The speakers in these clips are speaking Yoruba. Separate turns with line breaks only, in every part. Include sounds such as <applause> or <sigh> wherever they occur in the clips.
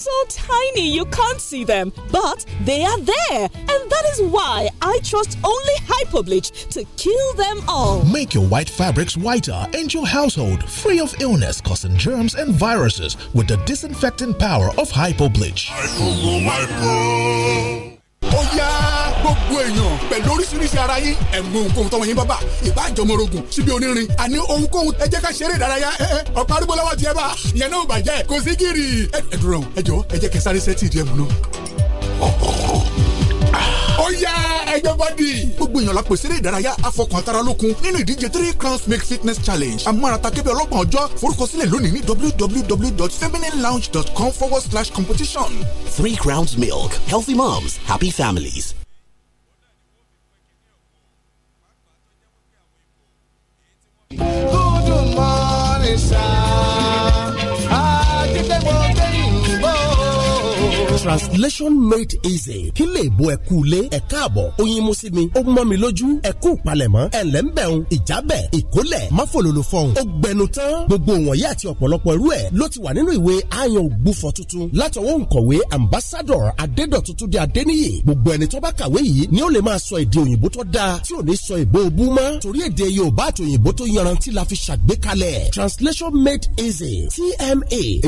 So tiny you can't see them, but they are there, and that is why I trust only Hypobleach to kill them all.
Make your white fabrics whiter and your household free of illness causing germs and viruses with the disinfecting power of Hypobleach.
Hypo,
hypo.
Oh yeah! gbogbo èèyàn
pẹ̀lú oríṣiríṣi ara yín ẹ̀ mú ohunkóhun tọ́wọ́ yín bá bà ìbá àjọmọ̀rògùn síbi onírin àní ohunkóhun ẹ jẹ́ ká ṣeré ìdárayá ọ̀pá arúgbó lọ́wọ́ tiẹ̀ bá ìyẹn náà bàjẹ́ kò sí gírì. ẹ dúró ẹ jẹ́ kẹsàrí sẹ́tì ìdí ẹ̀ ó yá ẹgbẹ́ bọ́dì. gbogbo èèyàn la pèsè eré ìdárayá afọkàntara lókun nínú ìdíje three crowns make fitness challenge amárata kébé ọlọ́gbọ̀n ọjọ́ forúkọsílẹ̀ lónìí ní www.femininelounge.com forward slash competition.
three crowns milk healthy moms happy families.
Good morning, sun.
translation made easy kí lè bo ẹ̀kú lé ẹ̀ka àbọ̀ oyin mú sí mi ó mọ́ mi lójú ẹ̀kú palẹ̀mọ́ ẹ̀lẹ́ ń bẹ̀rùn ìjábẹ̀ ìkólẹ̀ máfòlòlò fọ̀hún ó gbẹnu tán gbogbo wọ̀nyí àti ọ̀pọ̀lọpọ̀ irú ẹ̀ ló ti wà nínú ìwé ayan ògbúfọ̀ tuntun látọwọ́ nkọ̀wé ambassador adédọ̀tutù di adéníyè gbogbo ẹni tó bá kàwé yìí ni ó lè máa sọ èdè òyìnbó tó dáa tí ò ní sọ èbó òbú mọ́ torí èdè yorùbá àti òyìnbó tó yanrantí la fi ṣàgbékalẹ̀ translation made easy tma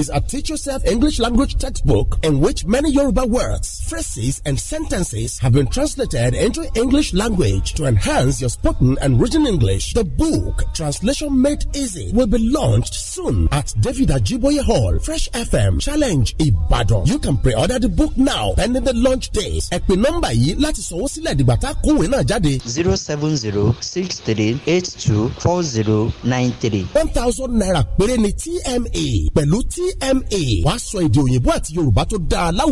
is a teach yourself english language textbook in which many many Yoruba words, phrases, and sentences have been translated into English language to enhance your spoken and written English. The book, Translation Made Easy, will be launched soon at David Ajiboye Hall, Fresh FM, Challenge Ibadan. You can pre-order the book now pending the launch date. Ẹ pè nọ́mbà yìí láti sanwó sílẹ̀ dìgbà tá a kówé náà zero seven zero six three eight two four zero nine three. one thousand naira péré ni TMA pẹ̀lú TMA wàá sọ èdè òyìnbó àti Yorùbá tó dáa láwùjọ.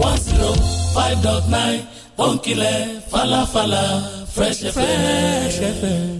one zero five dot nine pọ́ńkìlẹ̀ falafala fresh fm.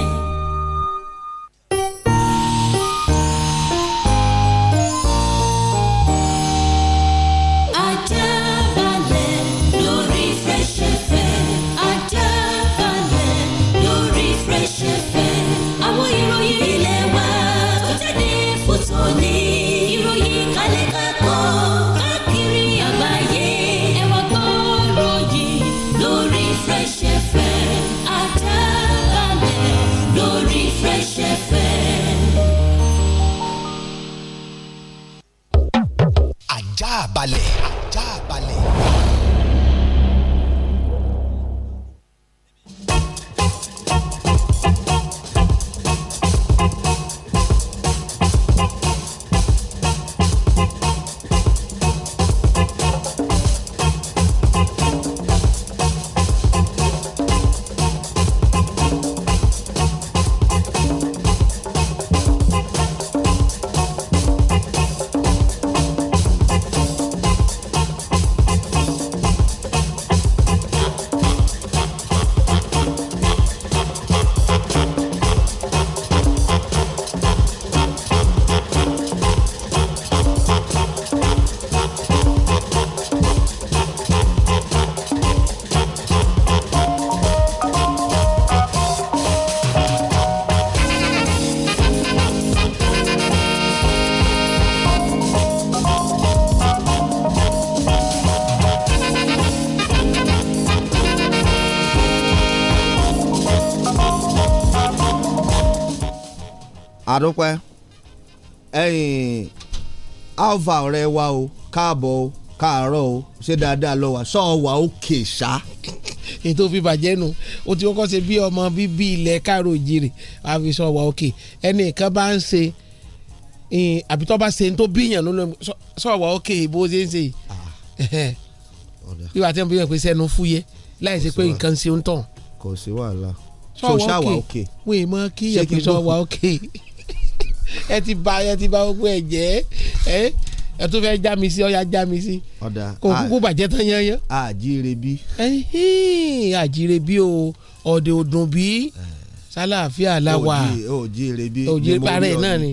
àdúpẹ́ ẹ̀yìn alva ọ̀rẹ́ wa o káàbọ̀ o káàárọ̀ o ṣé dáadáa lọ wá sọ wà òkè ṣá. <laughs> ètò fi bàjẹ́ nu o ti kọ́kọ́ ṣe
bí ọmọ bíbí ilẹ̀ káàró jìrì àfi sọ wà òkè ẹnì kan bá ń ṣe àbí tó bá ṣe tó bíyàn ló lọ sọ wà òkè bó ṣe ń ṣe yìí ah. <laughs> wà á tẹ́ ń bí yàn pé sẹ́nu fúyẹ́ láì ṣe pé nǹkan ṣe ń tàn.
kò sí wàhálà sọ wà òkè wọ́n ì mọ pé sọ wà òkè
ẹ ti ba ẹ ti ba gbogbo ẹ jẹ́ ẹ ẹ tún fẹ́ já mi sí ọ̀ya já mi sí kò kúkú bàjẹ́ tán yányán. àjíire bí. àjíire bí o ọ̀dẹ̀ òdùn bí sálàáfíà la wà
òjíire bí òjíire bí ara ẹ̀ náà ni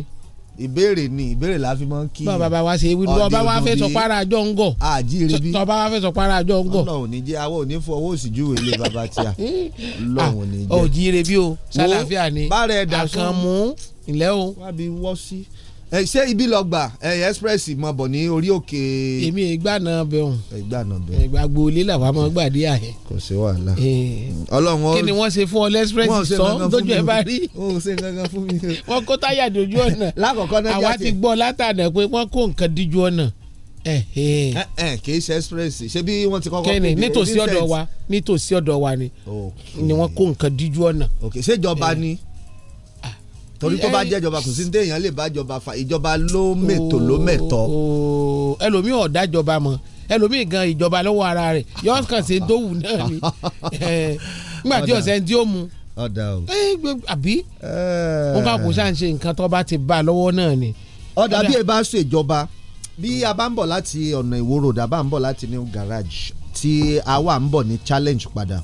ìbéèrè ni ìbéèrè la fi mọ kí. bọ́ọ̀ bàbá wa ṣe wíwọ́ bàbá wa fẹ́ sọ para
àjọ ń gọ̀. àjíire bí tọ́ bàbá fẹ́ sọ para àjọ ń gọ̀. ọlọ́run ní jẹ́ awọ òní fún owó òsìjú ilé bàbá tíya <laughs> lọ́run ní ah, jẹ́. òjíire bí o sálàfíà ni àkànmú
ilẹ̀ o. wábi wọ́ sí ṣé ibi lọ gbà express mọ bọ̀ ní orí òkè. èmi ìgbàna bẹ̀rùn
ìgbàna bẹ̀rùn ìgbàgbọ́ olè làwọn máa gbà dé àyẹ.
kò sí wàhálà ọlọ́run ó kí ni
wọ́n ṣe fún ọ lẹ́sprẹ́sì sọ dojú ẹ bá rí wọ́n kó táyà dojú ọ̀nà àwa ti gbọ́ látànà pé wọ́n kó nǹkan díjú ọ̀nà
kì í ṣe express ṣé bí wọ́n ti kọ́kọ́ wa
nítòsí ọ̀dọ̀ wa ni ni wọ́n kó nǹkan
díjú ọ̀nà. ni torí tó bá jẹ́ ìjọba kò sí ní téèyàn lè bá ìjọba fa ìjọba ló mètò ló mẹ̀tọ́. ẹlòmíì ọ̀dà ìjọba mọ̀ ẹlòmíì
gan ìjọba lọ́wọ́ ara rẹ̀ yọ̀ọ́ kàn sí tó wù náà ni <laughs> nígbà tí ọ̀sẹ̀ ń tí ó
mu ọ̀dà o. àbí wọn bá kò sáà ń ṣe nǹkan tó bá ti bá a lọ́wọ́ náà ni. ọ̀dà bí e bá ṣèjọba bí a bá ń bọ̀ láti ọ̀nà ìwòrò dà ń bọ̀ láti new garage tí a wà ń bọ̀ ní challenge padà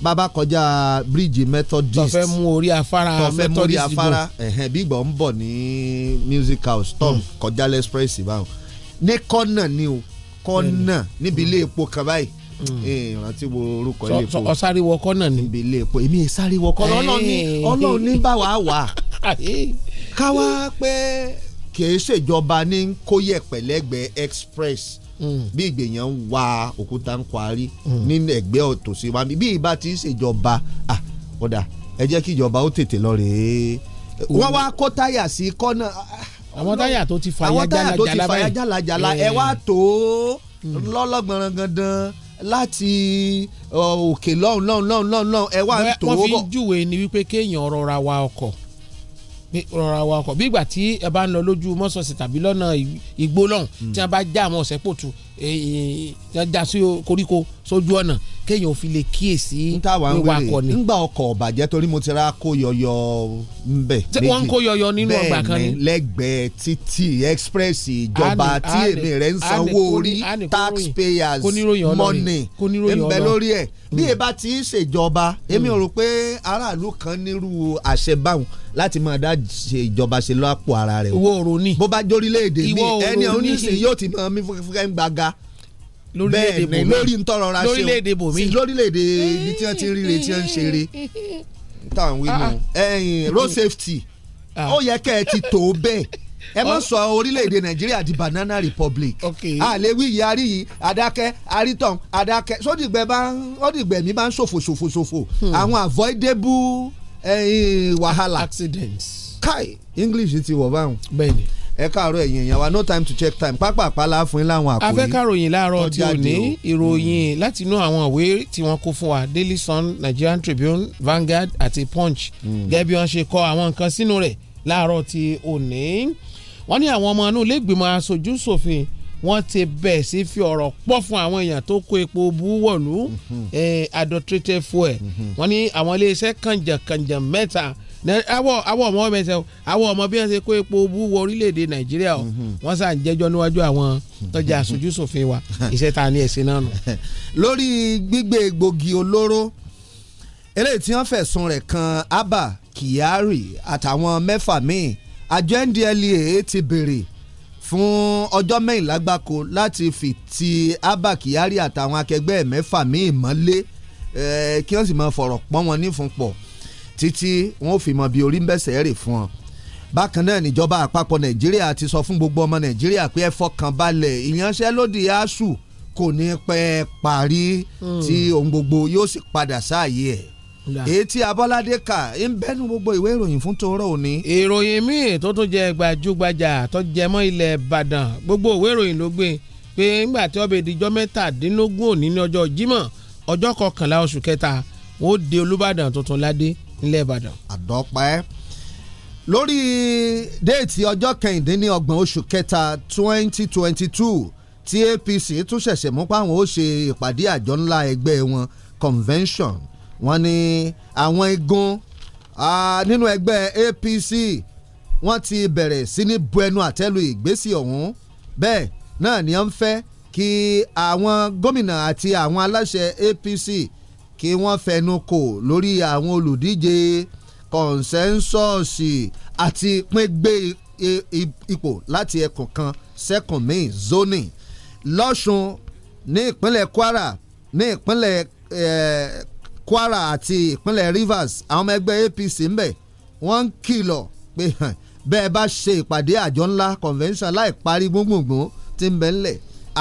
bàbá kọjá bridge methodist tọfẹ mú orí afárá tọfẹ mú orí afárá ẹhẹn bí ìgbà ń bọ̀ ní music house tom hmm. kọjá express báwọn ní kọ́nà ni o kọ́nà níbi ilé epo kan báyìí hmm. ìrántí wo orúkọ ilé epo ọ̀sáré wọ kọ́nà níbi ilé epo èmi ìsáré wọ kọ́nà ọlọ́run ni bá wàá wà <laughs> káwá pé kì í ṣèjọba ní kóyẹ̀pẹ̀ express Mm. bí ìgbèyàn ń wa òkúta ń kwarí mm. ní ẹ̀gbẹ́ ọ̀tòsí wa bí ìbá ti ń ṣèjọba ọ̀dà ẹ jẹ́ kí ìjọba ó tètè lọ rèé wọ́n wá kó táyà sí kọ́nà. àwọn táyà tó ti fàyà jálajàla ẹ eh. wá tó mm. lọ́lọ́gbọ̀nrán gandan láti òkè lọ́hùn lọ́hùn lọ́hùn lọ́hùn ẹ wá tó. wọ́n fi
júwe ni wípé kéèyàn rọra wa ọkọ̀ rọra wa ọkọ̀ bí ìgbà tí ẹ bá ń lọ lójú mọ́sọ̀sì tàbí lọ́nà igbó lọ́hùn hmm. tí wọ́n bá já àwọn ọ̀sẹ̀ pòtù eh,
eh, já sí koríko sójú ọ̀nà kéèyàn fi lè kíyèsí ìwakọ̀ ni. ńgbà ọkọ̀ ọ̀bàjẹ́ torí mo ti ra kó yọyọ ńbẹ. tí wọ́n ń kó yọyọ nínú ọgbà kan ni. bẹ́ẹ̀ni lẹ́gbẹ̀ẹ́ títì express ìjọba tí èmi rẹ̀ ń sanwó orí taxpayers money ńbẹ lórí ẹ̀ bí e bá ti ṣèjọba èmi hmm. ò rò pé aráàlú kan nírú àṣẹ báwọn láti máa dá ṣe ìjọba ṣe lọ́pọ̀ ara rẹ̀. ìwọ òrò ni bó bá jórílẹ̀-èdè mi ẹni ọ̀hún ní sìn yóò ti máa mí fúnkẹ́ ń gbaga
lórílẹ̀‐èdè bòmí lórí ntọ́rọ̀ ra ṣeun lórílẹ̀‐èdè bòmí
lórílẹ̀‐èdè ibi tí wọ́n ti ń ríre tí wọ́n ń ṣeré táwọn wí nù ah, ah. ẹ̀yìn road safety ah. ó yẹ kẹ́ ẹ ti tó bẹ́ẹ̀ ẹ mọ sọ orílẹ̀-èdè nàìjíríà di banana republic àlewi yìí aríyìn adákẹ́ arítàn adákẹ́ sódìgbẹ́ bá sódìgbẹ́ mi bá ń ṣòfò ṣòfò ṣòfò hmm. àwọn avoidable wàhálà accidents kai english ti wọ̀ báwọn. bẹ́ẹ̀ni ẹ káàárọ̀ ẹ̀yin èèyàn wa no time to check time pápápá la fún yín láwọn àkòrí. afẹ́kàròyìn láàárọ̀ tí ò ní ìròyìn
hmm. láti inú àwọn ìwé tí wọ́n kó fún wa Daily Sun Nigerian Tribune Vanguard àti Punch hmm. gẹ́gẹ́ bí wọ́n ṣe kọ àwọn nǹkan sínú rẹ̀ láàárọ̀ tí ò ní. wọ́n ní àwọn ọmọ inú ilé ìgbìmọ̀ aṣojú ṣòfin wọ́n ti bẹ̀ sí fi ọ̀rọ̀ pọ̀ fún àwọn èèyàn tó kó epo búwọ̀lú hmm. eh, adulterated fuel wọ́n ní àwọn iléeṣẹ́ kànjàkànjà mẹ́ta awọ awọ ọmọ mẹsẹ o awọ ọmọ bí wọ́n ṣe kó epo bú wọ orílẹ̀-èdè nàìjíríà o mhm. wọ́n sà ń jẹ́jọ́ níwájú àwọn tọ́jà aṣojú ṣòfin wa <laughs> iṣẹ́ ta ni ẹ̀sìn
náà nù. <laughs> lórí gbígbé egbògi olóró eléyìí tí wọ́n fẹ̀sùn rẹ̀ kan abba kyari àtàwọn mẹ́fà míì àjọ ndlea ti béèrè fún ọjọ́ mẹ́rìnlá gbáko láti fi ti abba kyari àtàwọn akẹgbẹ́ mẹ́fà míì mọ́lé eh, kí wọ́n sì máa fọ̀rọ̀ pọ́n wọn nífun pọ̀ títí wọn ò fi mọ bí orí ń bẹ̀sẹ̀ rè fún ọ bákan náà níjọba àpapọ̀ nàìjíríà ti sọ fún gbogbo ọmọ nàìjíríà pé ẹ fọkàn balẹ̀ ìyanṣẹ́lódì asuu kò ní pẹ́ parí hmm. tí ohun gbogbo yóò sì padà sáàyè ẹ̀ èyí tí abọ́ládé kà ń bẹ́nu gbogbo ìwé ìròyìn fún tòórọ́ òní.
ìròyìn míì tó tún jẹ gbajúgbajà tó jẹ mọ́ ilẹ̀ ìbàdàn gbogbo ìwé ìròyìn ló gbé pé ńgbà tí ọbẹ̀ ìdíjọ́ mẹ́tàdínlógún òní ní ọjọ́ jímọ̀ ọjọ́ kọkànlá oṣù kẹta wọn ó de olúbàdàn tuntun ládé
nílẹ̀ ìbàdàn. àdọ́pẹ́ lórí déètì ọjọ́ kẹ̀hìndínlọ́gbọ̀n oṣù kẹta twenty twenty two tí APC tún ṣẹ̀ṣẹ̀ mú páwọn ó ṣe ìpàdé àjọ ńlá ẹgbẹ́ wọn convention wọ́n ní àwọn igun nínú ẹgbẹ́ APC wọ́n ti bẹ̀rẹ̀ sí ní bu ẹnu àtẹ́lu ìgbésí ọ̀hún bẹ́ẹ̀ náà ni wọ́n ń fẹ́ kí àwọn gómìnà àti àwọn aláṣẹ APC kí wọ́n fẹnu kò lórí àwọn olùdíje kọ̀ǹsẹ́ńsọ́ọ̀sì àti pínpé ipò láti ẹkùn kan sẹ́kùn míì zoni lọ́sùn ní ìpínlẹ̀ kwara ní ìpínlẹ̀ kwara àti ìpínlẹ̀ rivers àwọn ọmọ ẹgbẹ́ apc ń bẹ̀ wọ́n ń kìlọ̀ pé bẹ́ẹ̀ bá ṣe ìpàdé àjọ ńlá convention láì parí gbùngbùngbùn tí ń bẹ ńlẹ̀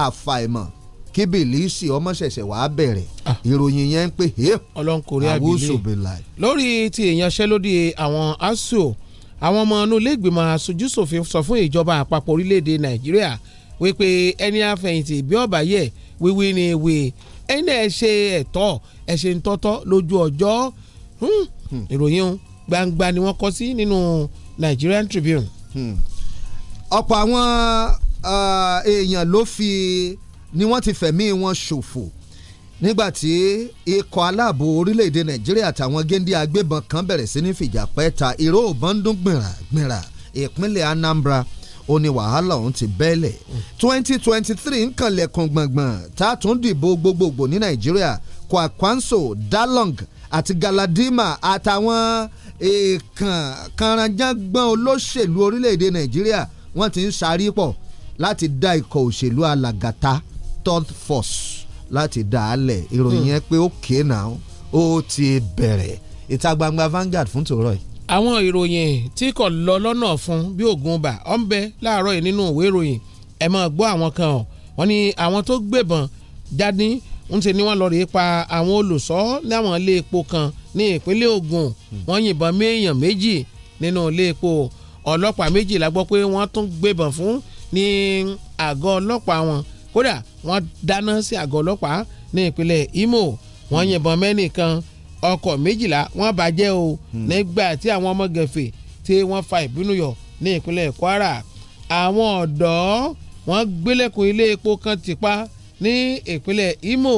àfàìmọ̀ kíbìlísì ọmọ ṣẹ̀ṣẹ̀ wàá bẹ̀rẹ̀ ah. ìròyìn yẹn ń pè é ọlọ́nkùnrin àbílẹ̀
lórí ti ìyanṣẹ́lódì àwọn asuu àwọn ọmọ inú ilé ìgbìmọ̀ aṣojúṣòfin sọ fún ìjọba àpapọ̀ orílẹ̀‐èdè nàìjíríà wípé ẹni àfẹ̀yìntì bí ọ̀bà yẹ wíwí ni wí ẹni ẹ̀ ṣe ẹ̀tọ́ ẹ̀ ṣe ń tọ́tọ́ lójú ọjọ́ hmm. Hmm. ìròyìn gbangba ni wọ́n kọ sí nínú Nigerian Tribune. Hmm.
ọ̀pọ̀ àwọn ah, èèyàn ló fi ni wọ́n ti fẹ̀mí wọn ṣòfò nígbàtí ikọ̀ aláàbò orílẹ̀-èdè nàìjíríà àtàwọn géńdé agbébọn kan bẹ̀rẹ̀ sí ní fìjà pẹ́ ta ìró òbọ̀ndún gbìnrà gbìnrà ìpínlẹ̀ Anambra ó ní wàhálà ọ̀hún ti bẹ́ẹ̀lẹ̀ twenty twenty three nkànlẹ̀kùn gbọ̀ngbọ̀n tá a tún dìbò gbogbogbò ní nàìjíríà Kwakwanso Dalong àti Galadima àtàwọn èèkàn e, kànrànjàngbọ̀n olóṣèlú orílẹ̀-èdè nàìjíríà wọ́n ti ń sarí pọ̀ láti dá ikọ̀ òṣèlú alàgàtà third force láti dà á lẹ̀ ìròyìn hmm. yẹn pé ó kéè ó ti bẹ̀rẹ̀ ìta gbangba Vanguard fún tòrọ yìí.
àwọn ìròyìn tí kò lọ lọ́nà fún bí ògùn bà ọ́ bẹ láàárọ̀ yìí nínú ìwé ìròyìn ẹ̀ máa gbọ́ àwọn kan ọ̀ wọ́n ní àwọn tó gbébọn jáde ń ṣe ni wọ́n lọ rèé pa àwọn olùṣọ́ láwọn ilé epo kan ní ìpínlẹ̀ Ògùn hmm. wọ́n yìnbọn méèyàn méjì nínú ilé epo ọlọ́pàá méjì la pé wọ́n tún gbébọn fún ní àgọ́ ọlọ́pàá wọn kódà wọ́n dáná sí àgọ́ ọlọ́pàá ní ìpínlẹ̀ Imo wọ́n hmm. yìnbọn mẹ́nìkan ọkọ̀ méjìlá wọ́n bàjẹ́ o hmm. nígbà tí àwọn ọmọ gẹ̀fẹ̀ tí wọ́n fa ìbínú yọ ní ìpínlẹ̀ Kwara àwọn ọ̀dọ́ wọ́n gbélẹ̀kùn ilé epo kan tìpa ní ìpínlẹ̀ Imo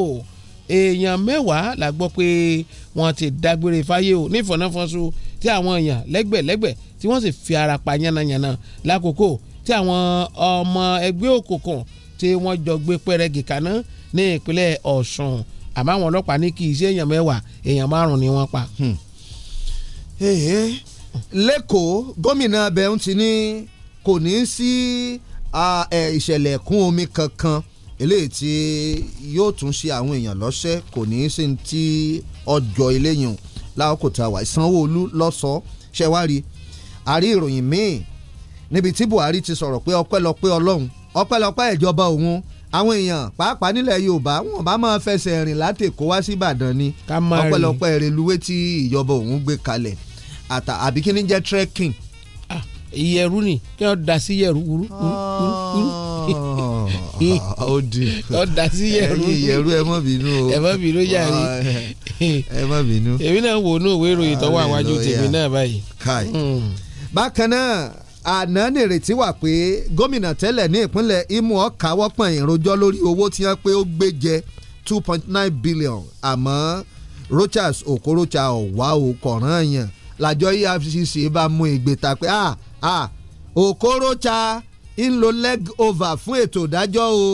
èèyàn mẹ́wàá la gbọ́ pé wọ́n ti dágbére fáyé o nífọ̀nàfọ̀nso tí àwọn èèyàn lẹ́gbẹ̀lẹ́gbẹ̀ tí wọ́n sì fi ara pa yánnayànna lákòókò tí àwọn ọmọ ẹgbẹ́ òkùnkùn tí wọ́n jọ gbé pẹ́rẹ́gì kaná ní ìpínlẹ̀ Ọ̀ṣun àmọ́ àwọn ọlọ́pàá ní kì í èèyàn mẹ́wàá èèyàn márùn-ún ni wọ́n pa. Hmm.
lẹ́kọ̀ọ́ gómìnà abẹ́ ń ti ní kò ní sí ìṣẹ̀lẹ̀ ẹ̀kún omi kankan eléyìí tí yóò tún ṣe àwọn èèyàn lọ́sẹ̀ kò ní í sí ti ọjọ́ eléyìí láàkó wà Sanwó-Olú lọ́sọ̀ọ́ ṣẹ̀wárí àrí ìròyìn míì níbi tí Buhari ti sọ̀rọ̀ pé ọpẹ́lọpẹ́ Ọlọ́run ọpẹ́lọpẹ́ ìjọba òun àwọn èèyàn pàápàá nílẹ̀ yorùbá wọn bá máa fẹsẹ̀ rìn láti Èkó wá sí ìbàdàn ni ọpẹ́lọpẹ́ rélùwé tí ìjọba òun gbé kalẹ̀ àtà àbí kí ni jẹ́ trekking. ìyẹ̀rú ah, ni kí wọ́n da sí yẹ̀rú wúrú wúrú ah, ó di ó <laughs> da sí yẹ̀rú
yẹ̀rú ẹ mọ̀ bínú o ẹ mọ̀ bínú yàrá ah, ẹ mọ̀ bínú. èmi náà wò ó ní òwe ìròyìn tó wà wájú tèmi náà báyìí. Hmm.
bákan náà àná nìrètí wà pé gómìnà tẹ́lẹ̀ ní ìpínlẹ̀ Imo ọ̀káwọ́ pọ̀n ìròjọ́ lórí owó tí wọ́n pé ó gbé jẹ two point nine billion àmọ́ Rochas Okorocha ọ̀wá o kọ̀ọ̀ràn yẹn làjọ EFCC bá mú ìgbé pé ah ah Okorocha ń lo leg over fún ètò ìdájọ́ o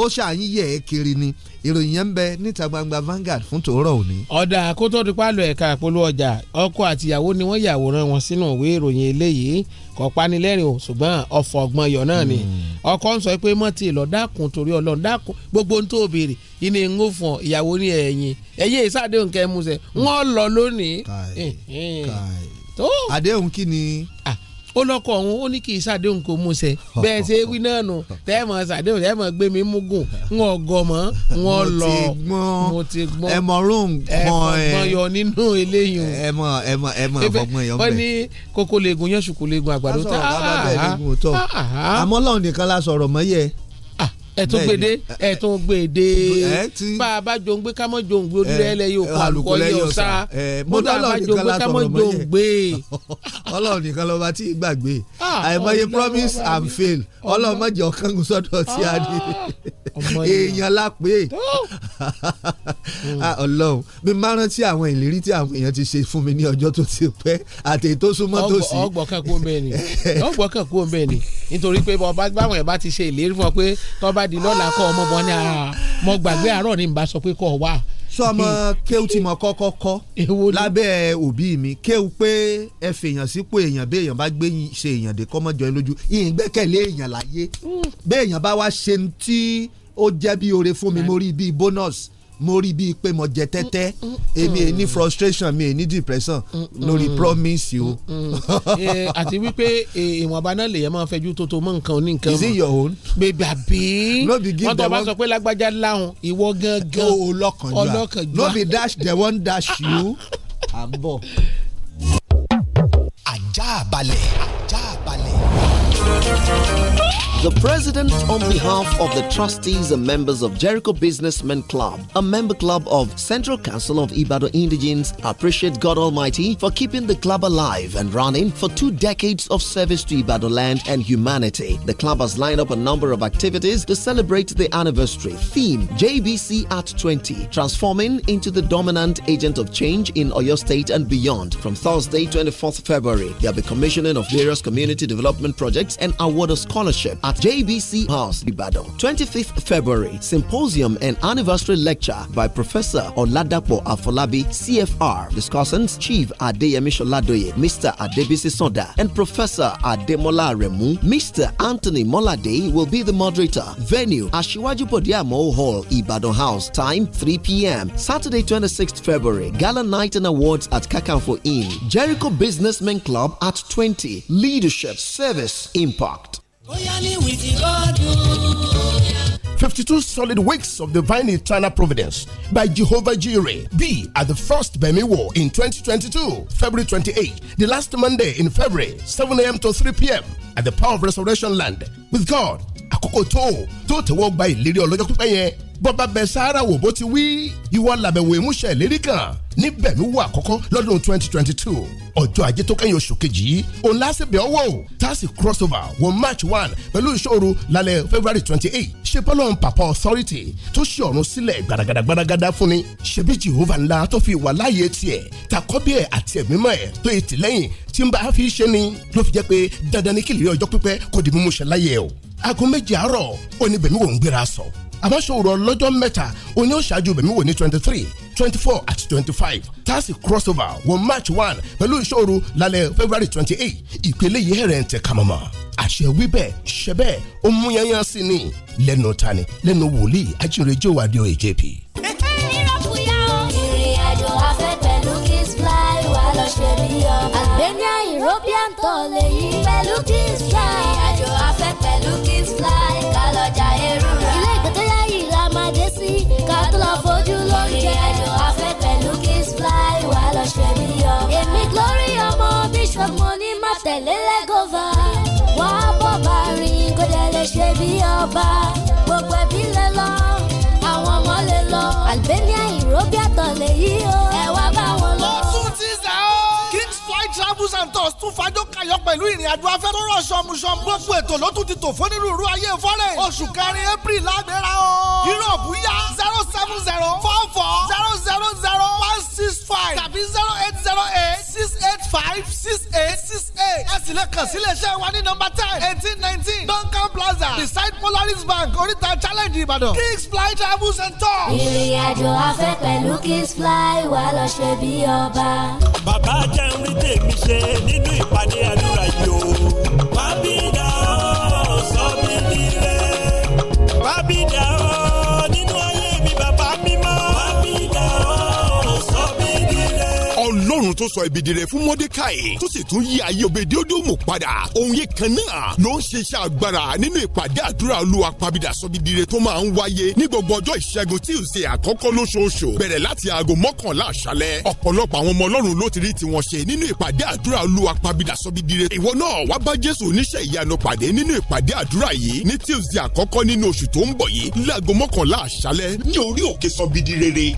ó ṣàyíyẹ ẹ kiri ni ìròyìn yẹn ń bẹ níta gbangba Vanguard fún tòórọ òní.
ọ̀dà kó tó dupá lọ ẹ̀ka àpolówó ọjà ọkọ àtìyàwó ni wọ́n yàwòrán wọn sínú ìwé ìròyìn eléyìí kò panilẹ́rìn o ṣùgbọ́n ọ̀fọ̀ ọgbọ́n yọ̀ náà ni hmm. ọkọ ń sọ pé mọ́tì lọ dákun torí ọlọ́run dákun gbogbo ń tó béèrè ìní ń gò fún ìyàwó ní ẹ̀yìn ẹ̀yẹ ìsàdéhùn kẹ́mu sẹ́ hmm. wọ́n lọ lónìí. àdéhùn kí ni. Ah ó lọ́kọ̀ ọ̀hún ó ní kì í ṣàdéhùn kò mú ṣẹ bẹ́ẹ̀ ṣe wí náà nù tẹ́ẹ̀mọ̀ ṣàdéhùn tẹ́ẹ̀mọ̀ gbé mi mú gùn ń ọgọ mọ́ ń lọ mo ti gbọ́n ẹmọ rún kan ẹ ẹmọ yọ nínú eléyìí o ẹmọ ẹmọ ẹmọ ọgbọ́n yọ bẹ́ẹ̀. wọ́n ní kókó leegun yẹn ṣùkú leegun àgbàdo tá a.
Ah, ah, ah, àmọ́ lọ́run nìkan la sọ̀rọ̀ mọ́ yẹ ẹ̀tún gbèdé
ẹ̀tún gbèdé bá a bá jòǹgbé ká mọ́ jòǹgbé ojúlẹ̀ ẹlẹ́ yóò kọ́ àlùkò yẹ ọ̀sá mo dá bá jòǹgbé ká mọ́ jòǹgbé.
<laughs> ọlọ́run nìkan ló bá tí ì gbàgbé ah, àìmọye promise and fail ọlọ́run má jẹ́ ọ̀kan sọ́dọ̀ tí a di ah, èèyàn lápè <laughs> ah, ọlọ́run mi máa rántí àwọn ìlérí tí àwọn èèyàn ti ṣe fún mi ní ọjọ́ tó ti pẹ́ àti èyí tó súnmọ́ tòsí.
ọgbọ̀kàn kú omi ẹ̀ ni
<laughs> ọgbọ̀kàn kú omi ẹ̀ ni
nítorí pé báwọn ẹ̀ bá ti ṣe ìlérí fún ọ pé tọ́ bá di lọ́la kọ́ ọmọ bọ́ ni mo gbàgbé àárọ̀ ni n bá sọ pé kọ́ wà.
sọmọ kéwù tí mo kọ́kọ́ kọ́ lábẹ́ òbí mi kéwù pé ẹ fèèyàn sípò èèyàn bí èèyàn bá gbé ṣe èèyàn dé kọ́ mọ́jọ lójú ìyìn gbẹ́kẹ̀lé èèyàn láyé mm. bẹ́ẹ̀ èèyàn bá wá ṣe ti ó jẹ́ bí oore fún mi mo rí bí bonus mo rí bíi pé mo jẹ tẹ́tẹ́ mm, mm, mm. èmi ẹ̀ ní frustration mi ẹ̀ ní depression lórí promise o. àti
wípé e, ìwọ̀nba náà lè máa fẹjú tótó mọ́ nǹkan ní nǹkan mọ́. is it your own. bèbè àbí wọ́n tó bá sọ pé lágbájá láhùn ìwọ
gangan ọlọ́kànjúà no be dash the one dash you. <laughs> à ajá balẹ̀ ajá balẹ̀.
The president, on behalf of the trustees and members of Jericho Businessmen Club, a member club of Central Council of Ibado Indigenes, appreciate God Almighty for keeping the club alive and running for two decades of service to Ibado land and humanity. The club has lined up a number of activities to celebrate the anniversary. Theme JBC at 20, transforming into the dominant agent of change in Oyo State and beyond. From Thursday, 24th February, there'll be commissioning of various community development projects and award a scholarship at JBC House, Ibadan. 25th February, Symposium and Anniversary Lecture by Professor Oladapo Afolabi, CFR. Discussants Chief Adeyemi Sholadoye, Mr. Adebisi Soda, and Professor Ademola Remu. Mr. Anthony Molade will be the moderator. Venue, Ashiwaju Podiamo Hall, Ibadan House. Time, 3 p.m. Saturday, 26th February, Gala Night and Awards at Kakanfo Inn. Jericho Businessmen Club at 20. Leadership, Service, impact. Fifty-two solid weeks of divine
eternal providence by Jehovah Jireh. Be at the first Bemi War in 2022, February 28, the last Monday in February, 7 a.m. to 3 p.m. at the Power of Restoration Land with God. Àkókò to to tẹ̀wọ́ gba ìlérí ọlọ́jọ́ pípẹ́ bọ́ba bẹ sahara wò bó ti wí ìwọ làbẹ̀wò ìmúṣẹ ìlérí kan níbẹ̀ mi wò àkọ́kọ́ lọ́dún twenty twenty two ọjọ́ ajé tó kẹ́yìn oṣù kejì yìí òun láti bẹ̀ ọ́ wò tásì crossover wọ march one pẹ̀lú ìṣòro lálẹ́ february 28. eight ṣe bọ́lọ̀ ń authority tó ṣe ọ̀run sílẹ̀ gbaragada gbaragada fún ni ṣebí jehova ńlá tó fi wà láàyè tiẹ̀ takọ́bí ẹ̀ àti ẹ̀mímọ́ ẹ̀ tó yẹ tìlẹ́yìn tí ń bá fi ṣe ni ló fi jẹ́ pé dandan ní kìlì ọjọ́ pípẹ́ kò dì mímú ṣe láyé o aago méje àárọ̀ oníbẹ̀mí wò ń gbéra sọ àbáṣọ̀rọ̀ lọ́jọ́ mẹ́ta òní ó ṣáájú bẹ̀mí wò ní twenty three twenty four àti twenty five tásì crossover wọ march one pẹ̀lú ìṣòro lálẹ́ february twenty eight ìpele yìí hẹ̀rẹ̀ ń tẹ̀ kàmọ́mọ́ àṣẹ wíbẹ̀ ṣẹbẹ̀ ó mú yanyan sí ni lẹ́nu tani lẹ́nu wòlíì ajínrere jẹ́ òwádìí ọ̀
èjp.
àgbẹ̀ ní àìróbíà ń tọ̀ lè mo ní má tẹ̀lé lẹ́gọ́fà wà á bọ̀ bá rìn kó dẹ̀ lè ṣe bí ọba gbogbo ẹbí lè lọ àwọn ọmọ lè lọ Albania Europe àtọ̀ lè yí o ẹ wá bá wọn lọ. ó tún ti sà
ó.
Kings fly, Travels and Tours tún fàájọ kayọ pẹ̀lú ìrìn àjò afẹ́ tó rọ̀ ṣọmuṣọmu. gbogbo ètò ló tún ti tò fún onírúurú ayé fọ́lẹ̀. oṣù kẹrin April lágbèrè o. Europe yá. àtìlẹ́ kàn sílé iṣẹ́ wa ní nọ́mbà ten eighteen nineteen Duncan Plaza beside Polaris Bank oríta challenge Ìbàdàn Kings Fly travels and tours. ìrìn àjò afẹ́ pẹ̀lú
Kings Fly wà lọ ṣe bí ọba. bàbá
jẹun rí tèmi ṣe nínú ìpàdé àdúrà yìí o
tó sọ ibi dire fún mordecai tó sì tún yí ayé obediodomu padà òun yìí kan náà ló ń ṣe iṣẹ́ agbára nínú ìpàdé àdúrà olúwa pabidà sọbidire tó máa ń wáyé ní gbogbo ọjọ́ ìṣẹ́gun tí ìṣe àkọ́kọ́ lóṣooṣù bẹ̀rẹ̀ láti aago mọ́kànlá àṣálẹ́ ọ̀pọ̀lọpọ̀ àwọn ọmọ ọlọ́run ló ti rí tiwọn ṣe nínú ìpàdé àdúrà olúwa pabidà sọbidire ìwọ náà wá bá jésù oníṣẹ́ ìyanu pàdé nínú ìpàdé àdúrà yìí ní tí ìṣe àkọ́kọ́ nínú oṣù tó ń bọ̀ yìí láago mọ́kànlá àṣálẹ́ ní orí òkè sọbidire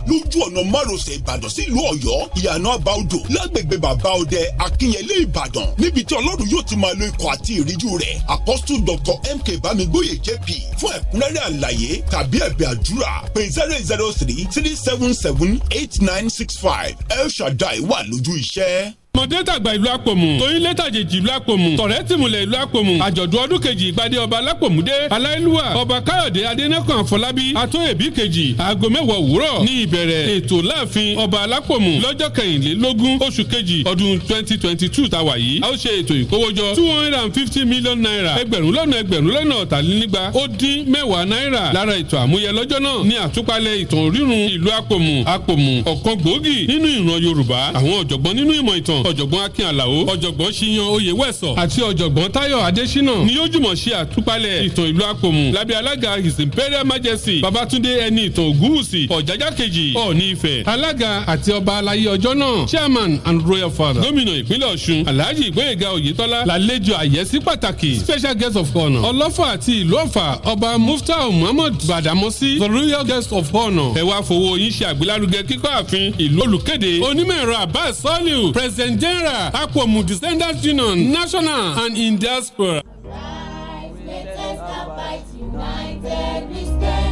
lójú ọ̀nà lágbègbè bàbá ọdẹ akínyẹlé ìbàdàn níbi tí ọlọ́run yóò ti máa lo ikọ̀ àti ìríjú rẹ̀ apostle dr mk bámigbóyè jp fún ẹ̀kúnrẹ́rẹ́ àlàyé tàbí ẹ̀bẹ̀ àdúrà pé zero zero three three seven seven eight nine six five el shaddai wà lójú iṣẹ́
ọmọdé tàgbà ìlú àpòmù tóyin létàjèjì ìlú àpòmù tọ̀rẹ́ tìmùlẹ̀ ìlú àpòmù àjọ̀dún ọdún kejì ìpàdé ọba alápòmùdé aláìlúwà ọba káyọ̀dé adẹ́nẹ́kàn àfọlábí atóyèbí kejì aago mẹ́wàá òwúrọ̀ ní ìbẹ̀rẹ̀ ètò láàfin ọba alápòmù lọ́jọ́ kẹrìnlélógún oṣù kejì ọdún twenty twenty two tàwa yìí a ó ṣe ètò ìkówójọ two hundred and fifty million naira ẹgbẹ̀rún lọ́nà ẹgbẹ̀rún lọ́nà ọ̀tàlénígba ó dín mẹ́wàá náírà lára ètò àmúyẹ lọ́jọ́ náà ní àtúpalẹ̀ ìtàn orírun ìlú àpòmù àpòmù ọ̀kan gbòógì nínú ìran yorùbá àwọn ìbàdàn ọ̀jọ̀gbọ́n akin àlàó ọ̀jọ̀gbọ́n ṣíyan oyè wẹ̀sọ̀ àti ọ̀jọ̀gbọ́n táyọ̀ adésínà ni yóò ṣe àtúpalẹ̀ ìtàn ìlú àpòmù lábẹ́ alága his imperial majesty babatunde ẹni ìtàn ògúwùsì ọ̀jájá kejì ọ̀ọ́ni ifẹ̀ alága àti ọba alayé ọjọ́ náà chairman and royal father gómìnà ìpínlẹ̀ ọ̀ṣun alhaji ìgbóyèga oyetola lálejò àyẹ́sí pàtàkì special guest of honour ọlọ́fà àti ìlú ọ̀fà ọba muftau muhammad badamosi the royal guest of honour ẹ fowó yín ṣe àgbélárugẹ kíkọ́ ààfin ìlú olùkéde onímọ̀ ẹ̀rọ abbas soliu president and general akpomu union national and in diaspora.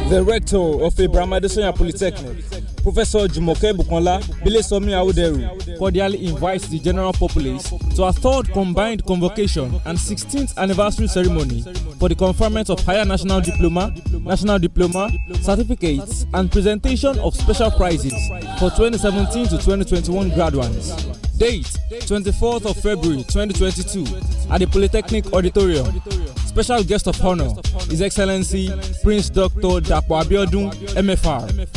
The
rector of Abraham Adesanya Polytechnic, Professor Jumoke Bukola Bilesomi Awuderu, cordially invites the general populace to a third combined convocation and 16th anniversary ceremony for the conferment of higher national diploma, national diploma, certificates, and presentation of special prizes for 2017 to 2021 graduates. Date 24th of February 2022 at the Polytechnic Auditorium. Special guest of honor is Excellency Prince Dr. Dapo Abiodun, MFR.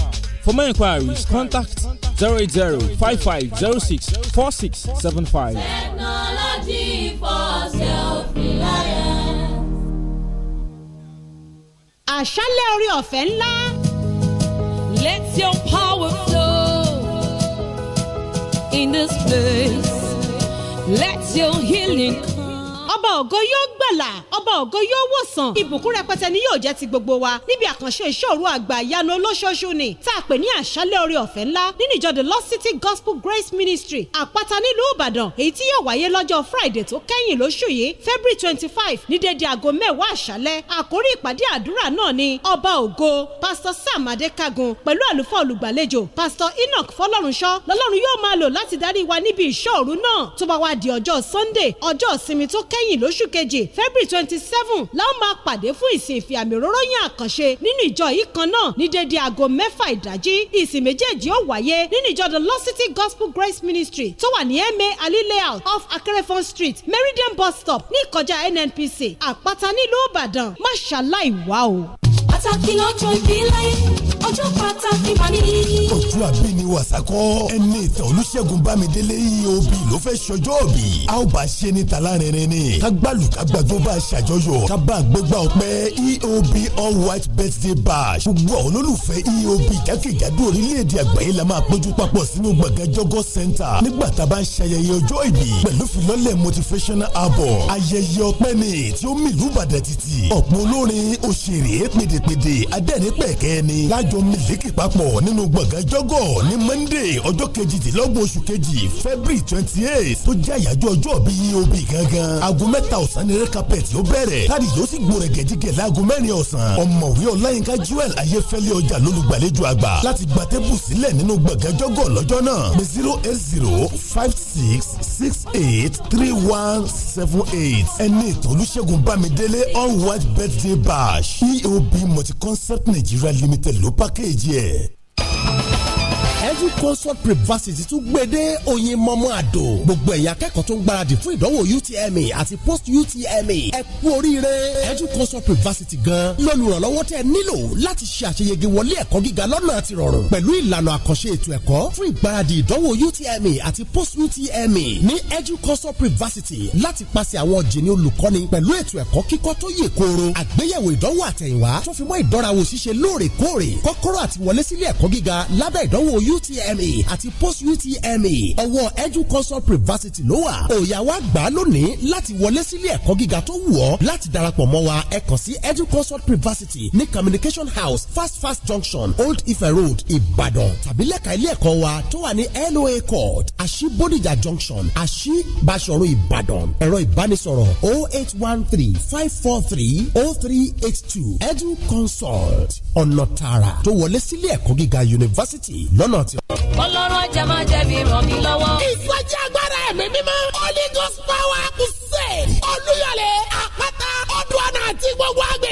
For more inquiries, contact 080 5506
4675.
Technology for self reliance. Àṣálẹ̀ orí ọ̀fẹ́ ńlá. Let your power flow. in this place. Let your healing come. Ọba àlà ọba ògo
yóò wòsàn ìbùkún rẹpẹtẹ ni yóò jẹ́ ti gbogbo wa níbi àkànṣe ìṣòro àgbà ìyanu olóṣooṣù ni
tá a pè ní àṣálẹ́ orí ọ̀fẹ́ ńlá nínú ìjọ the lost city gospel grace ministry àpáta nílùú ìbàdàn èyí tí yóò wáyé lọ́jọ́ friday tó kẹ́yìn lóṣù yìí february twenty five ní dédé aago mẹ́wàá àṣálẹ́ àkórí ìpàdé àdúrà náà ni ọba ògo pastor sam adekagun pẹ̀lú àlùfáà olùgbàlejò pastor enoch fọlọ́runṣọ́ lọ́lọ́run yóò máa lò láti darí wa níbi ìṣòro náà tó bá wá di ọjọ́ sunday ọjọ́ ìsinmi tó kẹ́yìn lóṣù february twenty seven láwọn máa pàdé fún ìsìn ìfìàmì òróró yàn àkànṣe nínú ìjọ yìí kan náà ní dédé aago mẹ́fà ìdájí ìsìn méjèèjì ó wáyé nínú ìjọ the lost city gospel grace ministry tó wà ní ma ali layout off Akerefon street meridian bus stop ní ìkọjá nnpc àpáta nílùú
ìbàdàn má ṣàláì wá o pàtàkì lọ́jọ́ ìbílẹ̀ ọjọ́ pàtàkì mà ní.
ọjọ́ àbíní wàsákọ́ ẹni ìtàn olùṣègùn bámidélé eob ló fẹ́ ṣọjọ́ òbí a ó bá ṣe ní talárinrin ni kágbálù kágbàdo bá ṣàjọyọ̀ kábà gbégbá ọpẹ́ eob all white birthday bash gbogbo àwọn olólùfẹ́ eob jákèjádò orílẹ̀-èdè àgbáyé la máa péjú papọ̀ sínú gbọ̀ngàn jọgọ́ center nígbà tá a bá ń ṣayẹyẹ ọjọ́ ìbí pẹ̀lú filọ́lẹ̀ motivational album ayẹyẹ ọpẹ́ ni tí ó mìlú bàdàn ọ̀pọ̀ olórin òṣèré pèdèp gbàgede adẹ́rẹ́pẹ̀kẹ́ ni lájọ mílíkì papọ̀ nínú gbọ̀ngàn jọ́gọ̀ ní monday ọjọ́ kejìdínlọ́gbọ̀n oṣù kejì february twenty eight tó jẹ́ àyájọ́ ọjọ́ bí eob gangan aago mẹ́ta ọ̀sán ni rẹ́kápẹ́t yóò bẹ̀rẹ̀ láti yóò sì gbòòrè gẹ̀jígẹ̀ láago mẹ́rin ọ̀sán ọ̀mọ̀wé ọláyínká joel ayéfẹ́lẹ́ ọjà lólùgbàlejò àgbà láti gba tébù sílẹ̀ nínú gbọ̀ngàn jọ́gọ̀ lọ́jọ́ náà pé zero eight zero five six six eight three one seven eight ẹni ìtòlúṣẹ́gun bámidélé all white birthday bash eob mọ̀ multi concept nigeria limited ló pàkéjì ẹ̀ edu consult privacy tún gbede oyin mọ́mọ́ àdó gbogbo ẹ̀yà akẹ́kọ̀ọ́ tó ń gbáradì fún ìdánwò utme àti post utme ẹ kú oríire edu consult privacy gan lọ́lùrànlọ́wọ́ tẹ́ nílò láti ṣe àṣeyege wọlé ẹ̀kọ́ gíga lọ́nà àti rọrùn pẹ̀lú ìlànà àkànṣe ètò ẹ̀kọ́ fún ìgbáradì ìdánwò utme àti post utme ní edu consult privacy láti pàṣẹ àwọn jìnnì olùkọ́ni pẹ̀lú ètò ẹ̀kọ́ kíkọ́ tó yè kooro àgbéyẹ̀wò ìdánwò àtẹ̀yìnwá tó fi mọ́ ìdánrawò ṣíṣe lóòrèkóòrè kọ́kọ́rọ́ àti wọlé sílé ẹ̀kọ́ gíga lábẹ́ ìdánwò UTME àti post UTME ọwọ́ educonsult privacity ló wà òòyà wa gbà á lónìí láti wọlé sílé ẹ̀kọ́ gíga tó wù ọ́ láti darapọ̀ mọ́ wa ẹ kàn sí educonsult privacity ní communication house fast fast junction old ife road Ìbàdàn tàbí lẹ́ka ilé ẹ̀kọ́ wa tó wà ní LOA court àṣì Bódìjà junction àṣì oh three o oh three eight two educonsult ọ̀nà tààrà tó wọlé sílé ẹ̀kọ́ gíga University lọ́nà dọ̀tí.
ọlọ́run ajá máa jẹ̀bi ràn mí lọ́wọ́. ìfọ̀jà agbára
ẹ̀mí mímọ́ holy ghost power crusade olúyọ̀lé àpáta ọdún ọ̀nà àti gbogbo àgbẹ̀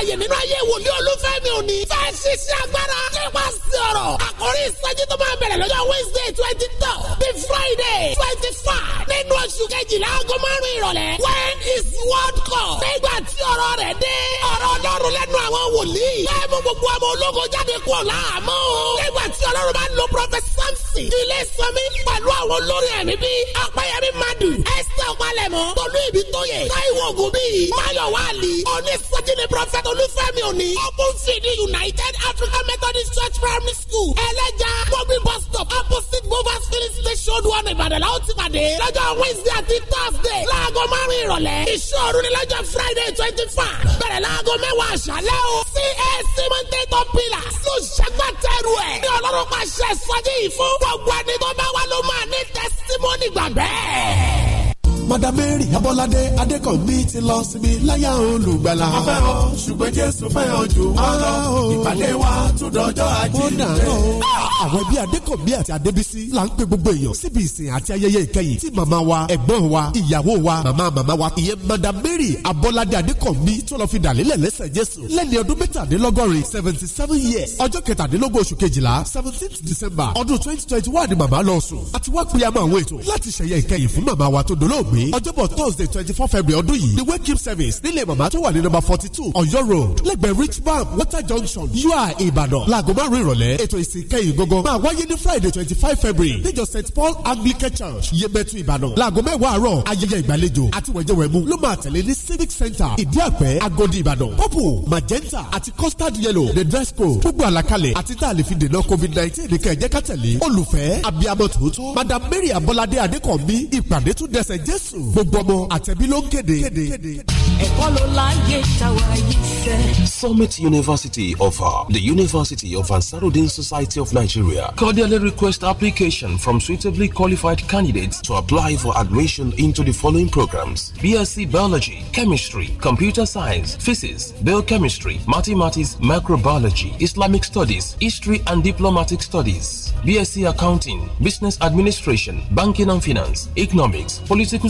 ààyè nínú ayé wòlíì olúfẹ́mi òní. fẹ́ ṣiṣẹ́ agbára nípa sí ọ̀rọ̀. àkórí ìsẹ́jú tó máa bẹ̀rẹ̀ lọ́jọ́ wednesday twenty two bí friday twenty five nínú oṣù kejìlá aago márùn-ún ìrọ̀lẹ́. when is world cup. nígbà tí ọ̀rọ̀ rẹ̀ dé ọ̀rọ̀ ọlọ́run lẹ́nu àwọn wòlíì. bẹ́ẹ̀ mo gbogbo ọmọ ológun jáde kú ọ̀la àmọ́ o. nígbà tí ọlọ́run bá lo prophet samson. ilé sọmi pẹ̀lú àwọn olórí ẹ̀mí bíi ọ̀pẹ̀yẹmí madu. ẹsẹ̀ ọ̀pálẹ̀mọ́ tolú ìbí tó yẹ. táìwọ̀ bíi máyọ̀wá onísọjí ni prophet olúfẹ́mi òní open field united african methodist church primary school ẹlẹ́jà public bus stop opposite bovas filling station one ìbàdàn làwọn ti pàdé lọ́jọ́ wednesday àti thursday láago márùn-ún ìrọ̀lẹ́ ìṣòro ni lọ́jọ́ friday twenty five bẹ̀rẹ̀ láago mẹ́wàá àṣálẹ́ o csc mọ́tẹ́tọ̀ pillar. ló ṣàgbàtẹ́rù ẹ̀ ní ọlọ́run pàṣẹ sọ́jí ìfún gbogbo ẹni tó bá wà ló máa ní testimony gbàgbẹ́
madam mary abọ́ládé adékànmí ti lọ sinmi láyà olùgbàlà. a fẹ́ ọ ṣùgbọ́n jésù fẹ́ ọ jù wá lọ ìpàdé wa tún dọjọ́ àjíǹde. àwọn ẹbí adékànmí àti adébísí là ń pe gbogbo èèyàn síbi ìsìn àti ayẹyẹ ìkẹyìn tí màmá wa ẹ̀gbọ́n wa ìyàwó wa màmá màmá wa ìyẹn madam mary abọ́ládé adékànmí tó lọ fi dàlélẹ̀ lẹ́sẹ̀ jésù lẹ́ni ọdún mẹ́tàdínlọ́gọ́rin seventy seven years ọjọ́ kẹtàdínlógún oṣù kejìlá
seventeen december
ọdún twenty twenty one ni màmá lọ sùn àti wá pé a máa wọ ètò láti ṣẹ̀yẹ ìkẹyìn ní ọjọ́bọ̀ thursday twenty four february ọdún yìí the wake up service nílé màmá tó wà ní number forty two ọ̀yọ́ road lẹ́gbẹ̀ẹ́ rich bank water junction ui ìbàdàn láago márùn-ún ìrọ̀lẹ́ ètò ìsìn kẹ́yìn gógó máa wáyé ní friday twenty five february níjọ st paul anglican church yemẹtu ìbàdàn láago mẹ́wàá àárọ̀ ayẹyẹ ìgbàlejò àti wẹ̀jẹ̀wẹ̀mu ló máa tẹ̀lé ní civic center ìdí àpẹ́ agodi ìbàdàn purple magenta àti custard yellow the dress code gbogbo àlàkalẹ̀ àti tá a lè fi dènà covid nineteen ní kẹ̀jẹ́ ká tẹ̀lé olùfẹ́ abiyamọ tòótọ́ madam mary abolade adékọ̀mí ìpàdé tún dẹsẹ̀ jésù jésù gbogbo ọmọ àtẹ̀bí ló ń kéde.
ẹ̀kọ́ ló láyé táwa yìí
summit university of uh, the university of ansarudin society of nigeria cordially request application from suitably qualified candidates to apply for admission into the following programs bsc biology chemistry computer science physics biochemistry mathematics microbiology islamic studies history and diplomatic studies bsc accounting business administration banking and finance economics political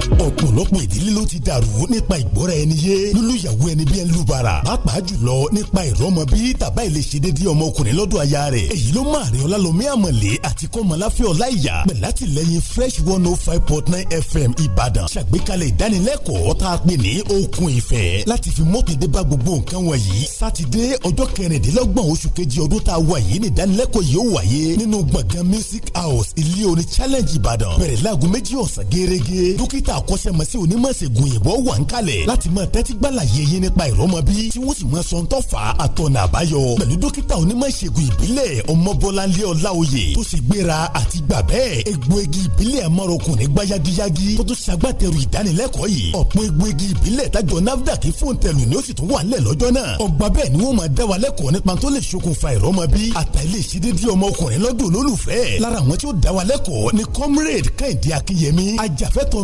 ọ̀pọ̀lọpọ̀ ìdílé ló ti dàrú nípa ìgbọ́ra ẹni yé lólùyàwó ẹni bí ẹni lùbàrà pàápàá jùlọ nípa ìrọmọ bí tàbá ilé ṣe dédé ọmọkùnrin lọ́dọ̀ aya rẹ̀ èyí ló máa rí ọlálọ́mí àmọ̀lé àti kọ́mọláfẹ́ ọláìyá pẹ̀látìlẹ́yìn fresh one oh five point nine fm ìbàdàn ṣàgbékalẹ̀ ìdánilẹ́kọ̀ọ́ tá a pè ní okun ìfẹ́ láti fi mọ́tòdé bá gbogbo nǹkan wọ̀nyí sátidé ọjọ́ kẹrìndínlọ́gbọ̀n oṣù kejì ọdún tá a wà yìí ní ìdánilẹ́kọ̀ọ́ yìí ó wáyé nínú gbọ̀ngàn music house ilé orin challenge ìbàdàn bẹ̀rẹ̀ láago méjì ọ̀sán gẹ́gẹ́ dókít dókítà akọ́ṣẹ́mọṣẹ́ onímọ̀ṣègùn òyìnbó wà ń kalẹ̀ láti máa tẹ́tí gbàlàyé yín nípa ìrọ́mọbí tí wọ́n sì máa sọ ń tọ́fà àtọ̀nà àbáyọ pẹ̀lú dókítà onímọ̀ṣègùn ìbílẹ̀ ọmọbọ́láńlé ọláoyè tó sì gbéra àti gbà bẹ́ẹ̀ egbòogi ìbílẹ̀ amárokùn ní gbáyagíyágí tó tún ṣagbátẹrù ìdánilẹ́kọ̀ọ́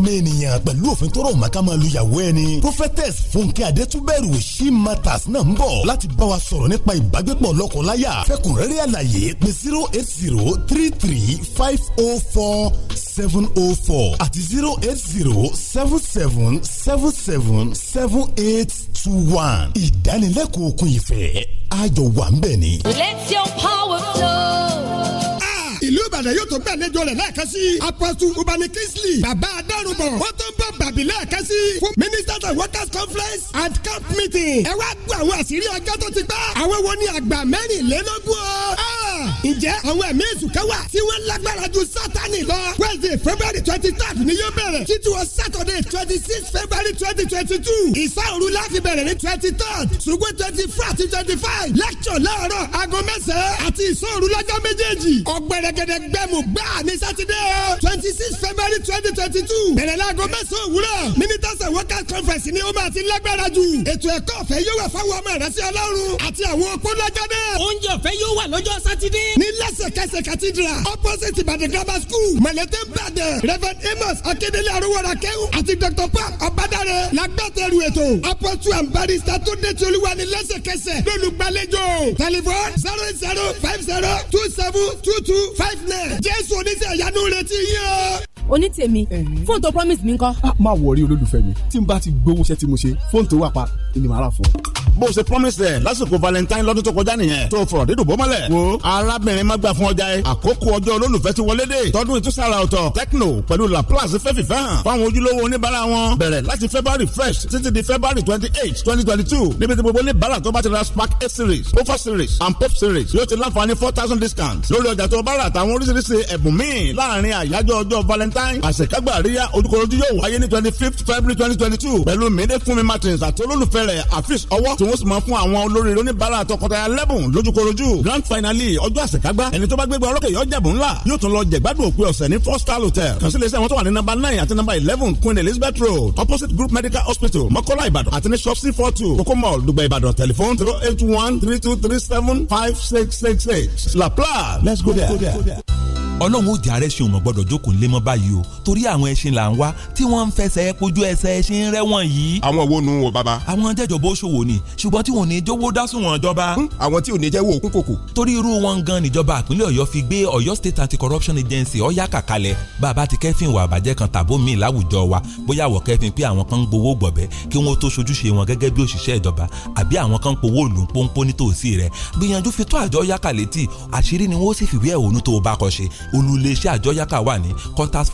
yìí èèyàn pẹ̀lú òfin tó rọ̀ màkà máa lu ìyàwó ẹni. prophetess fúnkẹ́ adétúbẹ̀rù she matters náà ń bọ̀ láti bá wa sọ̀rọ̀ nípa ìbágbépọ̀ lọ́kọ̀láyà fẹ́kùnrẹ́rẹ́ àlàyé pé zero eight zero three three five oh four seven oh four àti zero eight zero seven seven seven seven seven eight two one ìdánilẹ́kọ̀ọ́ òkun ìfẹ́ àjọ wà
ń bẹ̀ ni. let
your power
flow
ìbàdàn yóò tó gbàlejò rẹ̀ lẹ́ẹ̀kan sí. apọ́sù ubani kingsley bàbá adárúbọ̀ ó tó ń bọ̀ bàbí lẹ́ẹ̀kan sí. fún ministers and workers conference and camp meeting. ẹ wá gbọ́ àwọn àṣírí ọjọ́ tó ti pẹ́. àwọn wo ni àgbà mẹ́rìnlélógún o. Ah! ǹjẹ́ àwọn ẹ̀mí èṣù wà tí wọ́n lágbára ju sátani lọ. wednesday february twenty third ni yóò bẹ̀rẹ̀ títí wọ saturday twenty six february twenty twenty two. ìsáòrú láti bẹ̀rẹ̀ ní twenty third ṣùgbọ́n twenty four àti twenty five lecture láàárọ̀ aago mẹ́sàn-án àti ìsáòrú lọ́jọ́ méjèèjì. ọ̀gbẹ̀rẹ̀gẹ̀dẹ̀ gbẹmugbẹ ní sátidé twenty six february twenty twenty two bẹ̀rẹ̀ láago mẹ́sàn-án òwúrọ̀ ministers and workers conference ni ó máa ti lágbára jù ètò ẹ̀kọ́ ọ̀fẹ́ yóò wà fáwọn ọmọ ìránṣẹ́ ọlọ́run àti àwọn opó lọ́jọ́ náà. oúnjẹ ọ̀fẹ́ yóò wà lọ́jọ́ sátidé. ní lẹ́sẹ̀kẹsẹ̀ cathedral opposite ìbàdàn grammar school mọ̀lẹ́tẹ̀ ìbàdàn reverend amos akíndélé arúgbóra kẹ́hùn àti dr Pam. ọ̀bádàrẹ lágbàtẹ̀rù ètò apọ́tù and barrister tó dé ti olúwa ní lẹ́sẹ̀kẹsẹ̀ lólùgbàlejò zero zero five zero two seven two two five nine jésù oníṣẹ́ ìyanu retí yín o onítèmi
fóònù tó promise mi ńkọ́. Ah, má wọrí olólùfẹ́ mi tí n bá ti gbowó iṣẹ́ tí mo ṣe fóònù tó wà pa ni màá rà fún ọ. bó o ṣe promise rẹ lásìkò valentine lọ́dún tó kọjá nìyẹn tó fọ̀rọ̀ dídùn bó mọ́lẹ̀. wo arábìnrin má gbà fún ọjà yẹn àkókò ọjọ́ olólùfẹ́ ti wọlé dé tọdún ìtúsára ọ̀tọ̀ tecno pẹ̀lú laplace fẹ́ fìfẹ́ hàn fáwọn ojúlówó oníbàárà wọn bẹ̀rẹ̀ láti february fresh títí di february twenty eight twenty twenty two níbi tí gbogbo oníbàárà tó bá ti ra spark series pofa series and pop series yóò ti láǹfààní four thousand discount lórí ọjà tó bá rà àtàwọn oríṣiríṣi ẹ̀bùn míì láàárín àyájọ́ ọjọ́ valent time àṣekágbà àríyá ojúkorojú yóò wáyé ní twenty fifth february twenty twenty two pẹ̀lú mèdè fúnmi martins àti olólùfẹ́ rẹ̀ afis ọwọ́ tí wọ́n sì mọ̀ fún àwọn olórí oníbàárà tọkọtaya lẹ́bùn lójúkorojú grand finale ọjọ́ àṣekágbà ẹni tó bá gbégbá ọlọ́kẹ́ yọ jẹ̀bù ńlá yóò tún lọ jẹ̀gbádùn òpin ọ̀sẹ̀ ní four star hotel kàn sí iléeṣẹ́ wọn tó wà ní number nine àti number eleven queen elizabeth road opposite group medical hospital mọ́kọ́lá ìbàdàn àti ní shop c four two kókó mall dùgbà ìbàdàn telephone zero eight one three two three seven five six six six la plan
let's go there. ọlọ́run ó jẹ́ àrẹ́sìn òun gbọ́dọ̀ jókòó ńlẹ́ mọ́ báyìí o torí àwọn ẹṣin là ń wá tí wọ́n ń fẹsẹ̀ kojú ẹsẹ̀ ẹṣin rẹ́wọ̀n yìí. àwọn wo nu wo bàbá. àwọn jẹjọ bó ṣòwò ni ṣùgbọ́n tí wọn ò ní jówó dásùn wọn jọba. àwọn tí ò ní jẹ́wọ́ òkú kòkò. torí irú wọn gan níjọba àpínlẹ̀ ọ̀yọ́ fi gbé ọ̀yọ́ state anti-corruption agency ọ̀yá kàkalẹ̀ bàbá ti kẹ́fìn wà bàjẹ́ kan tàbó mi láwùjọ wa bóyá àwọ̀ kẹ́fìn pé àwọn kan ń gbowó gbọ̀bẹ́ kí wọ́n tó ṣojúṣe wọn gẹ́gẹ́ bí òṣìṣẹ́ ìjọba àbí àwọn kan ń powó lù ń pọ́npọ́ nítòsí rẹ̀ gbìyànjú fi tó àjọ yákà létí àṣírí ni wọ́n sì fìwé ẹ̀hónú tó o bá kọ ṣe olùléṣẹ́ àjọ yákà wà ní quarters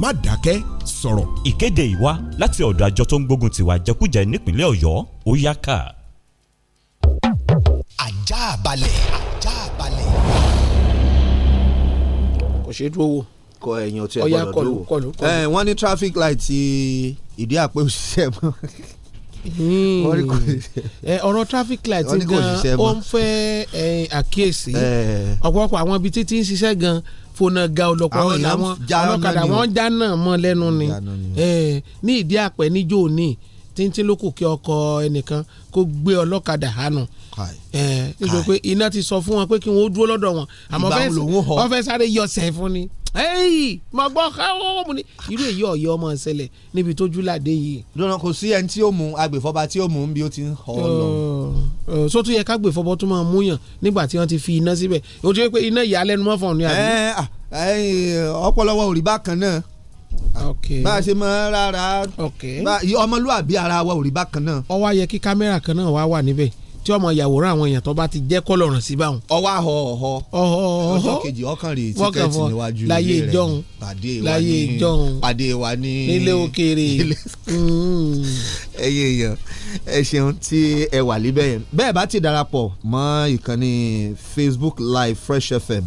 má dákẹ́ sọ̀rọ̀. ìkéde ìwá láti ọ̀dọ̀ àjọ tó ń gbógun tiwa jẹkújẹ nípínlẹ̀ ọ̀yọ́ ó yá ká. ajá balẹ̀ ajá balẹ̀.
kò ṣeé dúró wò kọ ẹ̀yìn ọtí
ẹ gbọ́dọ̀ dúró
wò ẹ wọ́n
ní traffic light ti ìdí àpè òṣìṣẹ́ mọ́ hmm.
ọ̀rọ̀ traffic light gan ó ń fẹ́ àkíyèsí ọ̀pọ̀lọpọ̀ àwọn ibi títí ń ṣiṣẹ́ gan-an fona ga ọlọ́pàá wọn làwọn ọlọ́kadà wọn jáná mọ́ lẹ́nu ni ní ìdí àpẹ níjó ní tíntín ló kù kí ọkọ̀ ẹnìkan kó gbé ọlọ́kadà hànú nítorí pé iná ti sọ fún wọn pé kí wọ́n dúró lọ́dọ̀ wọn àmọ́ wọ́n fẹ́ sáré yọ sẹ́ẹ̀ fún ni ẹyìn mọ̀ gbọ́ káwọ́ mu ni irú èyí ọ̀yẹ́ ọmọ ṣẹlẹ̀ níbi tó júláde yìí. lọ́nà kò sí ẹni tí ó mú agbèfọ́ba tí ó mú bí ó ti ń họ ọ lọ. so tún yẹ kágbèfọ́bọ́ tún máa mú yàn nígbà tí wọ́n ti fi iná síbẹ̀
o ti rí pé iná ìyàlẹ́nu mọ́fọ̀n ni àbí. ọ̀pọ̀lọpọ̀ òrì bákan náà bá a ṣe mọ rárá ọmọlúwàbí ara wa òrì bákan náà. ó wá
kí kámẹ́rà kan náà wá wà níbẹ̀ tí ọmọ yàwòrán àwọn èèyàn tó bá ti jẹ́ kọ́lọ̀ràn sí báwọn. ọwọ́ ahọ ọ̀họ́
ọ̀họ́ ọjọ́ kejì ọkàn rèé tíkẹ́ẹ̀tì níwájú ilé rẹ̀ láyé ìjọhun láyé ìjọhun pàdé wa ní nílé òkèèrè. <laughs> Hmm. ẹyẹ èèyàn ẹ ṣeun tí ẹ wà líbẹ̀ yẹn bẹ́ẹ̀ bá ti darapọ̀ mọ́ ìkànnì Facebook live Fresh FM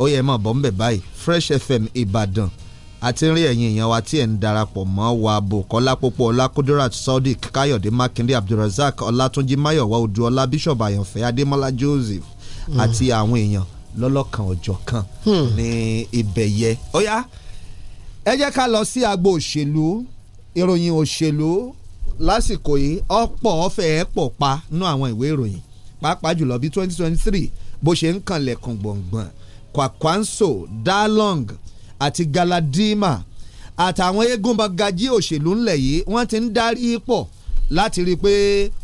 ó yẹ mọ̀ bọ́ báyìí Fresh FM Ìbàdàn 105.9 àti rí ẹ̀yin èèyàn wa tí ẹ̀ ń darapọ̀ mọ́ wa Bùkọ́lá Pópó Ọlá Kudirat Sodiq Káyọ̀dé Mákindé Abdulrasaq Ọlátúnjí Máyọ̀wá Odúọlá Bíṣọ̀bù Àyànfẹ́ Adémọ́lá Joseph hmm. àti àwọn èèyàn lọ́lọ́kan ọjọ́ kan hmm. ní ibẹ̀ yẹ. ó yá ẹ jẹ́ ká lọ sí agbo òṣèlú ìròyìn òṣèlú lásìkò yìí ọ̀pọ̀ ọ̀fẹ́ ẹ̀ pọ̀ pa nú àwọn ìwé ìròyìn pàápàá jùlọ bí twenty twenty three bó ṣe ń kanlẹ̀kùn gbọ̀ngbọ̀n Kwakwanso Dalong àti Galadima àtàwọn eégún bagají òṣèlú ńlẹ̀ yìí wọ́n ti ń darí pọ̀ láti rí i pé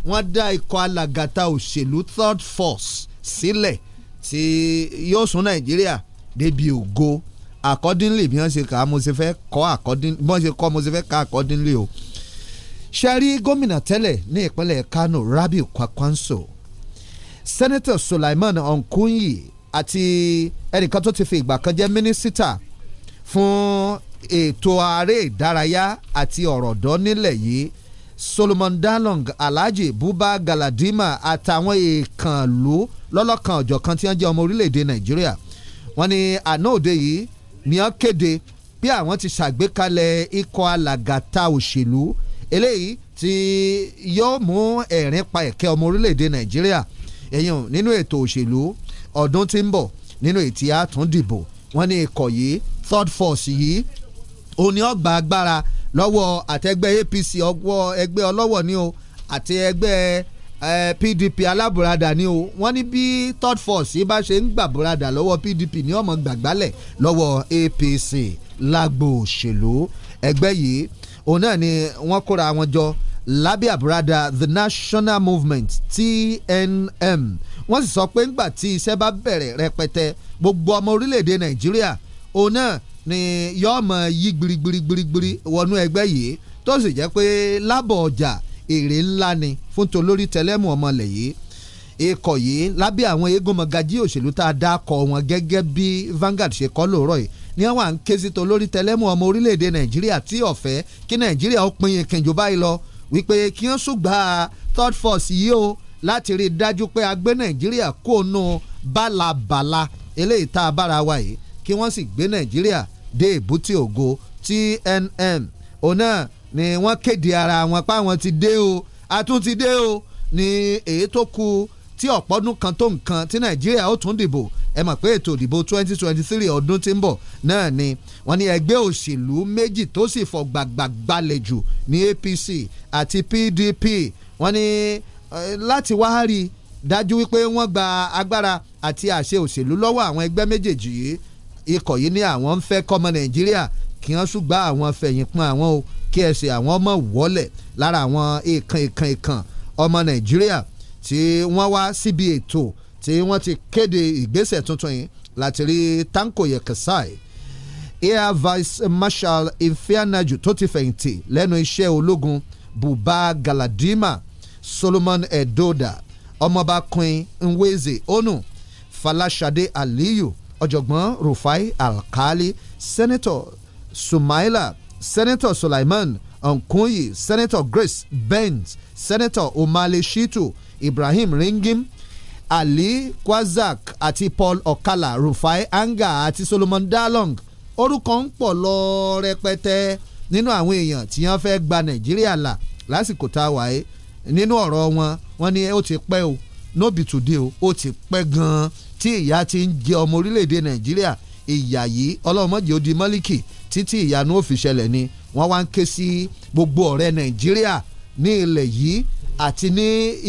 wọ́n dá ikọ̀ alàgàtà òṣèlú third force sílẹ̀ tí yóò sún Nàìjíríà débi ògo accordingly bí wọ́n ṣe kà mo ṣe fẹ́ kọ́ accordingly bí wọ́n ṣe kọ́ mo ṣe fẹ́ kà accordingly o. ṣẹ́rí gómìnà tẹ́lẹ̀ ní ìpínlẹ̀ Kano rabi Kwakwanso senator Sulaiman Onkunyi àti ẹnìkan tó ti fi ìgbà kan jẹ́ mínísítà fún ètò ààrẹ ìdárayá àti ọ̀rọ̀ dán nílẹ̀ yìí Solomon Dalong Alhaji Buba Galadima àtàwọn èèkànlú lọ́lọ́kan ọ̀jọ̀kan tí wọ́n jẹ́ ọmọ orílẹ̀‐èdè Nàìjíríà wọ́n ní àná òde yìí ni wọ́n kéde bí àwọn ti ṣàgbékalẹ̀ ikọ̀ alàgàtà òṣèlú eléyìí tí yóò mú ẹ̀rín pa ẹ̀kẹ́ ọmọ orílẹ̀‐èdè Nàìjíríà ẹ̀yìn nínú ètò òṣèlú ọdún tí ń bọ̀ nínú ètí àtúndìbò wọ́n ní ikọ̀ yìí third force yìí òun ni ọgbà agbára lọ́wọ́ àtẹgbẹ́ APC ọwọ́ ẹgbẹ́ ọlọ́wọ̀ ni o àti ẹgbẹ́ PDP alábùradà ni o wọ́n ní bí third force yìí bá ṣe ń gbàbùradà lọ́wọ́ PDP ní ọmọ gbàgbálẹ̀ lọ́wọ́ APC lágbo òṣèlú ẹgbẹ́ yìí òun náà ni wọ́n kóra wọn jọ lábẹ́ àbúradà the national movement TNM wọ́n sì sọ pé ńgbà tí iṣẹ́ bá bẹ̀rẹ̀ rẹpẹtẹ gbogbo ọmọ orílẹ̀-èdè Nàìjíríà òun náà ni yóò mọ yí gbirigbirigbiri wọnú ẹgbẹ́ yìí tó sì jẹ́ pé lábọ̀ ọjà èrè ńlá ni fún tolórí tẹlẹ́mù ọmọlẹ̀ yìí ikọ̀ yìí lábẹ́ àwọn eégún mọ̀gájí òṣèlú tá a dá kọ wọn gẹ́gẹ́ bí Vanguard ṣe kọ́ lóòrọ̀ yìí ní àwọn à ń ké sí tolórí tẹlẹ́mù ọmọ orílẹ̀-èdè Nàìjíríà tí ọ̀fẹ́ kí Nàìjíríà ó pin ìkìnjú báyìí lọ wípé kí wọ́n ṣùgbà third force yìí o láti rí i dájú pé a gbé Nàìjíríà kó nu bálabàla eléyìí tá a bára wa yìí kí wọ́n sì gbé nàìjíríà dé èbúté ògo TNM òun náà ni wọ́n kéde ara wọn pa àwọn ti dé o atún ti dé o ní èyí tó kù tí ọ̀pọ̀ ọdún kan tó nǹkan tí nàìjíríà ó tún dìbò ẹ mọ̀ pé ètò ìdìbò 2023 ọdún tí ń bọ̀ náà ni wọ́n ní ẹgbẹ́ òṣèlú méjì tó sì fọ gbàgbàgbalẹ̀ jù ní APC àti PDP wọ́n ní láti wá rí dájú wípé wọ́n gba agbára àti àṣẹ òṣèlú lọ́wọ́ àwọn ẹgbẹ́ méjèèjì yìí ikọ̀ yìí ní àwọn ń fẹ́ kọ́mọ nàìjíríà kí wọ́n ṣùgbọ́n àwọn fẹ̀yìn pọ́n àwọn o kí ẹsẹ̀ àwọn ọmọ wọlẹ̀ lára àwọn ìkan ìkan ìkan ọmọ nàìjíríà tí wọ́n wá síbi ètò tí wọ́n ti kéde ìgbésẹ̀ tuntun yìí láti rí Tanko Yekesai air vice marshal Ifeanyi tó ti fẹ̀yìntì lẹ́nu iṣẹ́ ológun Buba Galadima Solomon Edoda ọmọba queen Nweze Onu Falashade Aliyu ọ̀jọ̀gbọ́n Rufai Alkali sẹ́nẹ́tọ̀ Sumaila sẹ́nẹ́tọ̀ Sulaiman Nkunyi sẹ́nẹ́tọ̀ Grace Benz sẹ́nẹ́tọ̀ Omale Shitu Ibrahim Ringim Ali Kwazak àti Paul Okala Rufai Anga àti Solomon Dalong orúkọ ń pọ̀ lọ rẹpẹtẹ nínú àwọn èèyàn tí wọ́n fẹ́ gba Nàìjíríà là lásìkò tá a wà yìí nínú ọ̀rọ̀ wọn wọ́n ní ó ti pẹ́ o no be today o ó ti pẹ́ gan-an tí ìyà ti ń jẹ ọmọ orílẹ̀-èdè nàìjíríà ìyà yìí ọlọ́mọdé ó di mọ́líkì títí ìyanu ó fi ṣẹlẹ̀ ni wọ́n wá ń ké sí gbogbo ọ̀rẹ́ nàìjíríà ní ilẹ̀ yìí àti ní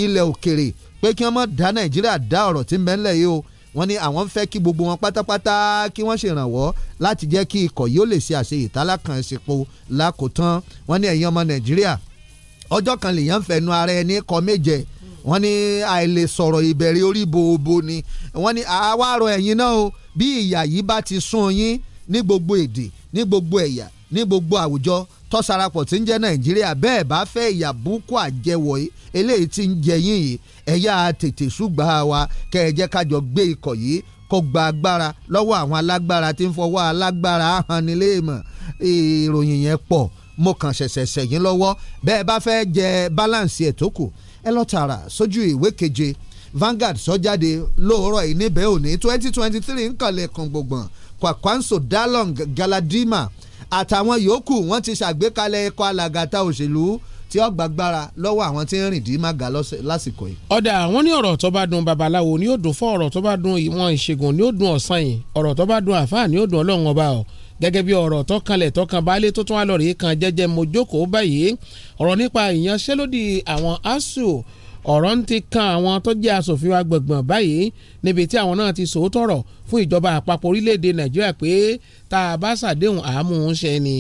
ilẹ̀ òkèrè pé kí wọ́n má dá nàìjíríà dá ọ̀rọ̀ tí ń bẹ ńlẹ̀ yìí o wọ́n ní àwọn fẹ́ kí gbogbo wọn pátápátá kí wọ́n ṣèrànwọ́ láti jẹ́ kí ikọ̀ yìí lè ṣe àṣe ìtàlákànṣepo lákòótán wọ́n ní ẹ̀yin ọmọ nàìjíríà ọjọ́ kan lèèyàn fẹnu ara ẹni kọ méje wọ́n ní àìlè sọ̀rọ̀ ìbẹ̀rẹ̀ orí bòòbo ni wọ́n ní àwárọ̀ ẹ̀yin náà o bí ìyà yìí bá ti sún yín ní gbogbo èdè ní gbogbo ẹ̀yà ní gbogbo àwùjọ tọ́sarapọ̀ tí ń jẹ́ nàìjíríà bẹ́ẹ̀ bá fẹ́ ìyà búkú àjẹwọ̀ yìí eléyìí tí ń jẹ yín yìí ẹ̀yà tètè ṣùgbà wa kẹ́ ẹ jẹ́ kájọ gbé ikọ̀ yìí kó gba agbára lọ́wọ́ àwọn alágbára tí ń fọwọ́ alágbára ahániléèmọ̀ ìròyìn yẹn pọ̀ mo kàn ṣẹ̀ṣẹ̀ ṣẹ̀yìn lọ́wọ́ bẹ́ẹ̀ bá fẹ́ jẹ balance ẹ̀ tó kù ẹ lọ tààrà sójú ìwé keje Vanguard sọ jáde lóòrọ̀ yìí níbẹ̀ òní twenty twenty three nkànlẹ̀ kan gbọ̀ngbọ̀n Kwakwanso Dalong Galadima àtàwọn yòókù wọ́n ti ṣàgbékalẹ̀ ẹ̀kọ́ alàgàtà òṣèlú tí ó gbàgbára lọ́wọ́ àwọn tí ń rìn dì í má ga lásìkò yìí.
ọ̀dà àwọn ní ọ̀rọ̀ tó bá dùn babaláwo ni ó dùn fún ọ̀rọ̀ tó bá dùn ìwọ̀n ìṣègùn ni ó dùn ọ̀sán yìí ọ̀rọ̀ tó bá dùn àfáà ni ó dùn ọlọ́run ọba ọ̀ gẹ́gẹ́ bí ọ̀rọ̀ tọkànlẹ̀ tọkàn baálé tó tún wá lọ́ọ̀rì kan jẹ́jẹ́ mojókòó báyìí ọ̀rọ̀ nípa ìyanṣẹ́lódì àwọn asuu ọ̀rọ̀ ń ti kan àwọn tó jẹ́ asòfin wa gbọ̀ngbọ̀n báyìí níbi tí àwọn náà ti sòótọ́ ọ̀rọ̀ fún ìjọba àpapọ̀ orílẹ̀‐èdè nàìjíríà pé tá a bá ṣàdéhùn àámú ń ṣe ni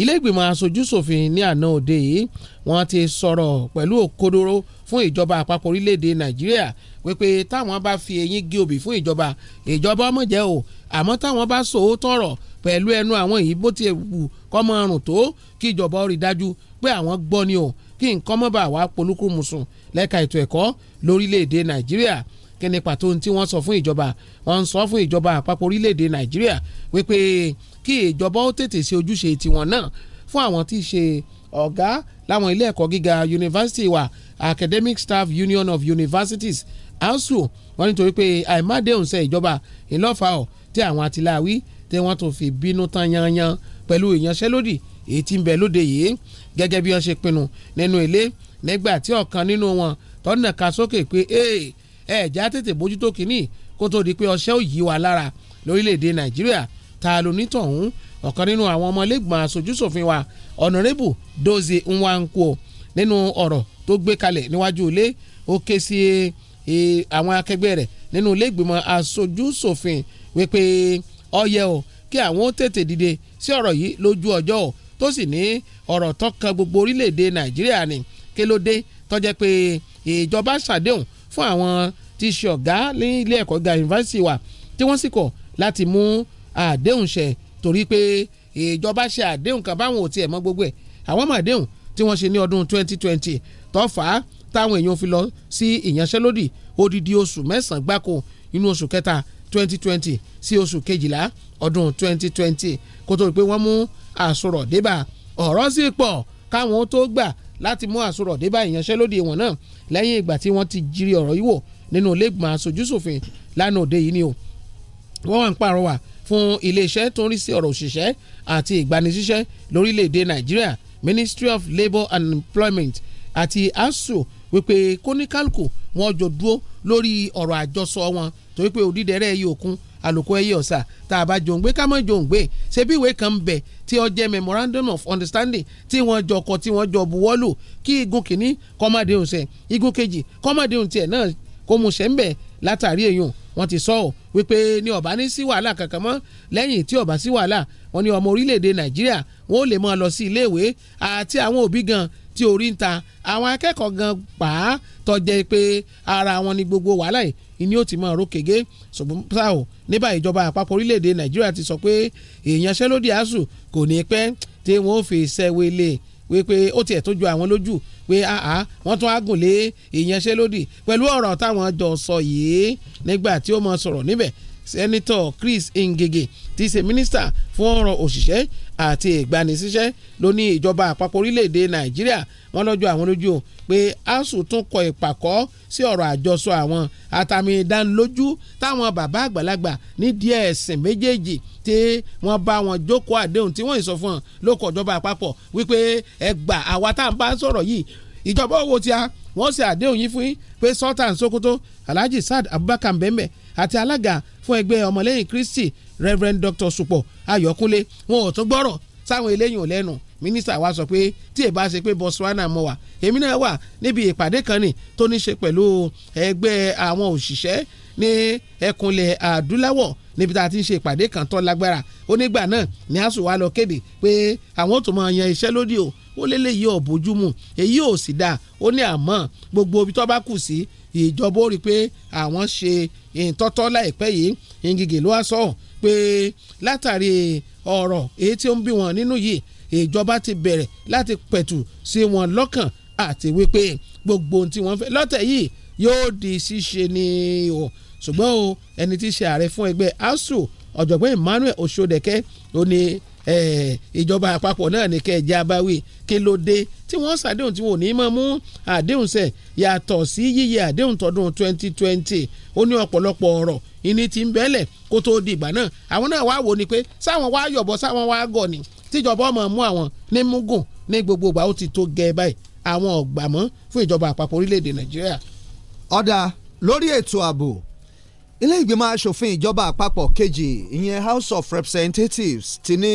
ilé ìgbìmọ̀ aṣojúṣòfin ní àná òde yìí wọ́n ti sọ̀rọ̀ pẹ̀lú òkodoro fún ìjọba àpapọ̀ orílẹ̀‐èdè nàìjíríà wípé táwọn bá fi eyín gé obì fún ìjọba ìjọba ọmọ jẹ́ o àmọ́ táwọn bá sòótọ́ ọ̀rọ̀ pẹ̀lú ẹnu àwọn yìí bó ti wù kọ́mọ ọrùn tó kí ìjọba rí dájú pé àwọn gbọ́ ni o kí nǹkan mọ́ bá wa polúkú musun lẹ́ka ètò ẹ̀kọ́ lórílẹ̀‐èdè nàìjíríà kí ni pàtó tí wọ́n sọ fún ìjọba wọ́n ń sọ fún ìjọba àpapọ̀ orílẹ̀‐èdè nàìjíríà wípé kí ìjọba ó tètè ṣe ojúṣe tiwọn náà fún àwọn tí í ṣe ọ̀gá láwọn ilé ẹ̀kọ́ gíga yunifásitì wa academic staff union of universities ASUU wọ́n nítorí pé àìmádéhùn sẹ ìjọba ìlọ́fà ọ̀ tí àwọn àtìláwí tí wọ́n tún fi bínú tán yanyan pẹ̀lú ìyanṣẹ́lódì èyí tí ń bẹ lóde yìí gẹ́gẹ́ bí wọ́n ṣe pinnu nínú ilé nígbà tí ọ̀kan nínú wọn tọ́nà ka sókè pé ẹ ẹ̀já tètè bójútó kínní kó tó di pé ọṣẹ́ ò yí wa lára lórílẹ̀‐èdè nàìjíríà ta ló nítọ̀hún ọ̀kan nínú àwọn ọmọlẹ́gbọ̀n aṣojúṣòfin wa ọ̀nàrẹ́bù Dozie Nwankwo nínú ọ̀rọ̀ tó gbé kalẹ̀ níwájú ilé ó ké sí e, àwọn akẹgbẹ́ rẹ̀ nínú ilé ìgbìmọ̀ aṣojúṣòfin wípé ọyẹ o kí àwọn ó tètè dìde sí ọ̀rọ̀ yìí lójú ọjọ́ o tó sì ní ọ̀rọ̀ tó gbogbo orílẹ̀-èdè nàìjíríà ni kí ló dé tó jẹ́ pé ìjọba ṣàdéhùn fún àwọn tí ṣe ọ̀gá ní ilé ẹ̀kọ́ gíga yunifásitì wa tí wọ́n sì kọ̀ láti mú àdéhùn ṣẹ torí pé ìjọba ṣe àdéhùn kan báwọn ò tiẹ̀ mọ gbogbo ẹ̀ àwọn mọ̀ àdéhùn tí wọ́n ṣe ní ọdún 2020 tó fà á táwọn èèyàn fi lọ sí ìyanṣẹ́lódì odidi oṣù mẹ́sàn-án gbáko inú oṣù kẹta twenty twenty sí oṣù kejìlá ọdún twenty twenty kó tó di pé wọ́n mú àsùrọ̀ débà ọ̀rọ̀ sì pọ̀ káwọn tó gbà láti mú àsùrọ̀ débà ìyanṣẹ́lódì wọn náà lẹ́yìn ìgbà tí wọ́n ti jiri ọ̀rọ̀ yìí wò nínú ilé ìgbìmọ̀ aṣojúṣòfin lánàá òde yìí ni o wọ́n wà ń pàrọwà fún iléeṣẹ́ tó ń rí sí ọ̀rọ̀ òṣìṣẹ́ àti ìgbanisíṣẹ́ lórílẹ̀‐èdè Nàìjíríà Ministry of Labour and Employment àti ASUU wípé kóníkálùkù wọn jọ dúró lórí ọ̀rọ̀ àjọsọ wọn torí pé òdìdẹrẹ́ ẹyẹ òkun àlòkù ẹyẹ ọ̀sà tá a bá jòǹgbé ká mọ́ jòǹgbé ṣebí ìwé kan ń bẹ tí ó jẹ́ memorandum of understanding tí wọ́n jọ kọ tí wọ́n jọ buwọ́lù kí igun kìíní kọ́mọdé òun sẹ̀ igun kejì kọ́mọdé òun tiẹ̀ náà kó mu ṣẹ́ ń bẹ̀ látàrí èèyàn wọ́n ti sọ wípé ní ọ̀bá ní sí wàhálà kankan mọ́ lẹ́yìn tí ọ̀bá sí wàhálà wọ́n ní ọmọ orílẹ̀-èdè Nàìjíríà wọ́n ó lè máa lọ sí iléèwé àti àwọn òbí gan-an tí orí ń ta àwọn akẹ́kọ̀ọ́ gan pa á tọ́jẹ́ pé ara wọn ni gbogbo wàhálà yìí ni ó ti máa rókègé ṣùgbọ́n ṣá o ní báyìí ìjọba àpapọ̀ orílẹ̀-èdè nàìjíríà ti sọ pé ìyanṣẹ́lódì asuu kò ní pẹ́ tí wọ́n fi ṣẹ́wélé wípé ó tiẹ̀ tó ju àwọn lójú pé àá wọ́n tún á lé ìyanṣẹ́lódì pẹ̀lú ọ̀rọ̀ táwọn jọ sọ yìí nígbà tí ó máa sọ̀rọ̀ níbẹ̀ sẹ́nitọ̀ Chris Ngige ti ṣe mínísítà fún ọ̀rọ̀ òṣìṣẹ́ àti ìgbanisíṣẹ́ ló ní ìjọba àpapọ̀ orílẹ̀-èdè nàìjíríà wọ́n lọ́jọ́ àwọn lójú o pé asuu tún kọ ìpàkọ́ sí ọ̀rọ̀ àjọsọ àwọn àtàmì ìdánilójú táwọn bàbá àgbàlagbà ní díẹ̀ ẹ̀sìn méjèèjì tí wọ́n bá wọn jókòó àdéhùn tí wọ́n ìsọfún hàn ló kọ ìjọba àpapọ̀ wípé ẹ àwa tá à ń bá sọ̀rọ̀ yìí ìjọba owó tí a wọ́n ṣe àdéhùn yìí fún yín pé Sultan Sokoto Alhaji Saad Abubakar Mbembe àti alága fún ẹgbẹ́ ọmọlẹ́yìn Kristi Reverend Dr. Supo. Ayọ̀kúnlé wọn ò tún gbọ́rọ̀ sáwọn eléyìn ò lẹ́nu mínísítà wa sọ pé tí ẹ bá ṣe pé Botswana mo wà èmi náà wà níbi ìpàdé kan ní tó ní ṣe pẹ̀lú ẹgbẹ́ àwọn òṣìṣẹ́ ní ẹkùnlẹ̀ adúláwọ̀ níbi tá a ti ń ṣe ìpàdé kan tó lágbára onígbà náà ni a sùn wá lọ kéde pé àwọn tó máa yan iṣẹ́ lódì o ó lélẹ́yìí ò bójúmu èyí ò sì dáa ó ní àmọ́ gbogbo ibi tó bá kù sí ìjọba ó rí i pé àwọn ṣe ìtọ́tọ́ láìpẹ́ yìí Ngige ló wá sọ pé látàrí ọ̀rọ̀ èyí tí ó ń bí wọn nínú yìí ìjọba ti bẹ̀rẹ̀ láti pẹ̀tù sí wọn lọ́kàn àti wípé gbogbo ohun tí wọ́n fẹ́ lọ́tẹ̀ yìí yóò di ṣíṣe ni o ṣùgbọ́n o ẹni tí í ṣe ààrẹ fún ẹgbẹ́ ASUU ọ̀jọ̀gbọ́n Emmanuel Osodeke ó Eh, ìjọba àpapọ̀ náà ní kẹjẹ abáwí kí ló dé tí wọ́n ṣàdéhùn tí wọn ò ní mọ̀ mú àdéhùn ṣẹ yàtọ̀ sí yíyẹ àdéhùn tọdún 2020 ó ní ọ̀pọ̀lọpọ̀ ọ̀rọ̀ ìní ti ń bẹ́lẹ̀ kó tó di ìgbà náà àwọn náà wá wò ni pé sáwọn wá yọ̀bọ̀ sáwọn wá gọ̀ ni tíjọba ọmọ mú àwọn ní mugun ní gbogbo ìgbà ó ti tó gẹ báyìí àwọn ọ̀gbàmọ́ fún ìjọba àpapọ̀ orílẹ̀-èdè
Nàìjíríà ilé ìgbìmọ̀ asòfin ìjọba àpapọ̀ kejì ìyẹn House of Representatives ti ní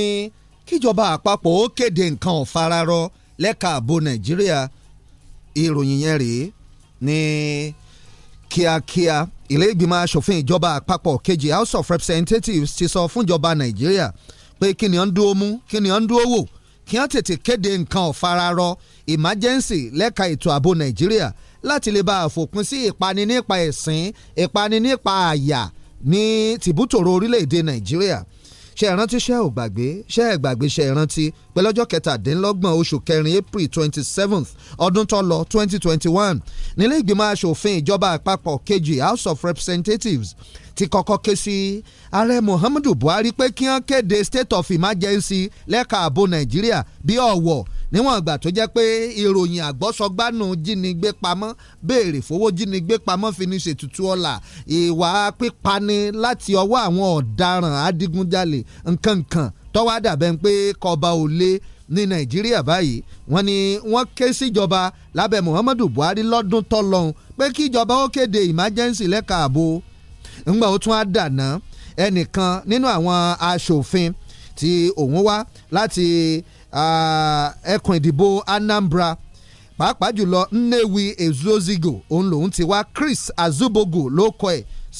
kíjọba àpapọ̀ ó kéde nǹkan ọ̀fararọ lẹ́ka ààbò Nàìjíríà ìròyìn yẹn rèé ní kíákíá ilé ìgbìmọ̀ asòfin ìjọba àpapọ̀ kejì House of Representatives ti sọ fúnjọba Nàìjíríà pé kí ni ó ń dúró mú kí ó ń dúró wò kí wọ́n tètè kéde nǹkan ọ̀fararọ emergency lẹ́ka ètò ààbò nàìjíríà láti lè bá a fòpin sí ìpani nípa ẹ̀sìn ìpani nípa àyà ní tìbútòrò orílẹ̀-èdè nàìjíríà ṣe ìrántí ṣe ò gbàgbé ṣe ẹ gbàgbé ṣe ìrántí pé lọ́jọ́ kẹtàdínlọ́gbọ̀n oṣù kẹrin april twenty seventh ọdún tó lọ twenty twenty one nílé ìgbìmọ̀ asòfin ìjọba àpapọ̀ kejì house of representatives ti kọ́kọ́ ké sí ààrẹ muhammadu buhari pé kí wọ́n kéde state of emergency lẹ́ka ààbò nàìjíríà bí ọ̀wọ̀ níwọ̀n ìgbà tó jẹ́ pé ìròyìn àgbọ́sọgbánu jínigbé pamọ́ béèrè fowó jínigbé pamọ́ fi ní ṣètùtù ọ̀la ìwà pípani láti ọwọ́ àwọn ọ̀daràn adigunjalè nkankan tọ́wọ́ dàbẹ̀ ń pé kọba ò lé ní nàìjíríà báyìí wọ́n ní wọ́n ké síjọba lábẹ́ muhammadu buhari lọ́dún tọ́lọ́hún pé kíjọba ó kéde emergency lẹ́ka ààbò ńgbà ó tún á dànà ẹnìkan nínú àwọn aṣòfin tí òun wá láti Ah, ẹkùn ìdìbò Anambra pàápàá jùlọ Nnewi Ezozigo òun lòun ti wá Chris Azubogo ló kọ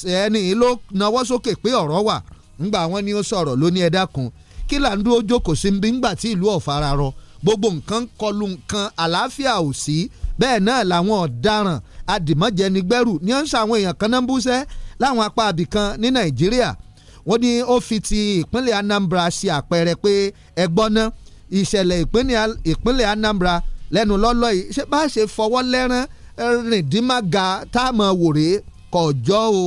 ẹ ẹni ló nawọ́ sókè pé ọ̀rọ̀ wà ńgbà wọn ni ó sọ̀rọ̀ ló ní ẹ̀dá kan kí là ń dúró jókòó sí bí ńgbà tí ìlú ọ̀fara rọ gbogbo nǹkan kọlu nǹkan àlàáfíà ò sí bẹ́ẹ̀ náà làwọn ọ̀daràn adìmọ́jẹnigbẹ́rù ní ọ̀nsá àwọn èèyàn kan náà ń búṣẹ́ láwọn apá abìkan ní Nàìjíríà wọ́n ní ó fi ti ìpínlẹ̀ Anambra ṣe àpẹẹrẹ pé ẹgbọ́n náà ìṣẹ̀lẹ̀ ìpínlẹ̀ Anambra lẹ́nu lọ́lọ́ yìí ṣé bá ṣe fọwọ́ lẹ́rán rìndínmága táàmù wòrè kọjọ́ o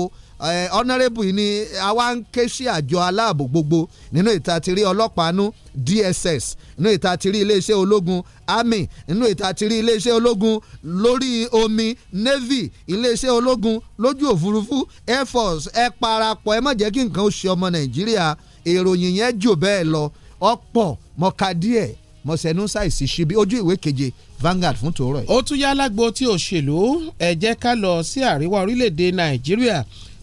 ọ̀nàrẹ́bù yìí ni àwa ń ké sí àjọ aláàbò gbogbo nínú ìta ti rí ọlọ́pàá nú DSS nínú ìta ti rí iléeṣẹ́ ológun army nínú ìta ti rí iléeṣẹ́ ológun lórí omi navy iléeṣẹ́ ológun lójú òfurufú air force ẹ parapọ̀ ẹ má jẹ́ kí nǹkan ó ṣe ọmọ Nàìjíríà èròyìn yẹn jò bẹ́ẹ̀ lọ ọ̀pọ̀ mọ̀ká díẹ̀ mọ̀sẹ̀nú ṣàìsí ṣíbi ojú ìwé keje Vanguard fún tòórọ̀ yìí. ó tún yá lágbo tí òṣèlú
ẹ jẹ́ ká lọ sí àríwá orílẹ̀-èdè Nàìjíríà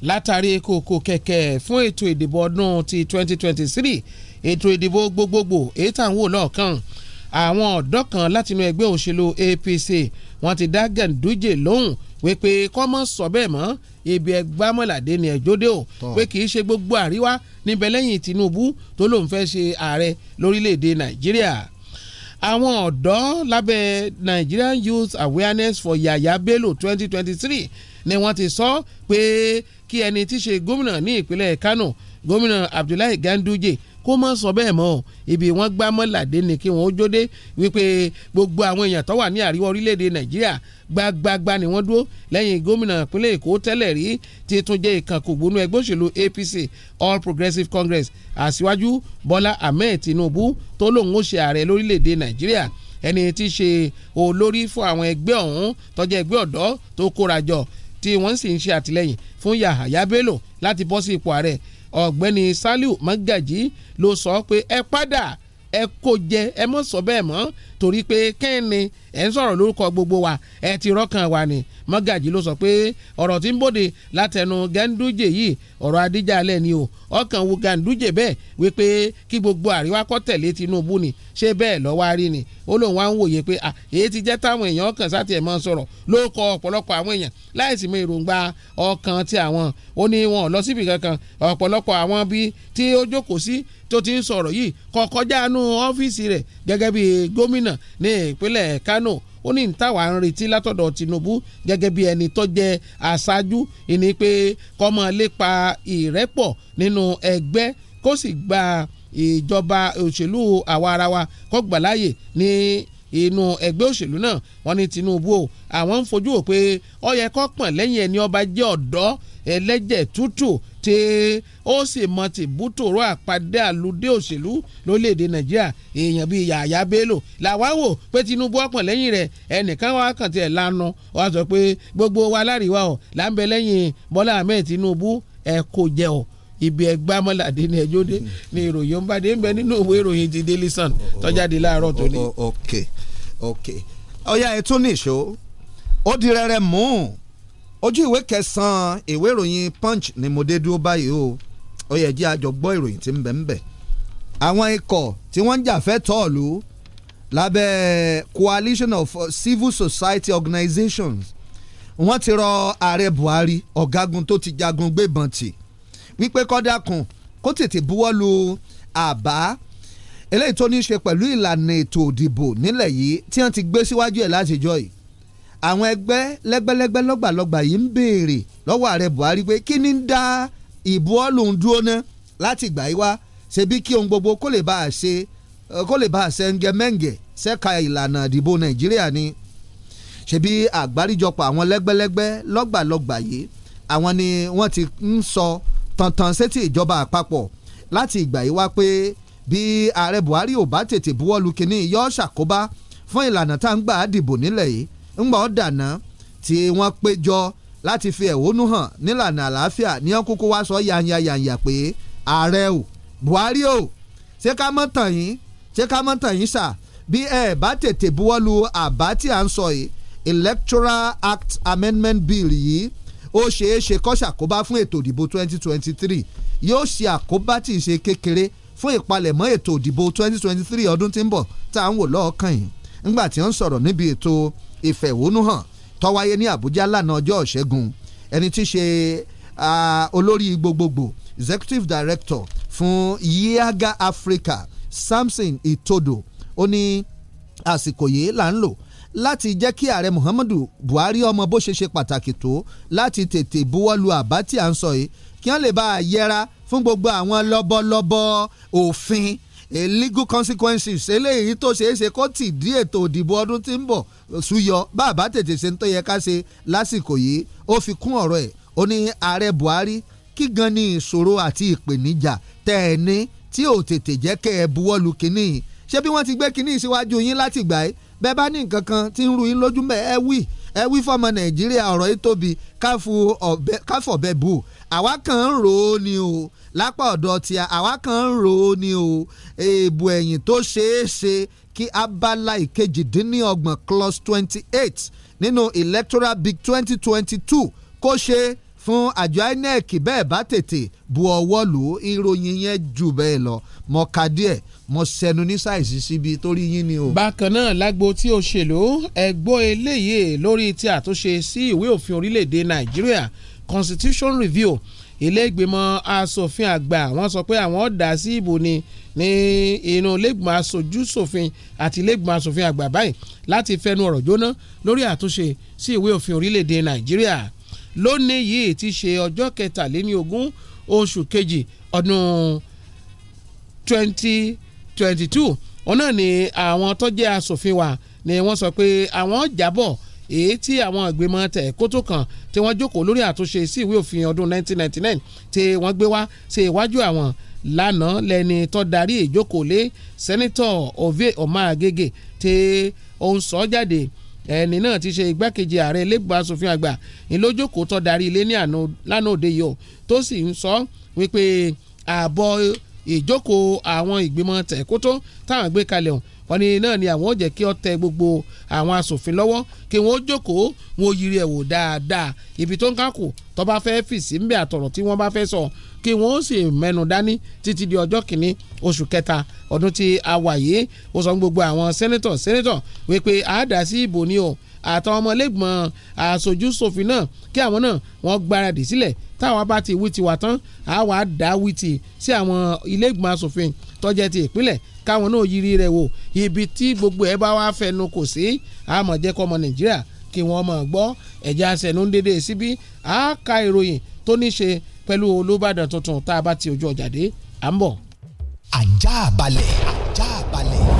látàrí kòkò kẹ̀kẹ́ fún ètò ìdìbò ọdún ti 2023 ètò ìdìbò gbogbogbò èyí tà ń wò lọ́ọ̀kan àwọn ọ̀dọ́ kan látinú ẹgbẹ́ òṣèlú APC wọ́n ti dá Ganduje lóhùn wípé kọ́mọ́ sọ bẹ́ẹ̀ mọ́ ibi ẹgbàmọ́ládé ni ẹ̀jọ́dé o pé kì í ṣe gbogbo àríwá níbẹ̀ lẹ́yìn Tinubu tó lóun fẹ́ ṣe ààrẹ lórílẹ̀‐èdè Nàìjíríà àwọn ọ̀dọ́ lábẹ́ Nigerian Youth Awareness for Yaya Bello 2023 ni wọ́n ti sọ pé kí ẹni tí í ṣe gómìnà ní ìpínlẹ̀ Kano gómìnà Abdullahi Ganduje kó mọ̀ sọ bẹ́ẹ̀ mọ́ ibi wọ́n gbá mọ́làdé ni kí wọ́n ó jóde wípé gbogbo àwọn èèyàn tó wà ní àríwá orílẹ̀-èdè nàìjíríà gbagbagba ni wọ́n dúró lẹ́yìn gómìnà ìpínlẹ̀ èkó tẹ́lẹ̀ rí ti tún jẹ́ ìkànkògbónú ẹgbẹ́ òṣèlú apc all progressives congress àṣìwájú bọ́lá ahmed tinubu tó lòun ó ṣe ààrẹ lórílẹ̀-èdè nàìjíríà ẹni tí í ṣe olórí fún àwọn ẹgbẹ́ ọ̀hún tó jẹ́ ẹgbẹ́ ọ̀dọ́ tó kórajọ tí wọ́n sì ń ṣe àtìlẹ́yìn fún yahaya bello láti bọ́ sí ipò ààrẹ ọ̀gbẹ́ni Saliu Magaji ló sọ pé ẹ padà ẹ kò jẹ ẹ mọ̀ sọ bẹ́ẹ̀ mọ́ torí pé kẹ́ni ẹ̀ ń sọ̀rọ̀ lórúkọ gbogbo wa ẹ̀ ti rọ́kàn wa ni mọ́gàjì ló sọ pé ọ̀rọ̀ tí ń bòde látẹnu Ganduje yìí ọ̀rọ̀ Adíjàlẹ̀ ni o ọkàn wo Ganduje bẹ́ẹ̀ wípé kí gbogbo àríwá kọ́ tẹ̀lé Tinubu ni ṣé bẹ́ẹ̀ lọ́wọ́ á rí ni ó lóun wá ń wòye pé èyí ti jẹ́ táwọn èèyàn kàn sáti ẹ̀ máa sọ̀rọ̀ ló kọ ọ̀pọ̀lọpọ̀ àwọn èèyàn láìsí mọ èròǹgbà ọkàn ti àwọn ó ní wọn lọ síbi kankan ọ̀pọ̀lọpọ̀ àwọn bíi tí ó jókòó sí tó ti ń sọ̀rọ̀ yìí kọ̀ọ̀kọ́jà nú gómìnà ní ìpínlẹ̀ Kano ó ní ìtawà ń retí látọ̀dọ̀ Tinubu gẹ́gẹ́ bí ẹni tó jẹ́ aṣáájú ìní pé kọ́mọ lépa ìrẹ́pọ̀ nínú ẹgbẹ́ kó sì gba ìjọba òṣèlú àwa ara wa kó gbà láàyè ní inú ẹgbẹ́ òṣèlú náà wọ́n ní Tinubu o àwọn ń fojú wò pé ó yẹ kó pọ̀n lẹ́yìn ẹni ọba jẹ́ ọ̀dọ́ ẹlẹ́jẹ̀ tútù tí ó sì mọ ti bútòrò àpàdé àlùdé òṣèlú lórílẹ̀‐èdè nàìjíríà èèyàn bíi yàyà bello làwọn wò pé tinubu ọ̀pọ̀ lẹ́yìn rẹ̀ ẹnìkan wà kàn tiẹ̀ lanu wà sọ pé gbogbo wa láríwá ọ̀ là lẹ́yìn bọ́lá ahmed tinubu ẹ̀ kò jẹ́ ọ̀ ibi ẹgbẹ́ amọ́ládé ní ẹjọ́ dé ní ìròyìn ó ń bàdé ń bẹ nínú òwe ìròyìn ti Daily Sun tó jáde
tó ní. ok ok ọ̀ya ẹ̀ tún ní ìṣó ó di rẹrẹ mú ojú ìwé kẹsàn ìwé ìròyìn Punch ni mo dé dúró báyìí o ó yẹ jẹ́ àjọ gbọ́ ìròyìn tí ń bẹ ń bẹ àwọn ikọ̀ tí wọ́n ń jà fẹ́ tọ́ọ̀lù lábẹ́ coalition of civil society organizations wọ́n ti rọ ààrẹ Buhari ọ̀gágun tó ti jagun gbébọn tì wípé kó dákun kó tètè buwọ́ lu àbá eléyìí tó ní í ṣe pẹ̀lú ìlànà ètò òdìbò nílẹ̀ yìí tí wọ́n ti gbé síwájú ẹ̀ látijọ́ yìí àwọn ẹgbẹ́ lẹ́gbẹ́lẹ́gbẹ́ lọ́gbàlọ́gbà yìí ń béèrè lọ́wọ́ ààrẹ Buhari pé kí ni ń dá ìbuwọ́lù ń dúró ná láti gbà yí wá ṣebí kí ohun gbogbo kó lè bá a ṣe kó lè bá a ṣe ńgẹ́mẹ́ǹgẹ́ ṣẹ́ka ìlànà ìdìbò Nàìjíríà ni ṣebí àgbáríjọpọ̀ àwọn lẹ́gbẹ́lẹ́gbẹ́ lọ́gbàlọ́gbà yìí àwọn ni wọ́n ti ń sọ so, tantan sétí ìjọba àpapọ̀ láti ìgbà yìí wá pé bí ààrẹ Buhari ò bá tètè buwọ́lu kínní yọ ṣàkóbá fún ìlànà tá à ń gbà á dìbò nílẹ̀ yìí ńgbà ó dànà tí wọ́n péjọ láti fi ẹ̀hónú hàn nílànà àlàáfíà ní ọ́n wá sọ yanyanyanya pé ààrẹ o Buhari o ṣé ká mọ̀ tàn yín ṣé ká mọ̀ tàn yín sà bí ẹ bá tètè buwọ́lu àbá tí à ń sọ yìí electoral act amendment bill yìí ó ṣeé ṣe kó ṣàkóbá fún ètò ìdìbò 2023 yóò ṣe àkóbá tí ì ṣe kékeré fún ìpalẹ̀mọ́ ètò ìdìbò 2023 ọdún tí ń bọ̀ tá à ń wò lọ́ọ̀kàn yìí ńgbà tí ó ń sọ̀rọ̀ níbi ètò ìfẹ̀hónúhàn tó wáyé ní Àbújá lánàá ọjọ́ Ìṣẹ́gun ẹni tí í ṣe olórí gbogbogbò executive director fún Yiaga Africa Samson Itodo ó ní àsìkò yìí là ń lò láti jẹ́ kí ààrẹ Muhammadu Buhari ọmọ bó ṣe ṣe pàtàkì tó láti tètè buwọ́lu àbá tí à ń sọ yìí kí wọ́n lè bá a yẹra fún gbogbo àwọn lọ́bọ̀lọ́bọ̀ òfin eh, legal consequences eléyìí tó ṣeé ṣe kó tì dí ètò òdìbò ọdún tí ń bọ̀ ṣúyọ bá a bá tètè ṣe ń tó yẹ ká ṣe lásìkò yìí ó fi kún ọ̀rọ̀ ẹ̀ ó ní ààrẹ Buhari kí gan ni ìṣòro àti ìpèníjà tẹ́ ẹ ní tí ò tètè jẹ́ kẹ́ ẹ buwọ́lu kínní ṣé bí wọ́n ti gbé kínní síwájú yín láti gbà yìí bẹ́ẹ̀ bá ní nǹkan kan tí ń ru yín lójú mẹ́ ẹ wí ẹ wí fọmọ nàìjíríà ọ̀rọ̀ yìí tóbi káfọ̀bẹ bù àwa kan ń rò ni o lápá ọ̀dọ̀ tí àwa kan ń rò ni o èèbù ẹ̀yìn tó ṣeé ṣe kí abala ìkejìdínlọ́gbọ̀n clause twenty eight nínú electoral big twenty twenty two kó ṣe é fún àjọ INEC bẹ́ẹ̀ bá tètè bu ọwọ́ lù ú ìròyìn yẹn jù bẹ́ẹ̀ lọ mọ ka díẹ̀ mọ sẹnu ní ṣàìsí síbi torí
yín ni o. bákan náà lágbo tí òṣèlú ẹgbọ́ eléyìí lórí ti àtúnṣe sí ìwé òfin orílẹ̀-èdè Nàìjíríà Constitution Review ilé ìgbìmọ̀ asòfin àgbà wọ́n sọ pé àwọn dá sí ìbò ni ní inú ilé ìgbìmọ̀ aṣojú àti ilé asòfin àgbà báyìí láti fẹnu ọ̀rọ̀ jóná lórí àtúnṣe sí ìwé òfin orílẹ̀ Nàìjíríà lónìí yìí ti ṣe ọjọ́ kẹtàléní ogún oṣù kejì ọdún twenty twenty two òun náà ni àwọn tó jẹ́ asòfin wa ni wọ́n sọ pé àwọn jábọ̀ èyí tí àwọn ìgbìmọ̀ tẹ̀ kótó kan tí wọ́n jókòó lórí àtúnṣe sí ìwé òfin ọdún 1999 tí wọ́n gbé wá sí iwájú àwọn lánàá lẹ́ni tó darí ìjókòó lé sẹ́nitọ̀ Ovie Ọmọ Agége tí ó ń sọ jáde ẹni náà ti ṣe igbákejì ààrẹ ilégbèmọ̀ asòfin àgbà ńlójókòó tó darí ilé ní lánàá òde yìí o tó sì ń sọ wípé ààbọ̀ ìjókòó àwọn ìgbìmọ̀ tẹ̀kótó táwọn gbé kalẹ̀ ọ̀hún wọ́n ní náà ni àwọn ò jẹ́ kí ó tẹ gbogbo àwọn asòfin lọ́wọ́ kí wọ́n jókòó wọn ò yiri ẹ̀ wò dáadáa ibi tó ń kákò tó bá fẹ́ fìsí ń bẹ àtọ̀rọ̀ tí wọ́n bá fẹ́ sọ kí wọ́n sì mẹ́nu dání títí di ọjọ́ kìíní oṣù kẹta ọdún tí a wà yìí ó sọ gbogbo àwọn sẹ́nẹ́tọ̀ sẹ́nẹ́tọ̀ wípé àádásí ìbò ni o àtàwọn ọmọlẹ́gbọ̀n aṣojú náà kí àwọn náà wọ́n gbáradì sílẹ̀ táwọn bá ti wí tiwa tán àwa dá wí ti sí àwọn ilé ìgbìmọ̀ aṣòfin tọ́jẹ́ ti ìpínlẹ̀ káwọn náà yiri rẹ̀ wò ibi tí gbogbo ẹ̀ bá wá fẹnu kò sí àmọ̀jẹ́kọ̀ ọmọ nàìjíríà kí wọ́n mọ̀ gbọ́ ẹ̀jẹ̀ àṣẹ̀nu dédé síbí a ka ìròyìn tó ní ṣe pẹ̀lú olùbàdàn tuntun tá a bá ti ojú ọjà dé à ń bọ̀. ajá balẹ̀ ajá balẹ̀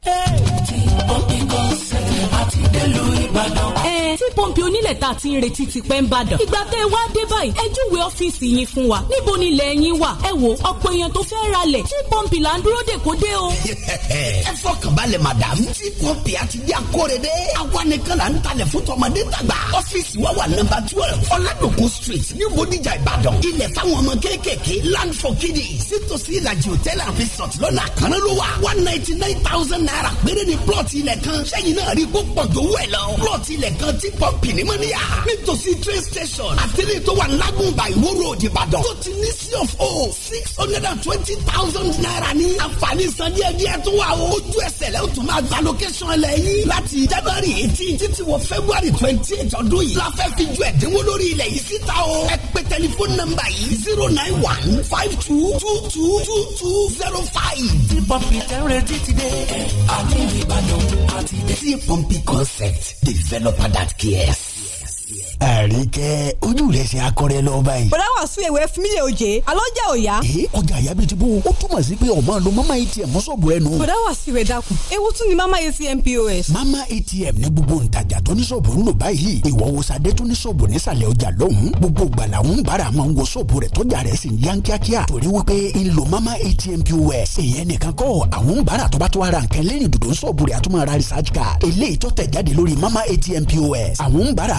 Hey
a ti délùú
Ìbàdàn. ẹ tí pọ́ǹpì onílẹ̀ tá a ti ń retí ti pẹ́ ń bàdàn. ìgbà tẹ́ ẹ wá dé báyìí ẹ júwe ọ́fíìsì yín fún wa níbo ni ilẹ̀ yín wà ẹ wò ọ̀pọ̀ èèyàn tó fẹ́ ra lẹ̀ tí pọ́ǹpì là ń dúró dè kó dé o. ẹ fọkàn balẹ̀ madam tí pọ́ǹpì àti bí akóredé awa nìkan là ń talẹ̀ fún tọmọdé tàgbà. ọ́fíìsì wa wà nọ́mbà twelve ọ̀làdòkun street ní one ninety nine thousand naira péré ni plọ̀tì ilẹ̀ kan sẹ́yìn náà rí kó pọ̀ jówó ẹ̀ lọ. plọ̀tì ilẹ̀ kan tí pọ́ǹpì ní nítòsí train station àtẹ̀lé tó wà lágùnbà ìwó road ìbàdàn tó ti ní sí of o oh, six hundred and twenty thousand naira ní àǹfààní san díẹ̀ díẹ̀ tó wà o. ojú ẹsẹ̀ lẹ́yìn tó máa gba location ẹlẹ́ yìí láti january eighteen títí wọ february twenty eight ọdún yìí la fẹ́ fi ju ẹ̀dínwó lórí ilẹ̀ yìí síta o. ẹ pé tẹlifóònù nọ́mbà yìí zero nine one five two two two two two zero five. ti pọ́ǹpì tẹ́rẹ̀ títí dé àti Ìbàdàn àti dé. ti pọ́ǹpì concept developer that cares àríkẹ́ ojú rẹ̀ ṣe akọrẹ lọ báyìí. bọ̀dá wà sún ewé fún mi lè oje alọ́ jẹ́ òya. ee ọjà àyà bíi ti bó
túmọ̀ sí pé ọmọ lo mama
atm mọ́sọ̀bù ẹnu. bọ̀dá wà sí ìwé dákun ewu tún ni mama atm pos.
mama atm ní gbogbo ntajà tó ní sọ̀bù ń lò báyìí ìwọ wo sadé tó ní sọ̀bù nísàlẹ̀ ọjà lọ́hùn gbogbo gbala ń bára máa ń wo sọ̀bù rẹ̀ tọ́jà rẹ̀ sì ń yan kíákíá torí mama atm pos èèyàn nìkan kọ́ àwọn ń bára tó bá tó ara nǹkan lẹ́yìn dòdò sọ̀bù rẹ̀ àtúmọ̀ ara mama atm pos àwọn ń bára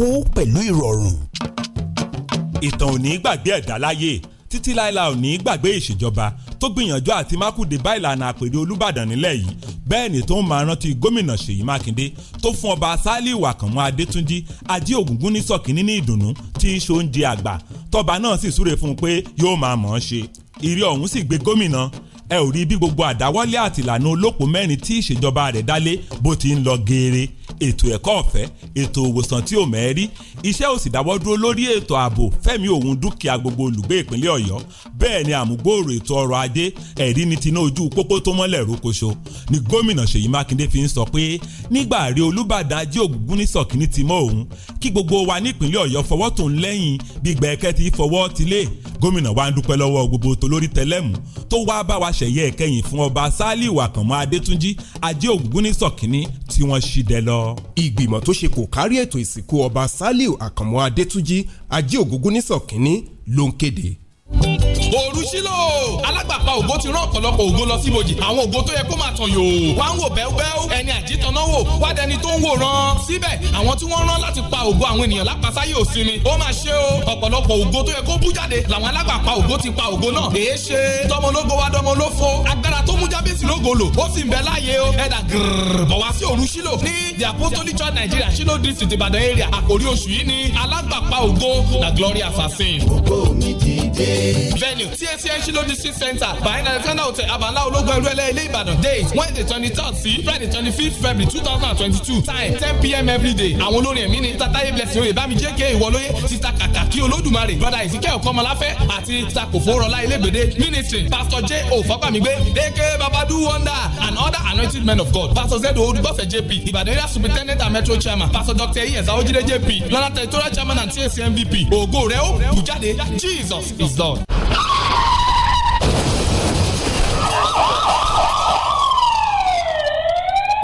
owó pẹ̀lú ìrọ̀rùn.
ìtàn ò ní gbàgbé ẹ̀dá láyé títí láìla ò ní gbàgbé ìṣèjọba tó gbìyànjú àti mákùdé bá ìlànà àpèrè olùbàdàn nílẹ̀ yìí bẹ́ẹ̀ ni tó ń máa rántí gómìnà ṣèyí mákindé tó fún ọba sálíù àkànmọ́ adétúnjì ajé ògúngún ní sọ̀kínní ní ìdùnnú tí í ṣe oúnjẹ àgbà tọba náà sì súre fún un pé yóò máa mọ̀ ọ́n ṣe ìrí ọ̀hún sì gbé gómìnà ẹ ò rí bí gbogbo àdáwọ́lé àtìlànà olóko mẹ́rin tí ìṣèjọba rẹ̀ dálé bó ti ń lọ geere ètò ẹ̀kọ́ ọ̀fẹ́ ètò òwòsàn tí ò mẹ́rí iṣẹ́ ò sì dáwọ́ dúró lórí ètò ààbò fẹ́mi òun dúkìá gbogbo olùgbé ìpínlẹ̀ ọ̀yọ́ bẹ́ẹ̀ ni àmúgbòòrò ètò ọrọ̀ ajé ẹ̀rí ni tinú ojú pópó tó mọ́lẹ̀ rókoṣo ni gómìnà ṣèyí mákindé fi ń sọ pé nígbà rí olúbàdàn ajé ògúngún ní sọ̀kíní ti mọ́ òun kí gbogbo wa ní ìpínlẹ̀ ọ̀yọ́ fọwọ́ tó ń lẹ́yìn bí gbẹ̀kẹ́ ti fọwọ́ tilé gómìnà wa ń dúpẹ́ lọ́wọ́ gbogbo tolórí tẹlẹ́mù tó wá bá wa àṣeyẹ ìkẹyìn fún ọba sálíù àkànmọ́ adétúnjì ajé ògúngúnnísọ̀ kínní
tí wọ́n ṣì dẹ lọ. ìgbìmọ̀ tó ṣe kò kárí ètò ìsìnkú ọba sálíù àkànmọ́ adétúnjì
ajé ògúngúnnísọ̀ kínní ló ń kéde òru sílò alágbàpá ògo ti rán ọ̀pọ̀lọpọ̀ ògo lọ síbojì àwọn ògo tó yẹ kó máa tàn yòó wá ń wò bẹ́ẹ̀bẹ́ẹ́ ẹni àjítọ̀nà wò wá dẹni tó ń wòran síbẹ̀ àwọn tí wọ́n rán láti pa ògo àwọn ènìyàn lápasáyé òsinmi ó máa ṣe o ọ̀pọ̀lọpọ̀ ògo tó yẹ kó bú jáde làwọn alágbàpá ògo ti pa ògo náà èé ṣe tọmọlógo wa dọmọlófo agbára tó mú jábèsì lógo lò ó sì ń bẹ láàyè o ẹ̀dà gírrrr bọ̀ wá sí òru sílò ní the apostolic church nigeria sílò district ìbàdàn area àkórí oṣù yìí ni alágbàpá ògo na glory assassin. ògo mi ti dé. bẹ́ẹ̀ni avenue tsa shilodisi center behind alexander hotel abala ológun ẹrú ẹlẹ́ ilé ìbàdàn date wednesday twenty third sí friday twenty fifth february two thousand and twenty two time ten pm everyday àwọn olórin ẹ̀mí ni tataye blessing oyè bámi jẹ́kẹ́ ìwọlóye sista kàkàkí olódùmarè brother ìsìnkẹ́ ọ̀kọ́mọláfẹ́ àti sakofo rọlá ilégbèdé ministry pastor j ofapamigbe aka babadu wonder and other anointed men of god pastor zedo olùgbọ́fẹ̀ jp ìbàdàn area superintendent and metro chairman pastor Doctor dr iye zawojide jp lọ́nà territorial chairman and tsc mvp e ògo rẹ̀ ó bùjáde jesus is lord.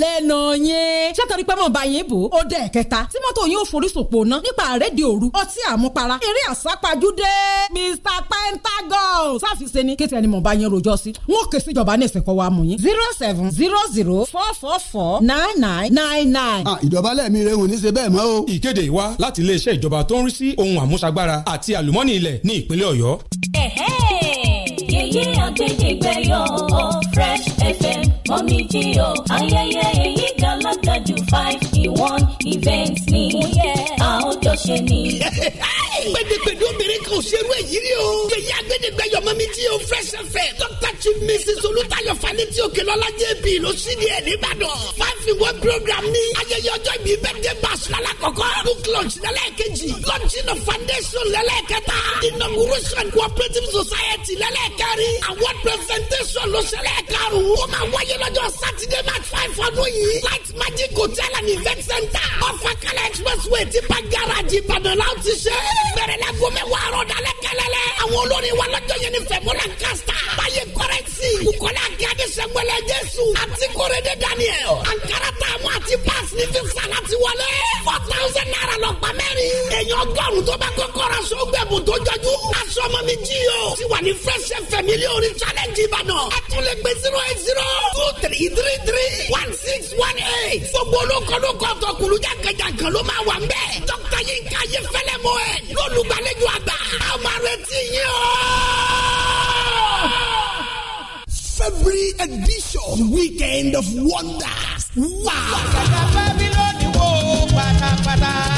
lẹ́nu yẹn. ṣé torí pé bá yín bò ó dẹ̀ kẹta tí mọ́tò yóò forísòpò ná nípa àrédìí òru ọtí àmupara eré àsápajúdé Mr Pentagon sáfìsẹ́ ni kéte ẹni mo bá yín rojọ́ sí. n ó sí ìjọba ní ìsìnkú wa mú yín. zero seven zero zero four four four nine nine nine nine. Ah,
ìdọ̀bálẹ̀ mi rẹ̀ ní ṣe bẹ́ẹ̀ mọ́ o. ìkéde ìwá láti iléeṣẹ́ ìjọba tó ń rí sí ohun àmúṣagbára àti àlùmọ́nì ilẹ̀ ní ìpínlẹ̀ Ọ̀yọ́.
ẹ̀hẹ́ yẹ̀yẹ́ àgbẹ̀dẹ̀gbẹ̀ fm mọ́mí jí o ayẹyẹ èyí gàlágà ju five in one events, ni oh, àwọn jọ ṣe ni. <laughs> gbẹdẹgbẹdẹ obìnrin kan ò ṣerú èyí rí o. kèyí agbẹdẹgbẹyọ mọmi tí o fresh
fẹ. dr chief mrs olutayo fani tí o kele ọlajẹ bi ló sí ni ẹ nìbàdàn. five in one program ni. ayẹyẹ ọjọ́ ìbí birthday bash lálàkọ́kọ́. book launch lẹ́lẹ́kejì.
launching of foundation lẹ́lẹ́kẹta. inauguration cooperative society lẹ́lẹ́kẹrin. award presentation ló ṣẹlẹ̀ karùn-ún. ó máa wáyé lọ́jọ́ saturday march five ọdún yìí. light magic hotel and event center. ọ̀fà kala expressway ti pa garaji ìbàdàn láti ṣe é bẹ̀rẹ̀ la gomẹ wa rọda lẹ kẹlẹ lẹ. àwọn olórin wa lọ́jọ́ yẹn ni fẹ̀mọ́lá kásítà.
báyé kọ́rẹ́sì. kukọ́lá gíadé sẹ́gbẹ́lẹ́ jésù. àti kórede daniel. ankara taamu àti paasi ní fi sàlá ti wọlé. four thousand naira lọ pa mẹ́rin. èèyàn ọgọ́rùn tó bá kọ́kọ́ ra so gbẹ̀bù tó jọjú. aṣọ ọmọ mi jí o. ti wà ní fresh fm mílíọ̀nù challenge ìbàdàn. a tún lè gbé zero eight zero two three three three one six one eight. gbogbo olókòlókò tó kulujà kẹjà kan ló máa wà ń bẹ́ẹ̀. dókítà yín ká yẹ fẹ́lẹ́ mọ́ ẹ̀. olùgbàlejò àgbà. a máa retí yín o.
February edition weekend of wonders.
Wow. lónìí
wo pátápátá.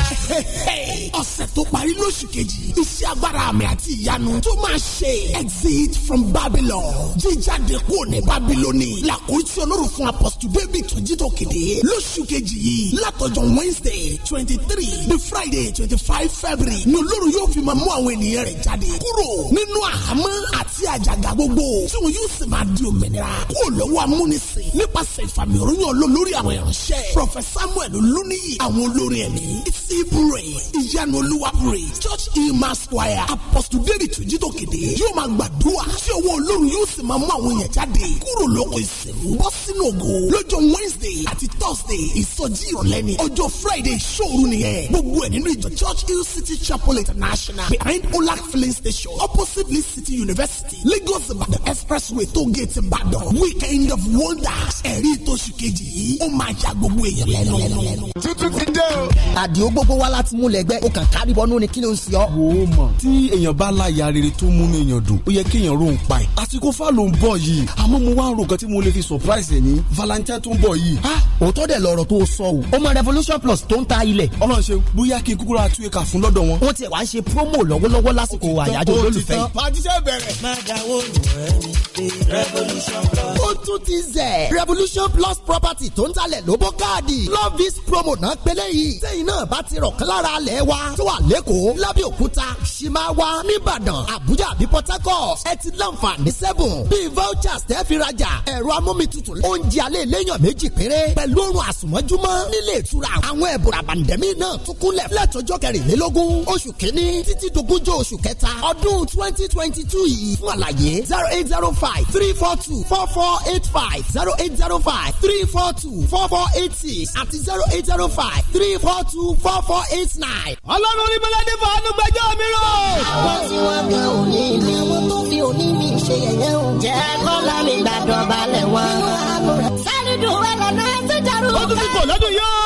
ọ̀sẹ̀ tó parí lóṣù kejì iṣẹ́ agbára àmì àti ìyanu tó máa ṣe exit from babylon jíjáde kúrò ní babiloni làkúrúsí olórí fún apọ́sítù david tójútó kéde
lóṣù kejì yìí látọjọ́ wednesday twenty three the friday twenty five february ni olórí yóò fi máa mú àwọn ènìyàn rẹ̀ jáde kúrò nínú àhámọ́ àti àjàgà gbogbo tí wọn yóò sì máa di òmìnira kúrò lọ́wọ́ amúnisìn nípasẹ̀ ìfàmì òróyìn olólórí àwọn ìránṣẹ́ prọfẹsà samuel olúniyì àwọn olórin ẹ̀mí ìsìnkú praise ìyanu olúwa praise church emma square apostle david tujito kéde yóò máa gbàdúrà tí owó olórun yóò sì máa mú àwọn èèyàn jáde kúrò lóko ìsìn bọ́ sínú ògo lọ́jọ́ wednesday àti thursday ìsọjí ìrọ̀lẹ́ ni ọjọ́ friday ìṣòru nìyẹn gbogbo ẹ̀ nínú ìjọ church hill city chapel international behind olak filling station opposite lee city university lagos ibadan expressway tó gate ibadan weekend of wonders ẹ̀rí ìtòsù kejì yìí ó máa
ja gbogbo èèyàn lẹ́nu.
tuntun ti dé o.
àdìo gbogbo wa láti múlẹ̀ gbẹ́ o kàn kárí bọ́nú
ni kí ló ń ṣe wò ó mọ̀ tí èèyàn bá láya rere tó múnú èèyàn dùn ó yẹ kéèyàn rò ń pa ẹ̀. àsìkò fà ló ń bọ̀ yìí àmọ́ mo wá ń ro nǹkan tí mo lè fi surprise ẹ̀ ní valentine tó ń bọ̀ yìí. a ah, òótọ́ dẹ̀ lọ̀rọ̀ tó sọ o ó mọ revolution plus tó ń ta ilẹ̀. ọlọ́run bóyá kí n kúkúrú àtúnyẹ kà fún lọ́dọ̀ wọn.
wọ́n ti wá ń ṣe promo lọ́wọ́lọ́wọ́ lásìkò àyájọ́
olólùfẹ́
revolution plus.
ó tún ti zẹ̀ revolution plus property tó ń talẹ̀ lóbó káàdì love is promo náà pélé yìí. sẹ́yìn náà bá ti rọ̀ ọ̀kan lára alẹ̀ wa tó wà lẹ́kọ̀ọ́ lábẹ́òkúta ṣìmáwá nìbàdàn àbújá àbí port harcourt ẹ ti láǹfààní sẹ́bùn bíi vouchers tẹ́ fi rajà ẹ̀rọ amómitutù oúnjẹ alẹ́ lẹ́yìn méjì péré pẹ̀lú oorun àsùnmọ́júmọ́ nílé ìtura àwọn ẹ̀bùn àbàǹdẹ̀mí náà tún kúnlẹ̀ fúlẹ̀tọ́jọ́ kẹrìnlélógún oṣù kínní títí dogúnjọ́ oṣù kẹta ọdún twenty twenty two yìí fún àlàyé zero eight zero five three four two four four eight five zero eight zero five three four two four four eight six àti zero eight zero five three four two four four eight nine. ọlọ́run ní bọ́ládé
fàánù gbẹjọ́ mi rò. àwọn tí wọ́n kan òní mi àwọn tó fi òní mi ṣe yẹ̀yẹ́ o. jẹ́ kọ́lá mi gbàdọ̀ balẹ̀ wọn. sẹ́ni dùn wẹ́lẹ̀ náà ti dàrú.
ó tún ti kò lọ́dún yóò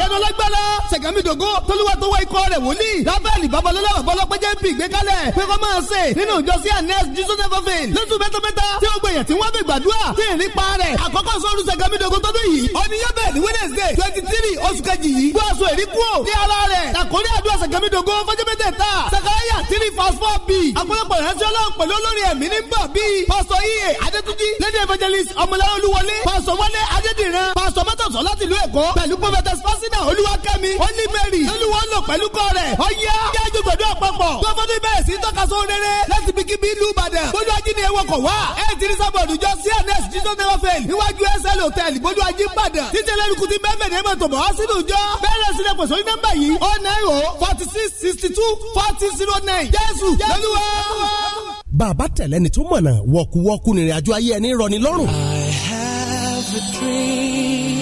àyànà lágbára sẹ̀gámi dògó tolúwa tó wá ikọ̀ rẹ̀ wòlíì rábẹ́ẹ̀lì babalọ́lá babalọ́pẹ́ jẹ́ bí ìgbékalẹ̀ pé kó máa ṣe nínú ìjọ anes. Jesus never fail lóṣù mẹ́tamẹ́ta tí ó gbẹ̀yẹ̀ tí wọ́n fi gbàdúrà tí ì nípa rẹ̀ àkọ́kọ́ sọ́ọ́rù sẹ̀gámi dògó tọ́dún yìí oníyẹ́bẹ̀ ní Wednesday twenty three oṣù kejì yìí gbọ́ aṣọ èrí kúrò ní ara rẹ̀ àkórí àdúrà sẹ̀gámi dògó fọ́jọ́mẹ́tẹ̀ ta sàkáyà three fast four b àpọ̀lọpọ̀ ìrántí ọlọ́run pẹ̀lú olórí ẹ̀mí ní gbà bíi pásítọ̀ iye adétúnjì lady evangelist ọmọláwọlúwọlé pásítọ̀ wálé adédìran pásítọ̀ mọ́tòsọ́ láti ìlú èkó pẹ̀lú pọ́fẹ́tẹ́sì pásítà olúwakẹ́mi olímẹ̀rì olúwọ́ pẹ̀lú kọ́ rẹ̀ ọ̀yá jájú gbọ̀dọ̀ àpapọ̀ gbọ́fọ́dún bẹ́ẹ̀ sí tọ́kaso rere láti bí kíbi ìlú ìbàdàn bólú ají ni ewé wá ẹ̀ ní sábọ̀dù jọ cns jesus never fail níwájú sl hotel bólú ají ìbàdàn títí ẹlẹ́rìkú ti bẹ́ẹ̀ bẹ̀rẹ̀ mọ̀tò bọ̀ sínú jọ bẹ́ẹ̀rẹ̀ sílẹ̀ pẹ̀sọ́ ní nọ́mbà yìí o nine o oh forty six sixty two forty zero nine jésù lọ́lúwa.
bàbá tẹ̀lẹ́ni tó mọ̀nà wọ̀kúwọ́kú nìrìnàjò ayé ẹni rọ̀ ní lọ́rùn.
a
dream.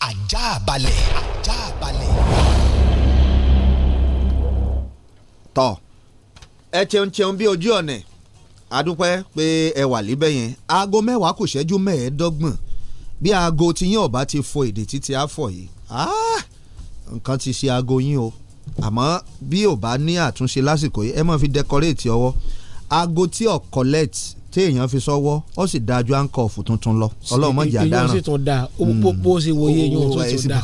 ajá balẹ̀ ajá balẹ̀.
tọ́ ẹ cheun cheun bí ojú ọ̀nà adúpẹ́ pé ẹ wà líbẹ̀ yẹn aago mẹ́wàá kù ṣẹ́jú mẹ́ẹ̀ẹ́dọ́gbọ̀n bí aago tí yín ọba ti fo èdè títí àfọ̀ yìí ah, nǹkan ti ṣe aago yín o àmọ́ bí ò bá ní àtúnṣe lásìkò yìí ẹ máa fi dẹkọréètì ọwọ́ aago tí ọ̀kọ́lẹ́tì tí èèyàn fi sọ́wọ́ ó sì dájú àǹkọ̀ọ̀fù tuntun lọ ọlọ́run mọ̀ jà dáná. èyí ó sì tún da pópó sì wo iye yóò tún tún da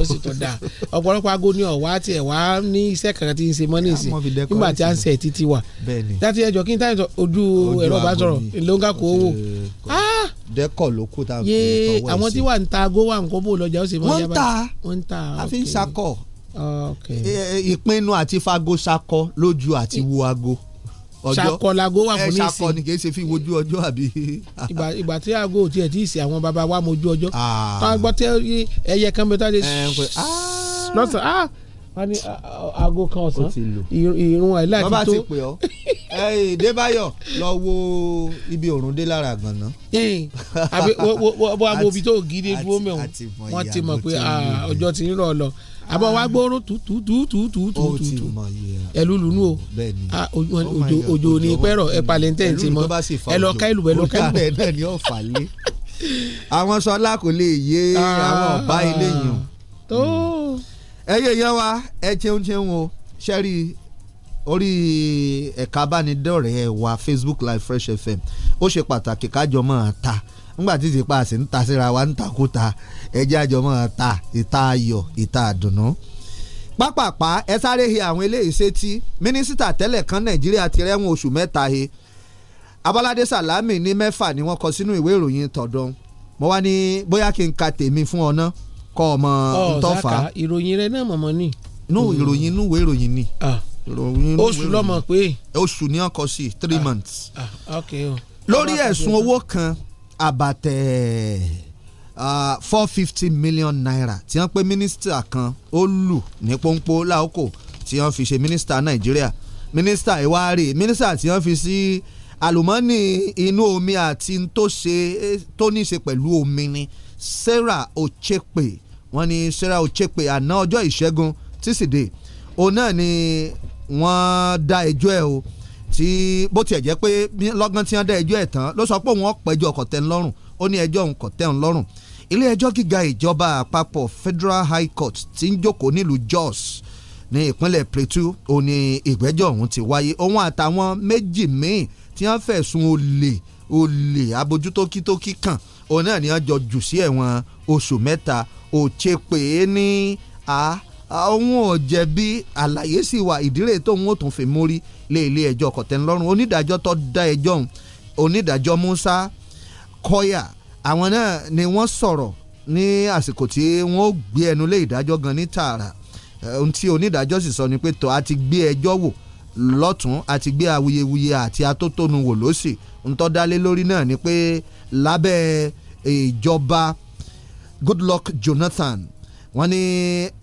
ó sì tún da ọ̀pọ̀lọpọ̀ aago ní ọ̀wá tiẹ̀ wá ní iṣẹ́ kankan tí ń ṣe mọ́nì sí nígbà tí a ń sẹ̀ títí wà láti ẹjọ́ kí n táyà ojú ẹ̀rọ bá sọ̀rọ̀ ló ń ká kó owó
ah! dẹ́kọ̀ ló kó tá a fi tọwọ́ ẹ̀ sí. àwọn tí wà
ń ta aago wà ń kó bó lọ́jà ó sì mọ ìyá bá wọ́n ń ta
a fi ọjọ́ ṣàkọlago wà fún nísìn ẹ ṣàkọ ni kì í ṣe fi wojú ọjọ́ àbí. <laughs> ìgbà ìgbà
tí aago ò tiẹ̀ tí ì sí àwọn baba wa mojú ọjọ́ táwọn ah. gbọ́ tí ẹyẹ kan bẹ táwọn ṣe ah. lọ́sàn-án ah, wọ́n ní aago kan ọ̀sán irun àìlá ti tó. bàbá ti
pè ọ́ Débáyọ̀ lọ wo ibi òrùn dé lára gan àbí wọ́n wo <laughs> ibi tó gidi dúró mẹ́wọ̀n wọ́n ti mọ̀ pé ọjọ́ ti ń
rọ̀ lọ àbọ̀ wa gbóòórùn tútù tútù tútù tútù ẹlú lùnú o òjò ní pẹ́rọ ẹ palẹ́ntẹ́ ti mọ́ ẹ lọ ká ìlú ẹ lọ ká ìlú. olùkọ́ náà ni
ó fà lé àwọn sọlá kò lè yé ah. àwọn ọba ilé yìí o. ẹyẹ yẹn wa ẹ jẹun jẹun o ṣẹ́rí orí ẹ̀ka abánidọ́rẹ̀ẹ́ wa Facebook Live Fresh FM ó ṣe pàtàkì kájọ máa ta ńgbà tí ìsìnpá sì ń ta síra wa ń takúta ẹjẹ́ àjọmọ́ ta ìta ayọ̀ ìta àdùnnú. pápápá ẹ sáré he àwọn eléyìí sétí mínísítà tẹ́lẹ̀ kan nàìjíríà ti rẹ́wọ̀n oṣù mẹ́ta he abọ́ládé sàlámì ní mẹ́fà ni wọ́n kọ sínú ìwé ìròyìn tọ̀dọ̀ mo wá ní bóyá kí n ka tèmi fún ọ náà kọ́ ọmọ ntọ́fà. ọ̀ zaka
ìròyìn rẹ náà mọ̀mọ́ ni.
nú ìròyìn inú ìwé ìròyìn ni. oṣù lọ́mọ pé. oṣù ni wọ́n kọ sí three months.
lórí ẹ̀sùn owó
kan About four fifty million naira tí wọ́n pé mínísítà kan ó lù ní pọ́npọ́ láòkò tí wọ́n fi ṣe mínísítà nàìjíríà mínísítà ìwárì mínísítà tí wọ́n fi sí àlùmọ́ọ́nì inú omi àti tó ṣe tó ní ṣe pẹ̀lú omi ni sarah ochepe wọ́n ní sarah ochepe àná ọjọ́ ìṣẹ́gun tísídẹ̀ẹ́ òun náà ni wọ́n dá ẹjọ́ ẹ̀ o. Chepe, tí bó tiẹ̀ jẹ́ pé lọ́gán tí wọ́n dá ẹjọ́ ẹ̀ tán ló sọ pé òun ọ̀pẹ̀jọ́ kò tẹ́ ń lọ́rùn ó ní ẹjọ́ òun kò tẹ́ ilé ẹjọ́ gíga ìjọba àpapọ̀ Federal High Court tí ń jókòó nílùú Jos ní ìpínlẹ̀ Plateau ó ní ìgbẹ́jọ́ ọ̀hún ti wáyé òun àtàwọn méjì míì tí wọ́n fẹ̀sùn olè olè abojútókítókí kan òun náà ni wọ́n jọ jù sí ẹ̀wọ̀n oṣù mẹ́ta òchepe ní a òun ò jẹ̀bi àlàyé sì wà ìdírè tóun ó tún fi mórí lé ilé ẹjọ́ kọ̀tẹ́nlọ́rùn onídàájọ́ tó dá ẹjọ́ ọ̀hún onídàájọ́ Musa Kọ́yà àwọn náà ni wọ́n sọ̀rọ̀ ní àsìkò tí wọ́n gbé ẹnu lé ìdájọ́ gan ní tààrà ohun tí onídàájọ́ sì sọ ni pé tó a ti gbé ẹjọ́ wò a àti gbé awuyewuye àti atótónu wò lọ́sì ntọ́dálé lórí náà ni pé lábẹ́ ìjọba Goodluck Jonathan wọ́n ní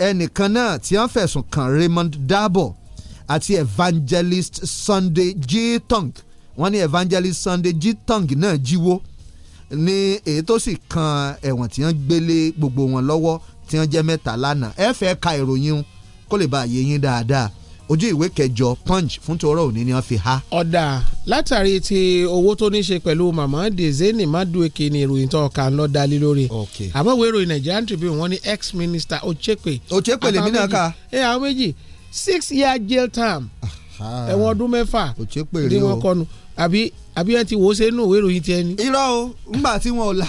ẹnìkan náà tí wọ́n fẹ̀sùn kàn Raymond Dabo àti evangelist Sunday G. Tong wọ́n ní evangelist Sunday G. Tong náà jíwó ní èyí tó sì kan ẹ̀wọ̀n tí wọ́n gbélé gbogbo wọn lọ́wọ́ tí wọ́n jẹ́ mẹ́ta lánàá ẹ fẹ́ ka ìròyìn kó lè bá yé yín dáadáa ojú ìwé kẹjọ punch fún tòró òní ni wọ́n fi há.
ọ̀dà látàrí ti owó tó ní ṣe pẹ̀lú mama dezeni madueke ni ìròyìn tó kà ń lọ dalí lórí. àmọ́ ìwé ìròyìn Nigerian Tribune wọ́n ní ex-minister Ochepe. Ochepe lèmi náà kà. ẹ àwọn méjì six year jail term ẹ̀wọ̀n ọdún mẹ́fà ni wọ́n kọ́nu àbí àbí ẹ ti wò ó ṣe nù òwe ìròyìn tiẹ̀ ni. irọ́ o ngbà tí wọn ò la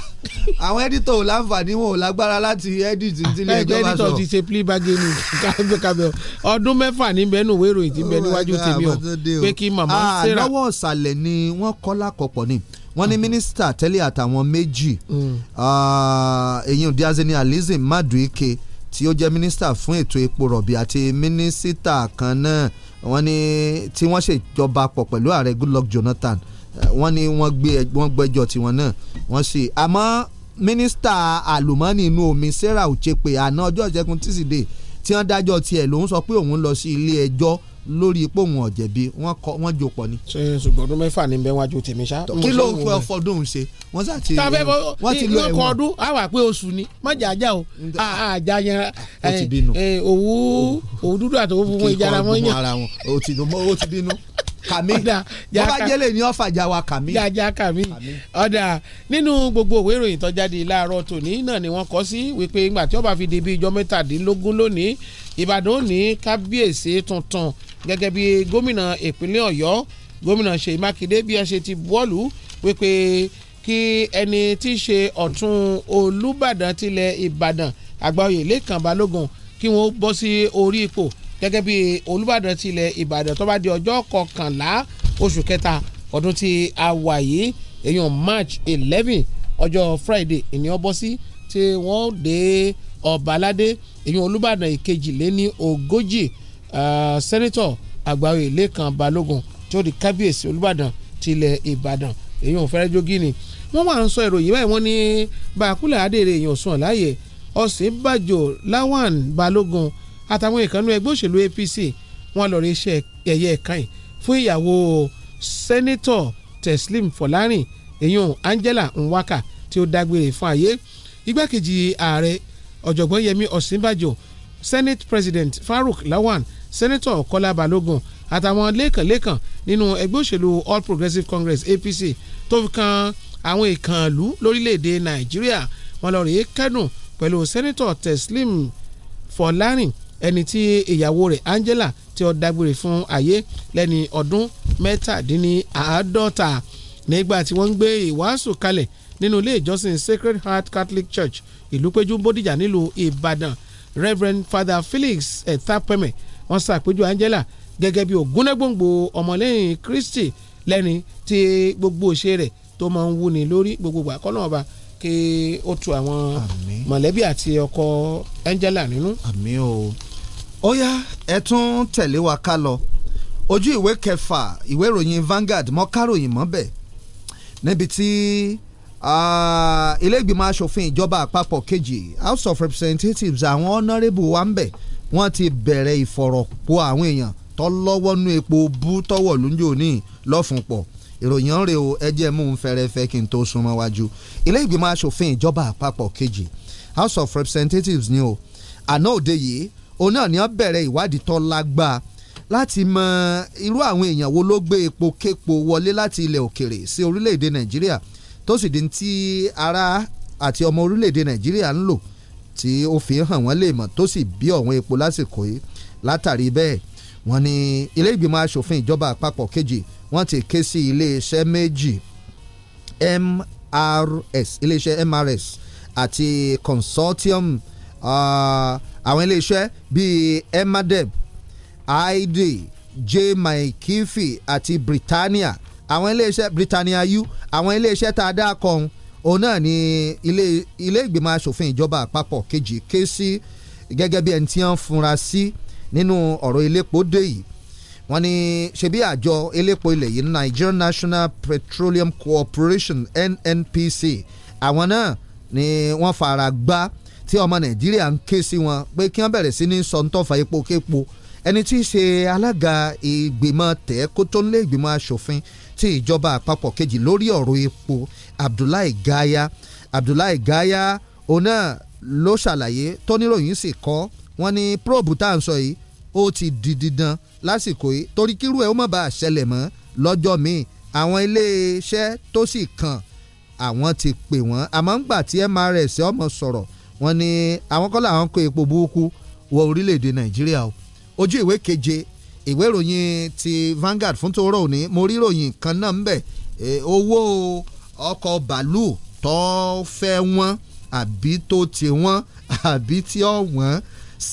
àwọn ẹ́dítọ̀ ò láǹfààní wọn ò lágbára láti ẹ́dítì tílé ẹjọ́ bá sọ. ẹ́dítọ̀ ti ṣe
plea bargaining <laughs> kábẹ́kábẹ́ ọdún mẹ́fà ní bẹ́ẹ̀ nù òwe ìròyìn ti bẹ́ẹ̀ níwájú tèmi o pé kí màmá ah, sarah. lọ́wọ́ ọ̀sàlẹ̀ ni wọ́n kọ́ lákọ̀pọ̀ ni wọ́n ní mm. mínísítà tẹ́lẹ̀ àtàwọn méjì mm. ah, èyí ò díazeni alizé maduike tí ó jẹ́ mínísítà fún ètò epo rọ̀bì àti mínísítà kan náà wọ́n ní tí wọ́n ṣèjọba pọ̀ pẹ̀lú ààrẹ Goodluck Jonathan wọ́n ní wọ́n gbé wọ́n gbẹ́jọ́ tiwọn náà wọ́n sì àmọ́ mínísítà àlùmọ́ọ́nì inú omi Sarah Ochepe àná ọjọ́ ìṣẹ́gun tísídẹ̀ẹ́ tí wọ́n dájọ́ tiẹ̀ lòún sọ pé òun lọ sí ilé ẹjọ́ lórí ipòhùn ọ̀jẹ̀bi wọ́n kọ wọ́n jò pọ̀ ni. ṣe ṣùgbọ́n ọdún mẹ́fà ní bẹ́ẹ̀ wájú tèmi ṣá. kí ló ń fọ ọfọdún ń ṣe wọ́n sá ti
wọ́n ti lọ ẹ̀wọ̀n. lọ́kọ̀ ọdún á wà pé oṣù ni má jà já o àjà yẹn ah, òwú òwú dúdú àti òwú funfun ìjà ara wọn yàn. o ti bínú kàmí bó bá jẹ́lẹ̀ ní ọ̀fà jà wa kàmí. jàjà kàmí ọ̀dà nínú gbogbo òwe ìròyìn tó jáde láàárọ̀ tòní náà ni wọ́n kọ́ sí wípé ìgbà tí ó bá fi di bíi ijọ́ mẹ́tàdínlógún lónìí Ìbàdàn ní kábíyèsí tuntun gẹ́gẹ́ bí gómìnà ìpínlẹ̀ ọ̀yọ́ gómìnà ṣèyí mákindé bí ẹ ṣe ti buwọ́lù wípé kí ẹni tí í ṣe ọ̀tún olùbàdàn tilẹ̀ ìbàdàn àgbáyé lẹ́kàn balógun kí wọ́n bọ́ sí orí ipò gẹ́gẹ́ bí olùbàdàn tilẹ̀ ìbàdàn tó bá di ọjọ́ kọkànlá oṣù kẹta ọdún tí a wà yìí èyàn march eleven ọjọ́ friday ìní ọbọ̀ sí tí wọ́n dé ọ̀bàládé èyàn olùbàdàn ìkejì lé ogójì Ah, sẹ́nitọ̀ àgbáwé lẹ́kàn balógun tí ó di kábíyèsí olùbàdàn ti ilẹ̀ ìbàdàn èyí ò fẹ́rẹ́ jó gíní wọ́n máa ń sọ ìròyìn báyìí wọ́n ní bàkúlẹ̀ adèrè èèyàn sùn láàyè ọ̀sìnbàjò lawan balógun àtàwọn ìkànnú ẹgbẹ́ òṣèlú apc wọ́n lọ rí iṣẹ́ ẹ̀yẹ ẹ̀ka yìí fún ìyàwó sẹ́nitọ̀ teslim fọlárin èèyàn angela nwaka tí ó dágbére fún ayé igbákejì ààrẹ ọ̀jọ̀gbọ́n yẹmi ọ̀sìnbàjò senate president faruk lawan sẹ́nẹ́tọ̀ kọ́lá balógun àtàwọn lẹ́kànlẹ́kàn nínú ẹgbẹ́ òṣèlú all progressives congress apc tó fi kan àwọn ìkànnlú lórílẹ̀‐èdè nàìjíríà wọn lọ rèé kẹ́dùn pẹ̀lú sẹ́nẹ́tọ̀ teslim fọlárin ẹni tí ìyàwó rẹ̀ angela tí ó dágbére fún ayé lẹ́ni ọdún mẹ́tàdínníàádọ́ta nígbà tí wọ́n ń gbé ìwàásù kalẹ̀ nínú ilé ìjọsìn sacred heart catholic church ìlúpéjú bódìjà nílùú ìbàdàn reverend father felix etapeme eh, wọ́n ṣàpèjú Angela gẹ́gẹ́ bí ògúnnágbòǹgbò ọmọlẹ́yìn Kristi lẹ́ni tí gbogbo òṣè rẹ̀ tó máa ń wúni lórí gbogbo àkọ́nà ọba kí ó tu àwọn mọ̀lẹ́bí àti ọkọ Angela nínú. àmín
o ó yá ẹ tún tẹ̀lé wa ká lọ ojú ìwé kẹfà ìwé ìròyìn Vanguard mọ́ káròyìn mọ́bẹ̀ níbi tí ilé ìgbìmọ̀ asòfin ìjọba àpapọ̀ kejì House of Representatives àwọn honourable wa ń bẹ̀ wọ́n ti bẹ̀rẹ̀ po àwọn èèyàn tó lọ́wọ́ nú epo bú tọ́wọ̀ lóúnjẹ òní lọ́fun pọ̀ ìròyìn ọ̀rẹ́ o ẹjẹ́ mú un fẹ́rẹ́fẹ́ kí n tó súnmọ́ wájú ilé ìgbìmọ̀ asòfin ìjọba àpapọ̀ kejì House of Representatives ni o àná òde yìí òun náà ni wọ́n bẹ̀rẹ̀ ìwádìí tó lágbáa láti mọ irú àwọn èèyàn wo ló gbé epo képo wọlé láti ilẹ̀ òkèrè sí orílẹ̀-èdè Nàìjíríà tó sì di ti ara àti ọmọ orílẹ̀-èdè Nàìjíríà ń lò tí ó fi hàn wọ́n lè mọ̀ tó sì bí ọ̀wọ́n epo lásìkò yìí látàrí bẹ́ẹ̀ wọ́n ní ilé ìgbìmọ̀ asòfin ìjọba àpapọ̀ kejì wọ́n ti ké sí iléeṣẹ́ méjì MRS iléeṣẹ́ MRS àti consortium àwọn uh, iléeṣẹ́ bíi Emadeb ID J Maikifi àti Britannia àwọn iléeṣẹ́ Britannia U àwọn iléeṣẹ́ tá a dá kan òun náà ni ilé ilé ìgbìmọ̀ asòfin ìjọba àpapọ̀ kejì ké sí gẹ́gẹ́ bí ẹni tí wọ́n funra sí nínú ọ̀rọ̀ elépo dé yìí wọ́n ní ṣebí àjọ elépo ilẹ̀ yìí Nigerian National Petroleum Corporation NNPC àwọn náà ni wọ́n fara gbá tí ọmọ Nàìjíríà ń ké sí wọn pé kí wọ́n bẹ̀rẹ̀ sí ní sọ ntọ́fà epo képo ẹni tí í ṣe alága ìgbìmọ̀ tẹ̀ kótónlé ìgbìmọ̀ asòfin ti ìjọba àpapọ̀ kejì lórí ọ̀rọ̀ epo Abdullahi Gaya Abdullahi Gaya ona náà ló ṣàlàyé tó níròyìn sì kọ́ wọ́n ní probe tá à ń sọ yìí ó ti di didan lásìkò yìí torí kírú ẹ̀ ó má bàa ṣẹlẹ̀ mọ́ lọ́jọ́ míì àwọn iléeṣẹ́ tó sì kàn àwọn ti pè wọ́n àmọ́ ńgbà tí MRS ọmọ sọ̀rọ̀ wọ́n ní àwọn kọ́ làwọn kó epo burúkú wọ orílẹ̀-èdè Nàìjíríà o ojú ìwé keje ìwé ìròyìn ti Vanguard fún tòórọ́ òní mo rí ìròyìn kan náà ń bẹ̀ owó o ọkọ̀ bàálù tó fẹ́ wọ́n àbí tó ti wọ́n <laughs> àbí tí ó wọ́n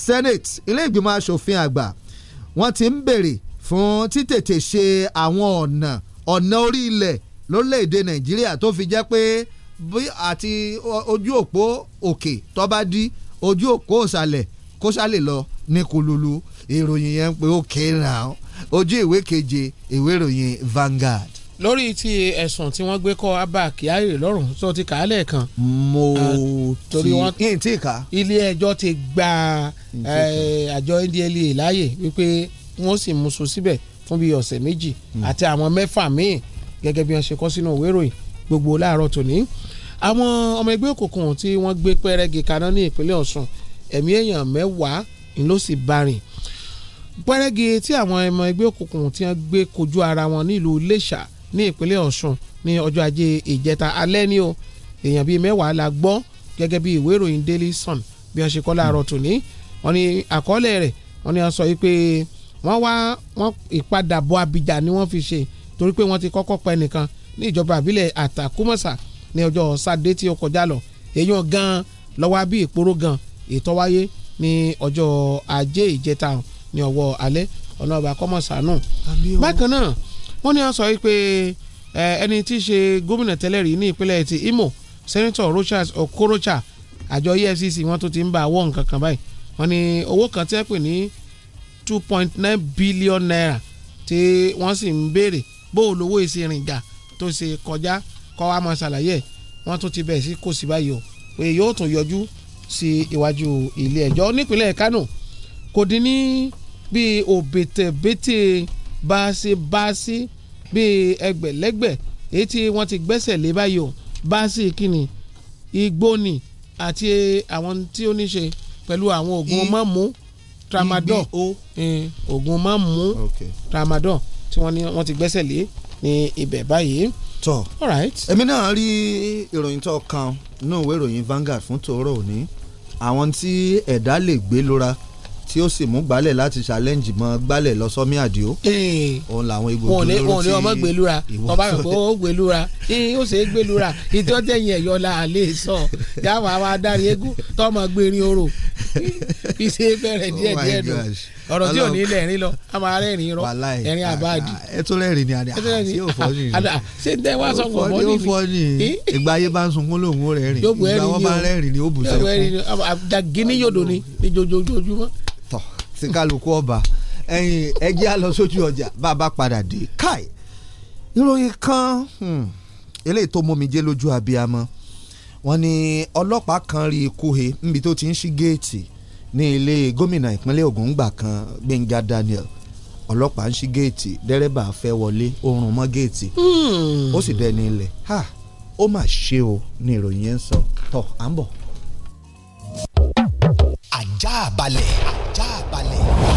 senate ilé ìgbìmọ̀ asòfin àgbà wọ́n ti ń béèrè fún títètè ṣe àwọn ọ̀nà ọ̀nà orí ilẹ̀ lórílẹ̀‐èdè nàìjíríà tó fi jẹ́ pé bí àti ojú òpó òkè tó bá di ojú òpó òsàlẹ̀ kó sálè lọ ní kululu ìròyìn yẹn ń pe ó kéèrà ojú ìwé keje ìwé ìròyìn Vanguard
lórí ti ẹ̀sùn tí wọ́n gbé kọ́ Abba Kyari lọ́rùn tó ti kà á lẹ́ẹ̀kan.
mo ah, ti
yín tí ká. ilé ẹjọ́ ti gba eh, àjọ NDLEA láàyè wípé wọ́n sì mú sùn síbẹ̀ fún bíi ọ̀sẹ̀ méjì hmm. àti àwọn mẹ́fà míì gẹ́gẹ́ bí wọ́n ṣe kọ́ sínú ìwé ìròyìn gbogbo láàárọ̀ tòní. àwọn ọmọ ẹgbẹ́ òkùnkùn tí wọ́n gbé pẹ́rẹ́gì kaná ní ìpínlẹ̀ Ọ̀ṣun ẹ̀mí èèyàn mẹ́wàá ló sì bá rìn pẹ́rẹ́gì tí àwọn ọmọ ẹgbẹ́ òkùnkùn tí wọ́n gbé kojú ara wọn nílùú Iléṣà ní ìpínlẹ̀ Ọ̀ṣun ní ọjọ́ ajé ìjẹta alẹ́ ní o èèyàn bíi mẹ́wàá la gbọ́ gẹ́gẹ́ bí ìwé ìròyìn Daily Sun bí wọ́n ṣe kọ́ láàárọ̀ tòní wọ́n ní àkọọ́lẹ̀ rẹ̀ wọ́n ní wọ́n sọ pé wọ́n wá wọ́n ìpadàbọ̀ Abija ni wọ́n fi ṣe torí pé wọ́n ti kọ́kọ́ pa ẹnìkan ní ìjọba àbílẹ̀ Àtàkùmọ̀sà ní ọjọ́ sátidé tí ó kọjá lọ èèyàn gan lọ́wọ́ bí ìporó gan ètò wáyé ní ọjọ́ ajé ìjẹta ní ọwọ́ alẹ́ ọ̀nà ọba kọ́mọ̀sánù bákan náà wọ́n ní à ń sọ wípé ẹni tí í ṣe gómìnà tẹ́lẹ̀ rí ní ìpínlẹ̀ ti Imo Senator Rochas Okorocha àjọ EFCC wọ́n tó ti ń bá àwọ̀ nǹkan kan báyìí wọ́n ní owó kan tí pè ní two point nine billion naira tí wọ́n sì ń béèrè bó o lówó èsì ìrìngà tó ṣe kọjá kọ́ wa máa ṣàlàyé ẹ̀ wọ́n tún ti bẹ̀ sí kò sí báyìí o pé yóò tún yọjú sí iwájú ilé ẹjọ́ nípínlẹ̀ Kánò kò dín ní bíi òbètèbètè báṣibáṣi bíi ẹgbẹ̀lẹ́gbẹ̀ èyí tí wọ́n ti gbẹ́sẹ̀ lé báyìí o báṣì igbóni àti àwọn tí ó ní ṣe pẹ̀lú àwọn oògùn mọ́mú tramadol oògùn mọ́mú tramadol tí wọ́n ti gbẹ́sẹ̀ lé ní ibẹ̀ báyìí tọ
èmi náà rí ìròyìn tó kan náà ìwé ìròyìn fún tòórọ òní àwọn tí ẹ̀dá lè gbé lóra tí ó sì mú gbálẹ̀ láti challenge mọ́ gbálẹ̀ lọ́sọ́mí àdìo. Eh. òun làwọn egbò tó lórí ti wọn ni ọmọ gbẹlura ọba rẹ kó
o gbẹlura ó ṣe é gbẹlura ìtọ́jẹ́ yẹn ẹ̀yọ́ la lè sọ jáwọ́ àwọn adarí eégún tọmọ gbẹrin oro fi bẹ̀rẹ̀ díẹ̀ oh díẹ̀ nù ọ̀rọ̀ tí ò ní ilẹ̀ ẹ̀rín lọ a máa rẹ́rìn irọ́ ẹ̀rín ah, àbáàdì. Ah, ẹ tó rẹ́rìn
ni àdá àti yóò fọ́ ni. ṣé n tẹ́ wá sọ mọ́ nìyí. yóò fọ́ ni ìgbà ayé bá ń sunkún lòun ó rẹ́rìn ìgbà wọn bá rẹ́rìn ni ó bù sẹ́kún. dàgínní yòdò ni ní jojoojúmọ́ tí kálukú ọba ẹyin ẹjẹ á lọ sójú ọjà bá a bá padà dé káì ìròyìn kan hmm, eléyìí tó mómijé lójú abiyamọ wọ́n ní ọlọ́pàá kan rí ikú he níbi tó ti ń ṣí géètì ní ilé gómìnà ìpínlẹ̀ Ògùn gbà kan Gbẹ́ngà Daniel ọlọ́pàá ń ṣí géètì dẹ́rẹ́bà fẹ́ wọlé oorun mọ́ géètì hmm. ó sì dẹni ilẹ̀ ha ó mà ṣe o ní ìròyìn yẹn ń sọ tọ́ à ń bọ̀. ajá balẹ̀ ajá balẹ̀ balẹ̀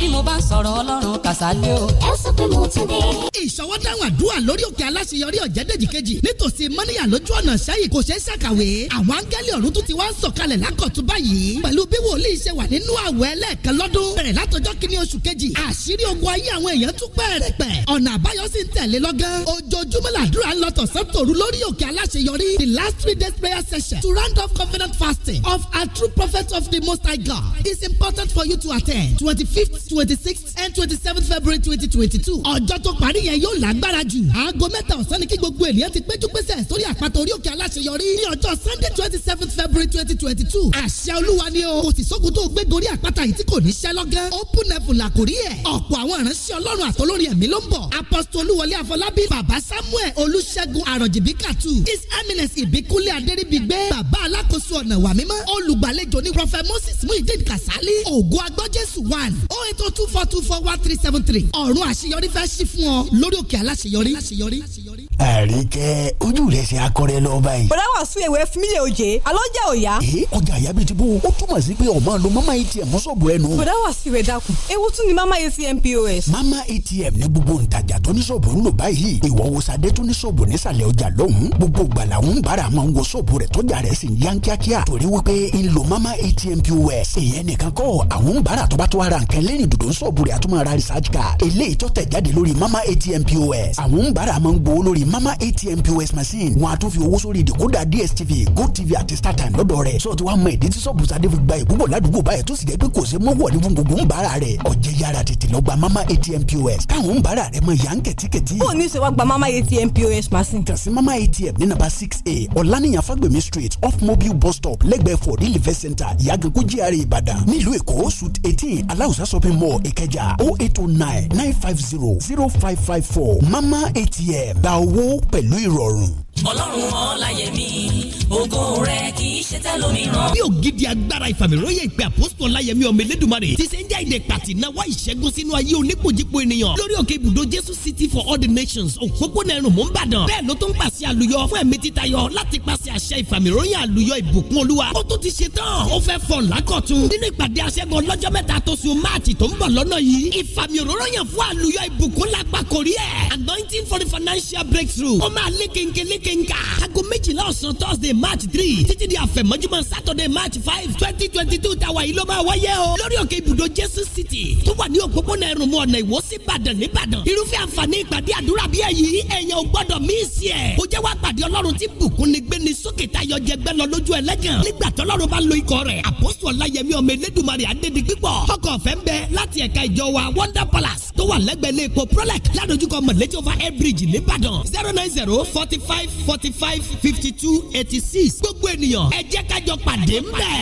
bí mo bá sọ̀rọ̀ ọlọ́run kàṣálẹ́ o. ẹ sọ pé mo ti dé.
ìṣọwọ́ àdúrà lórí òkè aláṣeyọrí ọ̀jẹ̀dẹ̀jì kejì nítòsí mọ́níyà lójú ọ̀nà sẹ́yìn kò ṣeé ṣàkàwé àwọn áńgẹ́lì ọ̀run tún ti wá ń sọ̀kalẹ̀ lákọ̀tún báyìí pẹ̀lú bí wòlíì ṣe wà nínú àwẹ̀ ẹlẹ́ẹ̀kan lọ́dún bẹ̀rẹ̀ látọjọ́ kìíní oṣù kejì àṣírí ogun ayé àwọn the last three prayer session to round off covenant fasting of a true prophet of the most high God is important for you to attend twenty 26 twenty sixth and twenty seventh february twenty twenty two ọjọ́ tó parí yẹn yóò lágbára jù aago mẹ́ta ọ̀sán ni kí gbogbo ènìyàn ti péjú pésẹ̀ sórí àpáta orí òkè aláṣeyọrí ní ọjọ́ sunday 27 seventh february 2022. twenty two àṣẹ olúwa ni o kò sì sógun tó gbé gorí àpáta yìí tí kò ní ṣẹ́ lọ́gán open level làkórí ẹ̀ ọ̀pọ̀ àwọn ìránṣẹ́ ọlọ́run àtọlórin ẹ̀mí ló ń bọ̀ apostole olúwọlé afọlábí bàbá samuel olùṣègùn àròjìbíkàtù his eminence ìbíkúnlé adéríbigbé bàbá alákòóso ọ̀nà ìwà mímọ́ olùgbàlejò ní prophet moses muhyiddin kasali ògo agbọ́jésù one eight oh two four two four one three seven three ọ̀run àṣeyọrí fẹ́ sí fún ọ lórí òkè aláṣeyọrí. àríkẹ́ ojú rẹ̀ ṣe akọrẹ lọ báyìí. bọ̀dá wà sún ewé fún mi lè oje alọ́ jẹ́ òya. ee ọjà àyà bíi ti bó o
túmọ̀ sí pé ọmọ ló mama atm mọ́sọ̀bù ẹnu. bọ̀dá
wà sí ìwé dàkún ewu tún ni mama atm pos. mama
atm ní gbogbo ntajà tó ní sọ̀bù ń lò báyìí ìwọ wo sadé tó ní sọ̀bù nísàlẹ̀ ọjà lọ́hùn-ún gbogbo gbala ń bára máa ń wo sọ̀bù rẹ̀ tọ́jà rẹ̀ sì ń yan kíákíá torí wípé ń lo mama atm pos èèyàn nìkan kọ́ àwọn ń bára tó bá tó ara nǹkan tábìlì dòdò ń sọ̀bù rẹ̀ àtúmọ̀ ra research card eléyìí tó tẹ̀ jáde lórí mama atm pos àwọn ń bára máa ń gbowó lórí mama atm pos machine wọn a tún fi owó sórí ìdèkódà dstv gotv àti startime lọ́dọ̀ rẹ̀ sọ ti wá mọ ìdí tí sọ̀bù sadé fi gba ìbúbọ̀ ládùúgbò báyìí tó sì jẹ́ pé kò ṣe mọ́ wọlé fún gbogbo ń bára rẹ̀ ọ̀jẹ̀ yára tètè lọ gba mama atm pos káwọn ń bára rẹ̀ mọ ìyá ń kẹ̀tíkẹ̀tí. ó ní sọ shopping mall ìkẹjà o oh eight oh o mama atm gba owó pẹ̀lú ìrọ̀rùn
ọlọ́run ọláyẹmí ògo rẹ kì í ṣe tẹlòmíràn. bí
ògidì agbára ìfàmìlóye ìpè àpòsùn ọláyẹmí ọmọ elédùnmarè ti ṣe ń já ìdè pàtì náwó ìṣẹ́gun sínú ayé oníkojúpo ènìyàn lórí òkè ibùdó jésù city for all the nations òpópónà ẹrùn mú ìbàdàn bẹ́ẹ̀ ló tún pàṣẹ àlùyọ fún ẹ̀mí títayọ láti pàṣẹ àṣẹ ìfàmìlóye àlùyọ ìbùkún olúwa ó tún ti ṣe tán ó fẹ́ fọ̀ lákọ̀tún nínú ìpàdé aṣẹ́gun ọlọ́jọ́ mẹ́ta tó sun máàtì tó ń anointing for financial breakthrough ó máa lékenkele kínkà. aago méjìlá ọ̀sán thursday march three títí di àfẹ̀mọ́júmọ́ saturday march five twenty twenty two tàwa yìí ló máa wáyé o. lórí òkè ibùdó jésù city tó wà ní òpópónà ẹrùnmu ọ̀nà ìwó sí ìbàdàn nìbàdàn. irúfẹ́ àǹfààní ìpàdé àdúrà bí èyí èèyàn ò gbọ́dọ̀ míìsì ẹ̀. ó jẹ́ wá pàdé ọlọ́run tí bùkún ni gbé ni sókè tayọ jẹ gbẹ lọ lójú ẹlẹ́gàn. nígbà tọ́lọ́run bá lo ikọ̀ rẹ̀ àpọ́sù ọláyẹmí ọmọ elédùnmarè adédi pípọ̀. ọkọ̀ ọ̀fẹ́ ń bẹ láti ẹ̀ka ìjọ wa wonder palace tó wà lẹ́gbẹ̀ẹ́ lẹ́kọ̀ọ́ prolec ládojúkọ mọ̀lẹ́tì over air bridge nìbàdàn zero nine zero forty five forty five fifty two eighty six gbogbo ènìyàn ẹ jẹ́ kájọ pàdé ńbẹ̀.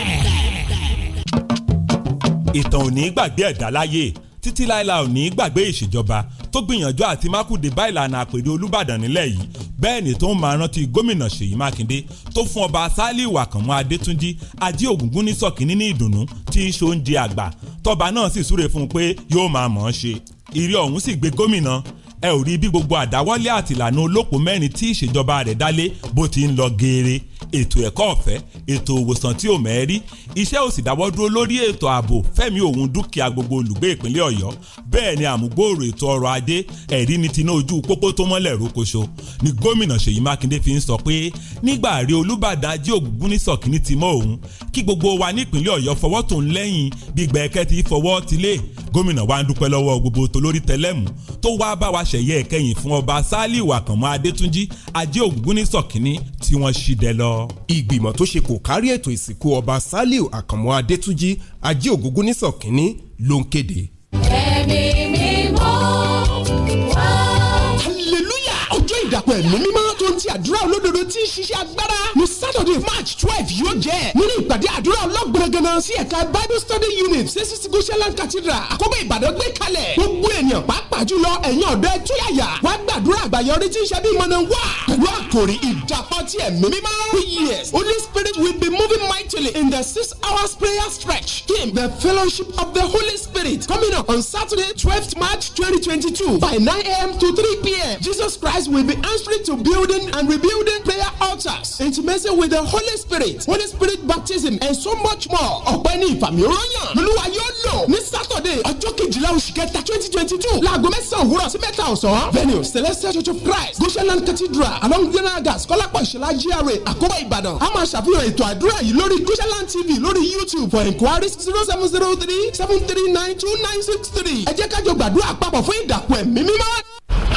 ìtàn ò ní gbàgbé ẹ̀dá láyé títí láìla ò ní gbàgbé ìṣèjọba tó gbìyànjú àti mákùdé bá ìlànà àpèrè olùbàdàn nílẹ̀ yìí bẹ́ẹ̀ ni tó ń máa rántí gómìnà ṣèyí mákindé tó fún ọba sálíù àkànmú adétúnjì ajé ògúngún ní sọ̀kínní ní ìdùnnú tí í ṣoúnjẹ àgbà tọba náà sì súre fún un pé yóò máa mọ̀ ọ́n ṣe ìrí ọ̀hún sì gbé gómìnà ẹ ò rí bí gbogbo àdáwọ́lé àtìlànà olóko mẹ́rin tí ìṣèjọba rẹ̀ dálé bó ti ń lọ geere ètò ẹ̀kọ́ ọ̀fẹ́ ètò òwòsàn tí ò mẹ́rí iṣẹ́ ò sì dáwọ́ dúró lórí ètò ààbò fẹ́mi òun dúkìá gbogbo olùgbé ìpínlẹ̀ ọ̀yọ́ bẹ́ẹ̀ ni àmúgbòòrò ètò ọrọ̀ ajé ẹ̀rí ni tinú ojú pópó tó mọ́lẹ̀ rókoṣo ni gómìnà ṣèyí mákindé fi ń sọ pé nígbà rí olúbàdàn ajé ògúngún ní sọ̀kíní ti mọ́ òun kí gbogbo wa nípínlẹ̀ ọ̀yọ́ fọwọ́ tó ń lẹ́yìn bí gbẹ̀kẹ́ ti fọwọ́ ti lé gómìnà wa ń dúpẹ́ lọ́wọ́ gbogbo tolórí tẹlẹ́mù tó wá bá wa ṣẹ̀yẹ ìkẹyìn fún ọba sálíù adétúnjì ajé ògúngún ní
sọ̀kíní tí wọ́n ṣì dẹ lọ ìgbìmọ̀ tó ṣe kò kárí ètò ìsìnkú ọba Sàlíù Àkànmú Adétúnjì ajé ògúngúnnísọ̀ kínní ló ń kéde.
ẹni mímọ́ wá. hallelujah
ọjọ́ ìdàpọ̀ ẹ̀mí mímọ́ ti àdúrà olódodo tí ń ṣiṣẹ́ agbára ní Saturday March twelve yóò jẹ́ nínú ìpàdé àdúrà ọlọ́gbọ̀nrẹ́gànnà sí ẹ̀ka Bible Study Unit ṣẹ́sísí Goshenland Cathedral àkóbọ̀ Ìbàdàn gbé kalẹ̀ gbogbo ènìyàn pàápàá jùlọ ẹ̀yin ọ̀dọ́ ẹ̀ túyàyà wá gbàdúrà àgbàyọrí tí ń ṣe bí mọ̀nà wá pẹ̀lú àkòrí ìdàpọ̀ tí ẹ̀mí mímọ́. yes Holy Spirit will be moving mightily in the six hours prayer stretch in the fellowship of the Holy Spirit coming up on Saturday twelfth March twenty twenty two by nine a.m. to three p.m. Jesus Christ will be answering to building building and rebuilding prayer altars, intimacy with the Holy Spirit, Holy Spirit baptism, and so much more. ọ̀pẹ́ ní ìfàmì òróyàn lolúwa yóò lò ní sátọ̀dẹ̀ ọjọ́ kejìlá oṣù kẹta twenty twenty two láago mẹ́sàn-án òwúrọ̀ sí mẹ́ta ọ̀sán. venue celestial church of christ goshenland cathedral along genagas kọ́lápọ̀ ìṣẹ̀lá gra àkóbọ̀ ìbàdàn a máa ṣàfihàn ètò àdúrà yìí lórí goshenland tv lórí youtube for inquiries. zero seven zero three seven three nine two nine six three ẹ jẹ́ kájọ gbàdúrà papọ̀ fún
ìdàpọ̀ ẹ̀mí mímọ́.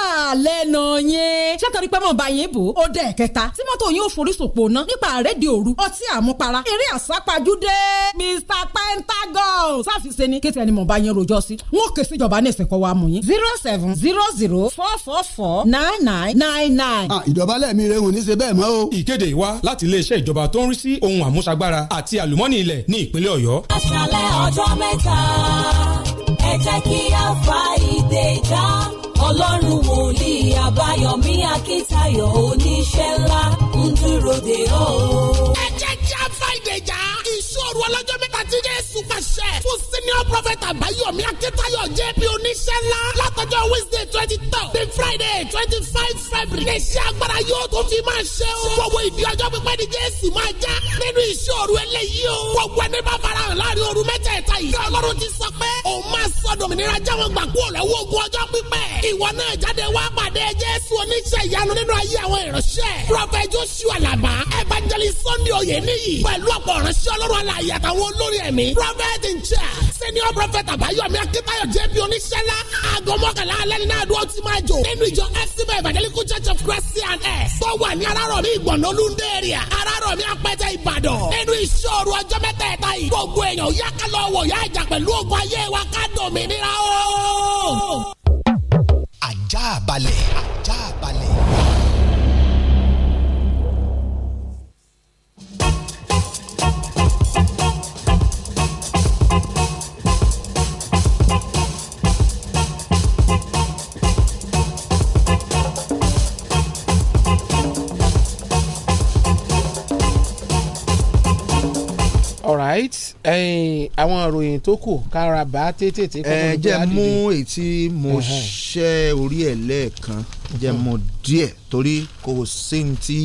lẹ́nu yẹn sátọ́rí pẹ́ mọ̀ bá yẹn bò ó dẹ̀ kẹta tí mọ́tò yóò forísòpò ná nípa àrédè òru ọtí àmupara eré àsápajúdé Mr Pentagon sáfìsẹ́ ni kéte ẹni mọ̀ bá yẹn rojọ́ sí wọn kè sí ìjọba ní ìsìnkú wa mú yín zero seven zero zero four four four nine nine nine nine. Ah,
ìjọba lẹ́ẹ̀mí rẹ̀ wọ́n ní ṣe bẹ́ẹ̀ mọ́ o. ìkéde wa láti iléeṣẹ́ ìjọba tó ń rí sí ohun àmúṣagbára àti àlùmọ́nì ilẹ̀ ní ìpínlẹ̀ Ọ̀yọ́. àṣàlẹ̀ ọjọ́ mẹ́ta ẹ jẹ́ kí a
fa ìdè já ọlọ́run wòlíì àbáyọ̀mí akíntayọ̀ oníṣẹ́ ńlá ń dúró de ọ́. ẹ jẹ́
ìpàdé ọlọ́jọ́ mẹ́ta tí jésù pàṣẹ fún senior prophet àbáyọ̀mí akíntayọ̀ jẹ́ bí oníṣẹ́ ńlá látọjọ́ wednesday twenty two the friday twenty five february lè ṣe agbára yóò tó fi máa ṣe o gbogbo ìdí ọjọ́ pípẹ́ ni jésù máa já nínú iṣẹ́ òru eléyìí o gbogbo ẹni bá fara hàn láàrin òru mẹ́tẹ̀ẹ̀ta yìí ọlọ́run ti sọ pé òun máa sọ dòmìnira jáwọn gbà kú ọ̀lẹ́wọ́ ogun ọjọ́ pípẹ́ ìwọ náà jáde wá pàdé jésù oníṣẹ́ ìyanu nínú ayé àwọn ìránṣẹ́ prophet joshua làbá evangelist sunday oyè níyì pẹ̀lú ọ̀pọ̀ ìránṣẹ́ ọlọ́run alàyè wòlíì àtàwọn olórí ẹ̀mí. prophet in charge senior prophet àbáyọ̀mí akíntáyọ̀ jẹ́bi oníṣẹ́lá aago mọ́kànlá alẹ́ ní náà dúró tí máa jò nínú ìjọ fcm evangelical church of christ and s tó wà ní arárọ̀mí ìgbọ̀nà olúndéèrìà arárọ̀mí apẹtẹ ìbàdàn nínú ìṣòro ọjọ́ mẹ́tẹ̀ẹ̀ta yìí gbogbo èèyàn yá kálọ̀ wọ̀ yá ìjà pẹ̀lú ogun ayé wa ká dòmìnira o. ajá balẹ̀.
àwọn ìròyìn tó kù kára bá tètè tí kọ́kọ́ ló jẹ́ mú
èyí tí mo ṣẹ́ orí ẹ̀ lẹ́ẹ̀kan jẹ́ mọ̀ díẹ̀ torí kò sí ní tí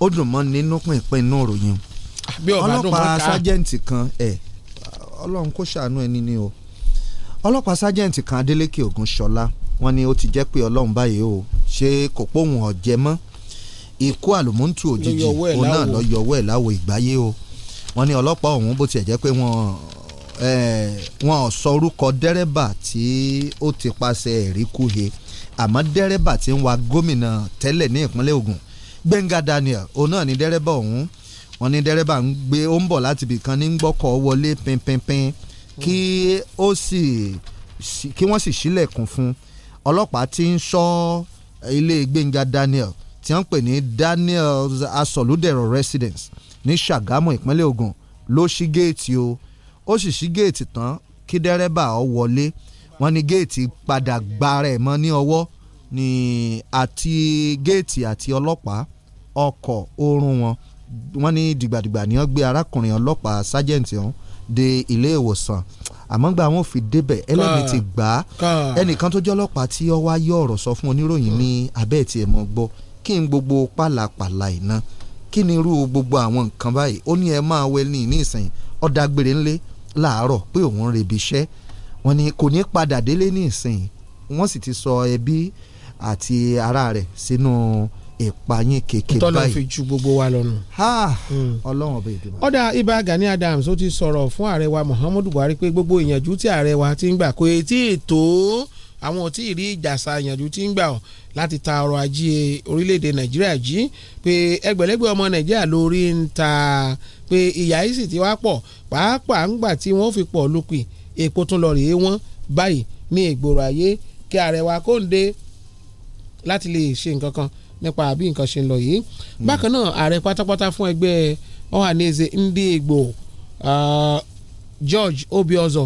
ó dùn mọ́ nínú pínpín inú ìròyìn ah, ọlọ́pàá sájẹ́ǹtì kan ẹ̀ ọlọ́run kó ṣàánú ẹni ni o ọlọ́pàá sájẹ́ǹtì kan Adélékè Ògúnṣọlá wọ́n ní ó ti jẹ́ pé ọlọ́run báyìí o ṣé kò pòun ọ̀jẹ̀ mọ́ ikú àlùmọ́ǹtù òjijì òun náà lọ yọwọ́ ẹ̀ láwo ìgbáyé o. Lo wọ́n ní ọlọ́pàá ọ̀hún bó tiẹ̀ jẹ́ pé wọ́n wọ́n ò sọ orúkọ dẹ́rẹ́bà tí ó ti paṣẹ ẹ̀rí kúhe àmọ́ dẹ́rẹ́bà tí ń wa gómìnà tẹ́lẹ̀ ní ìpínlẹ̀ Ògùn Gbẹ́ngà Daniel òun náà ni dẹ́rẹ́bà ọ̀hún wọ́n ní dẹ́rẹ́bà ń gbé ó ń bọ̀ láti ibì kan ní gbọ́kọ̀ wọlé pinpinpin kí ó sì kí wọ́n sì sílẹ̀kùn fún ọlọ́pàá tí ń ṣọ́ ilé Gbẹ́ngà Daniel tí wọ́n pè ní Daniel's Asoluderọ residence ní Ṣàgámù ìpínlẹ̀ Ògùn ló ṣí géètì o ó sì ṣí géètì tán kí dẹ́rẹ́bà ọ wọlé wọ́n ní géètì padà gbára mọ́ ní ọwọ́ ní àti géètì àti ọlọ́pàá ọkọ̀ oorun wọn wọ́n ní dìgbàdìgbà ni wọ́n gbé arákùnrin ọlọ́pàá sájẹ́ǹtì ọ̀hún de ilé ìwòsàn àmọ́ gba àwọn òfin débẹ̀ ẹlẹ́mìí ti gbà á ẹnìkan tó jẹ́ ọlọ́pàá tí ó wá yọ ọ̀rọ̀ sọ fún oníròyìn ní abẹ́ẹ̀tì ẹ̀mọ́ gbọ́ kí n gbogbo pàlàpàlà ìná kí ni irú gbogbo àwọn nǹkan báyìí ó ní ẹ máa wẹ ní ìnísìn ọ̀dàgbére ńlé láàárọ̀ pé òun ń iṣẹ́ wọn ni kò ní padà délé ní ìsìn wọn sì ti sọ ẹbí àti ara rẹ̀ sínú ìpayín kékeré báyìí. tọ́lá fi ju gbogbo wa lọ́nu. Hmm. ọlọ́run ọba ìdìbò.
ọ̀dà ibà Gani Adams ó ti sọ̀rọ̀ fún ààrẹ wa Muhammadu Buhari pé gbogbo ìyànjú tí ààrẹ wa ti ń gbà kò tí ì tó àwọn ò tí ì rí ìjàsà ìyànjú tí ń gbà ọ́ láti ta ọrọ̀ ajé orílẹ̀-èdè nàìjíríà jí pé ẹgbẹ̀lẹ́gbẹ̀ ọmọ nàìjíríà lórí ń ta pé ìyà yìí sì ti wá pọ̀ pàápàá ń gbà tí wọ́n fi pọ̀ lùpì èpo tún lọ rèé wọ́n báyìí ní ìgboro ayé kí ààrẹ wa kóńdé láti lè ṣe nǹkan kan nípa bí nǹkan ṣe ń lọ yìí hmm. bákan náà ààrẹ pátápátá fún ẹgbẹ́ Ohanaeze Ndigbo uh, George Obiozor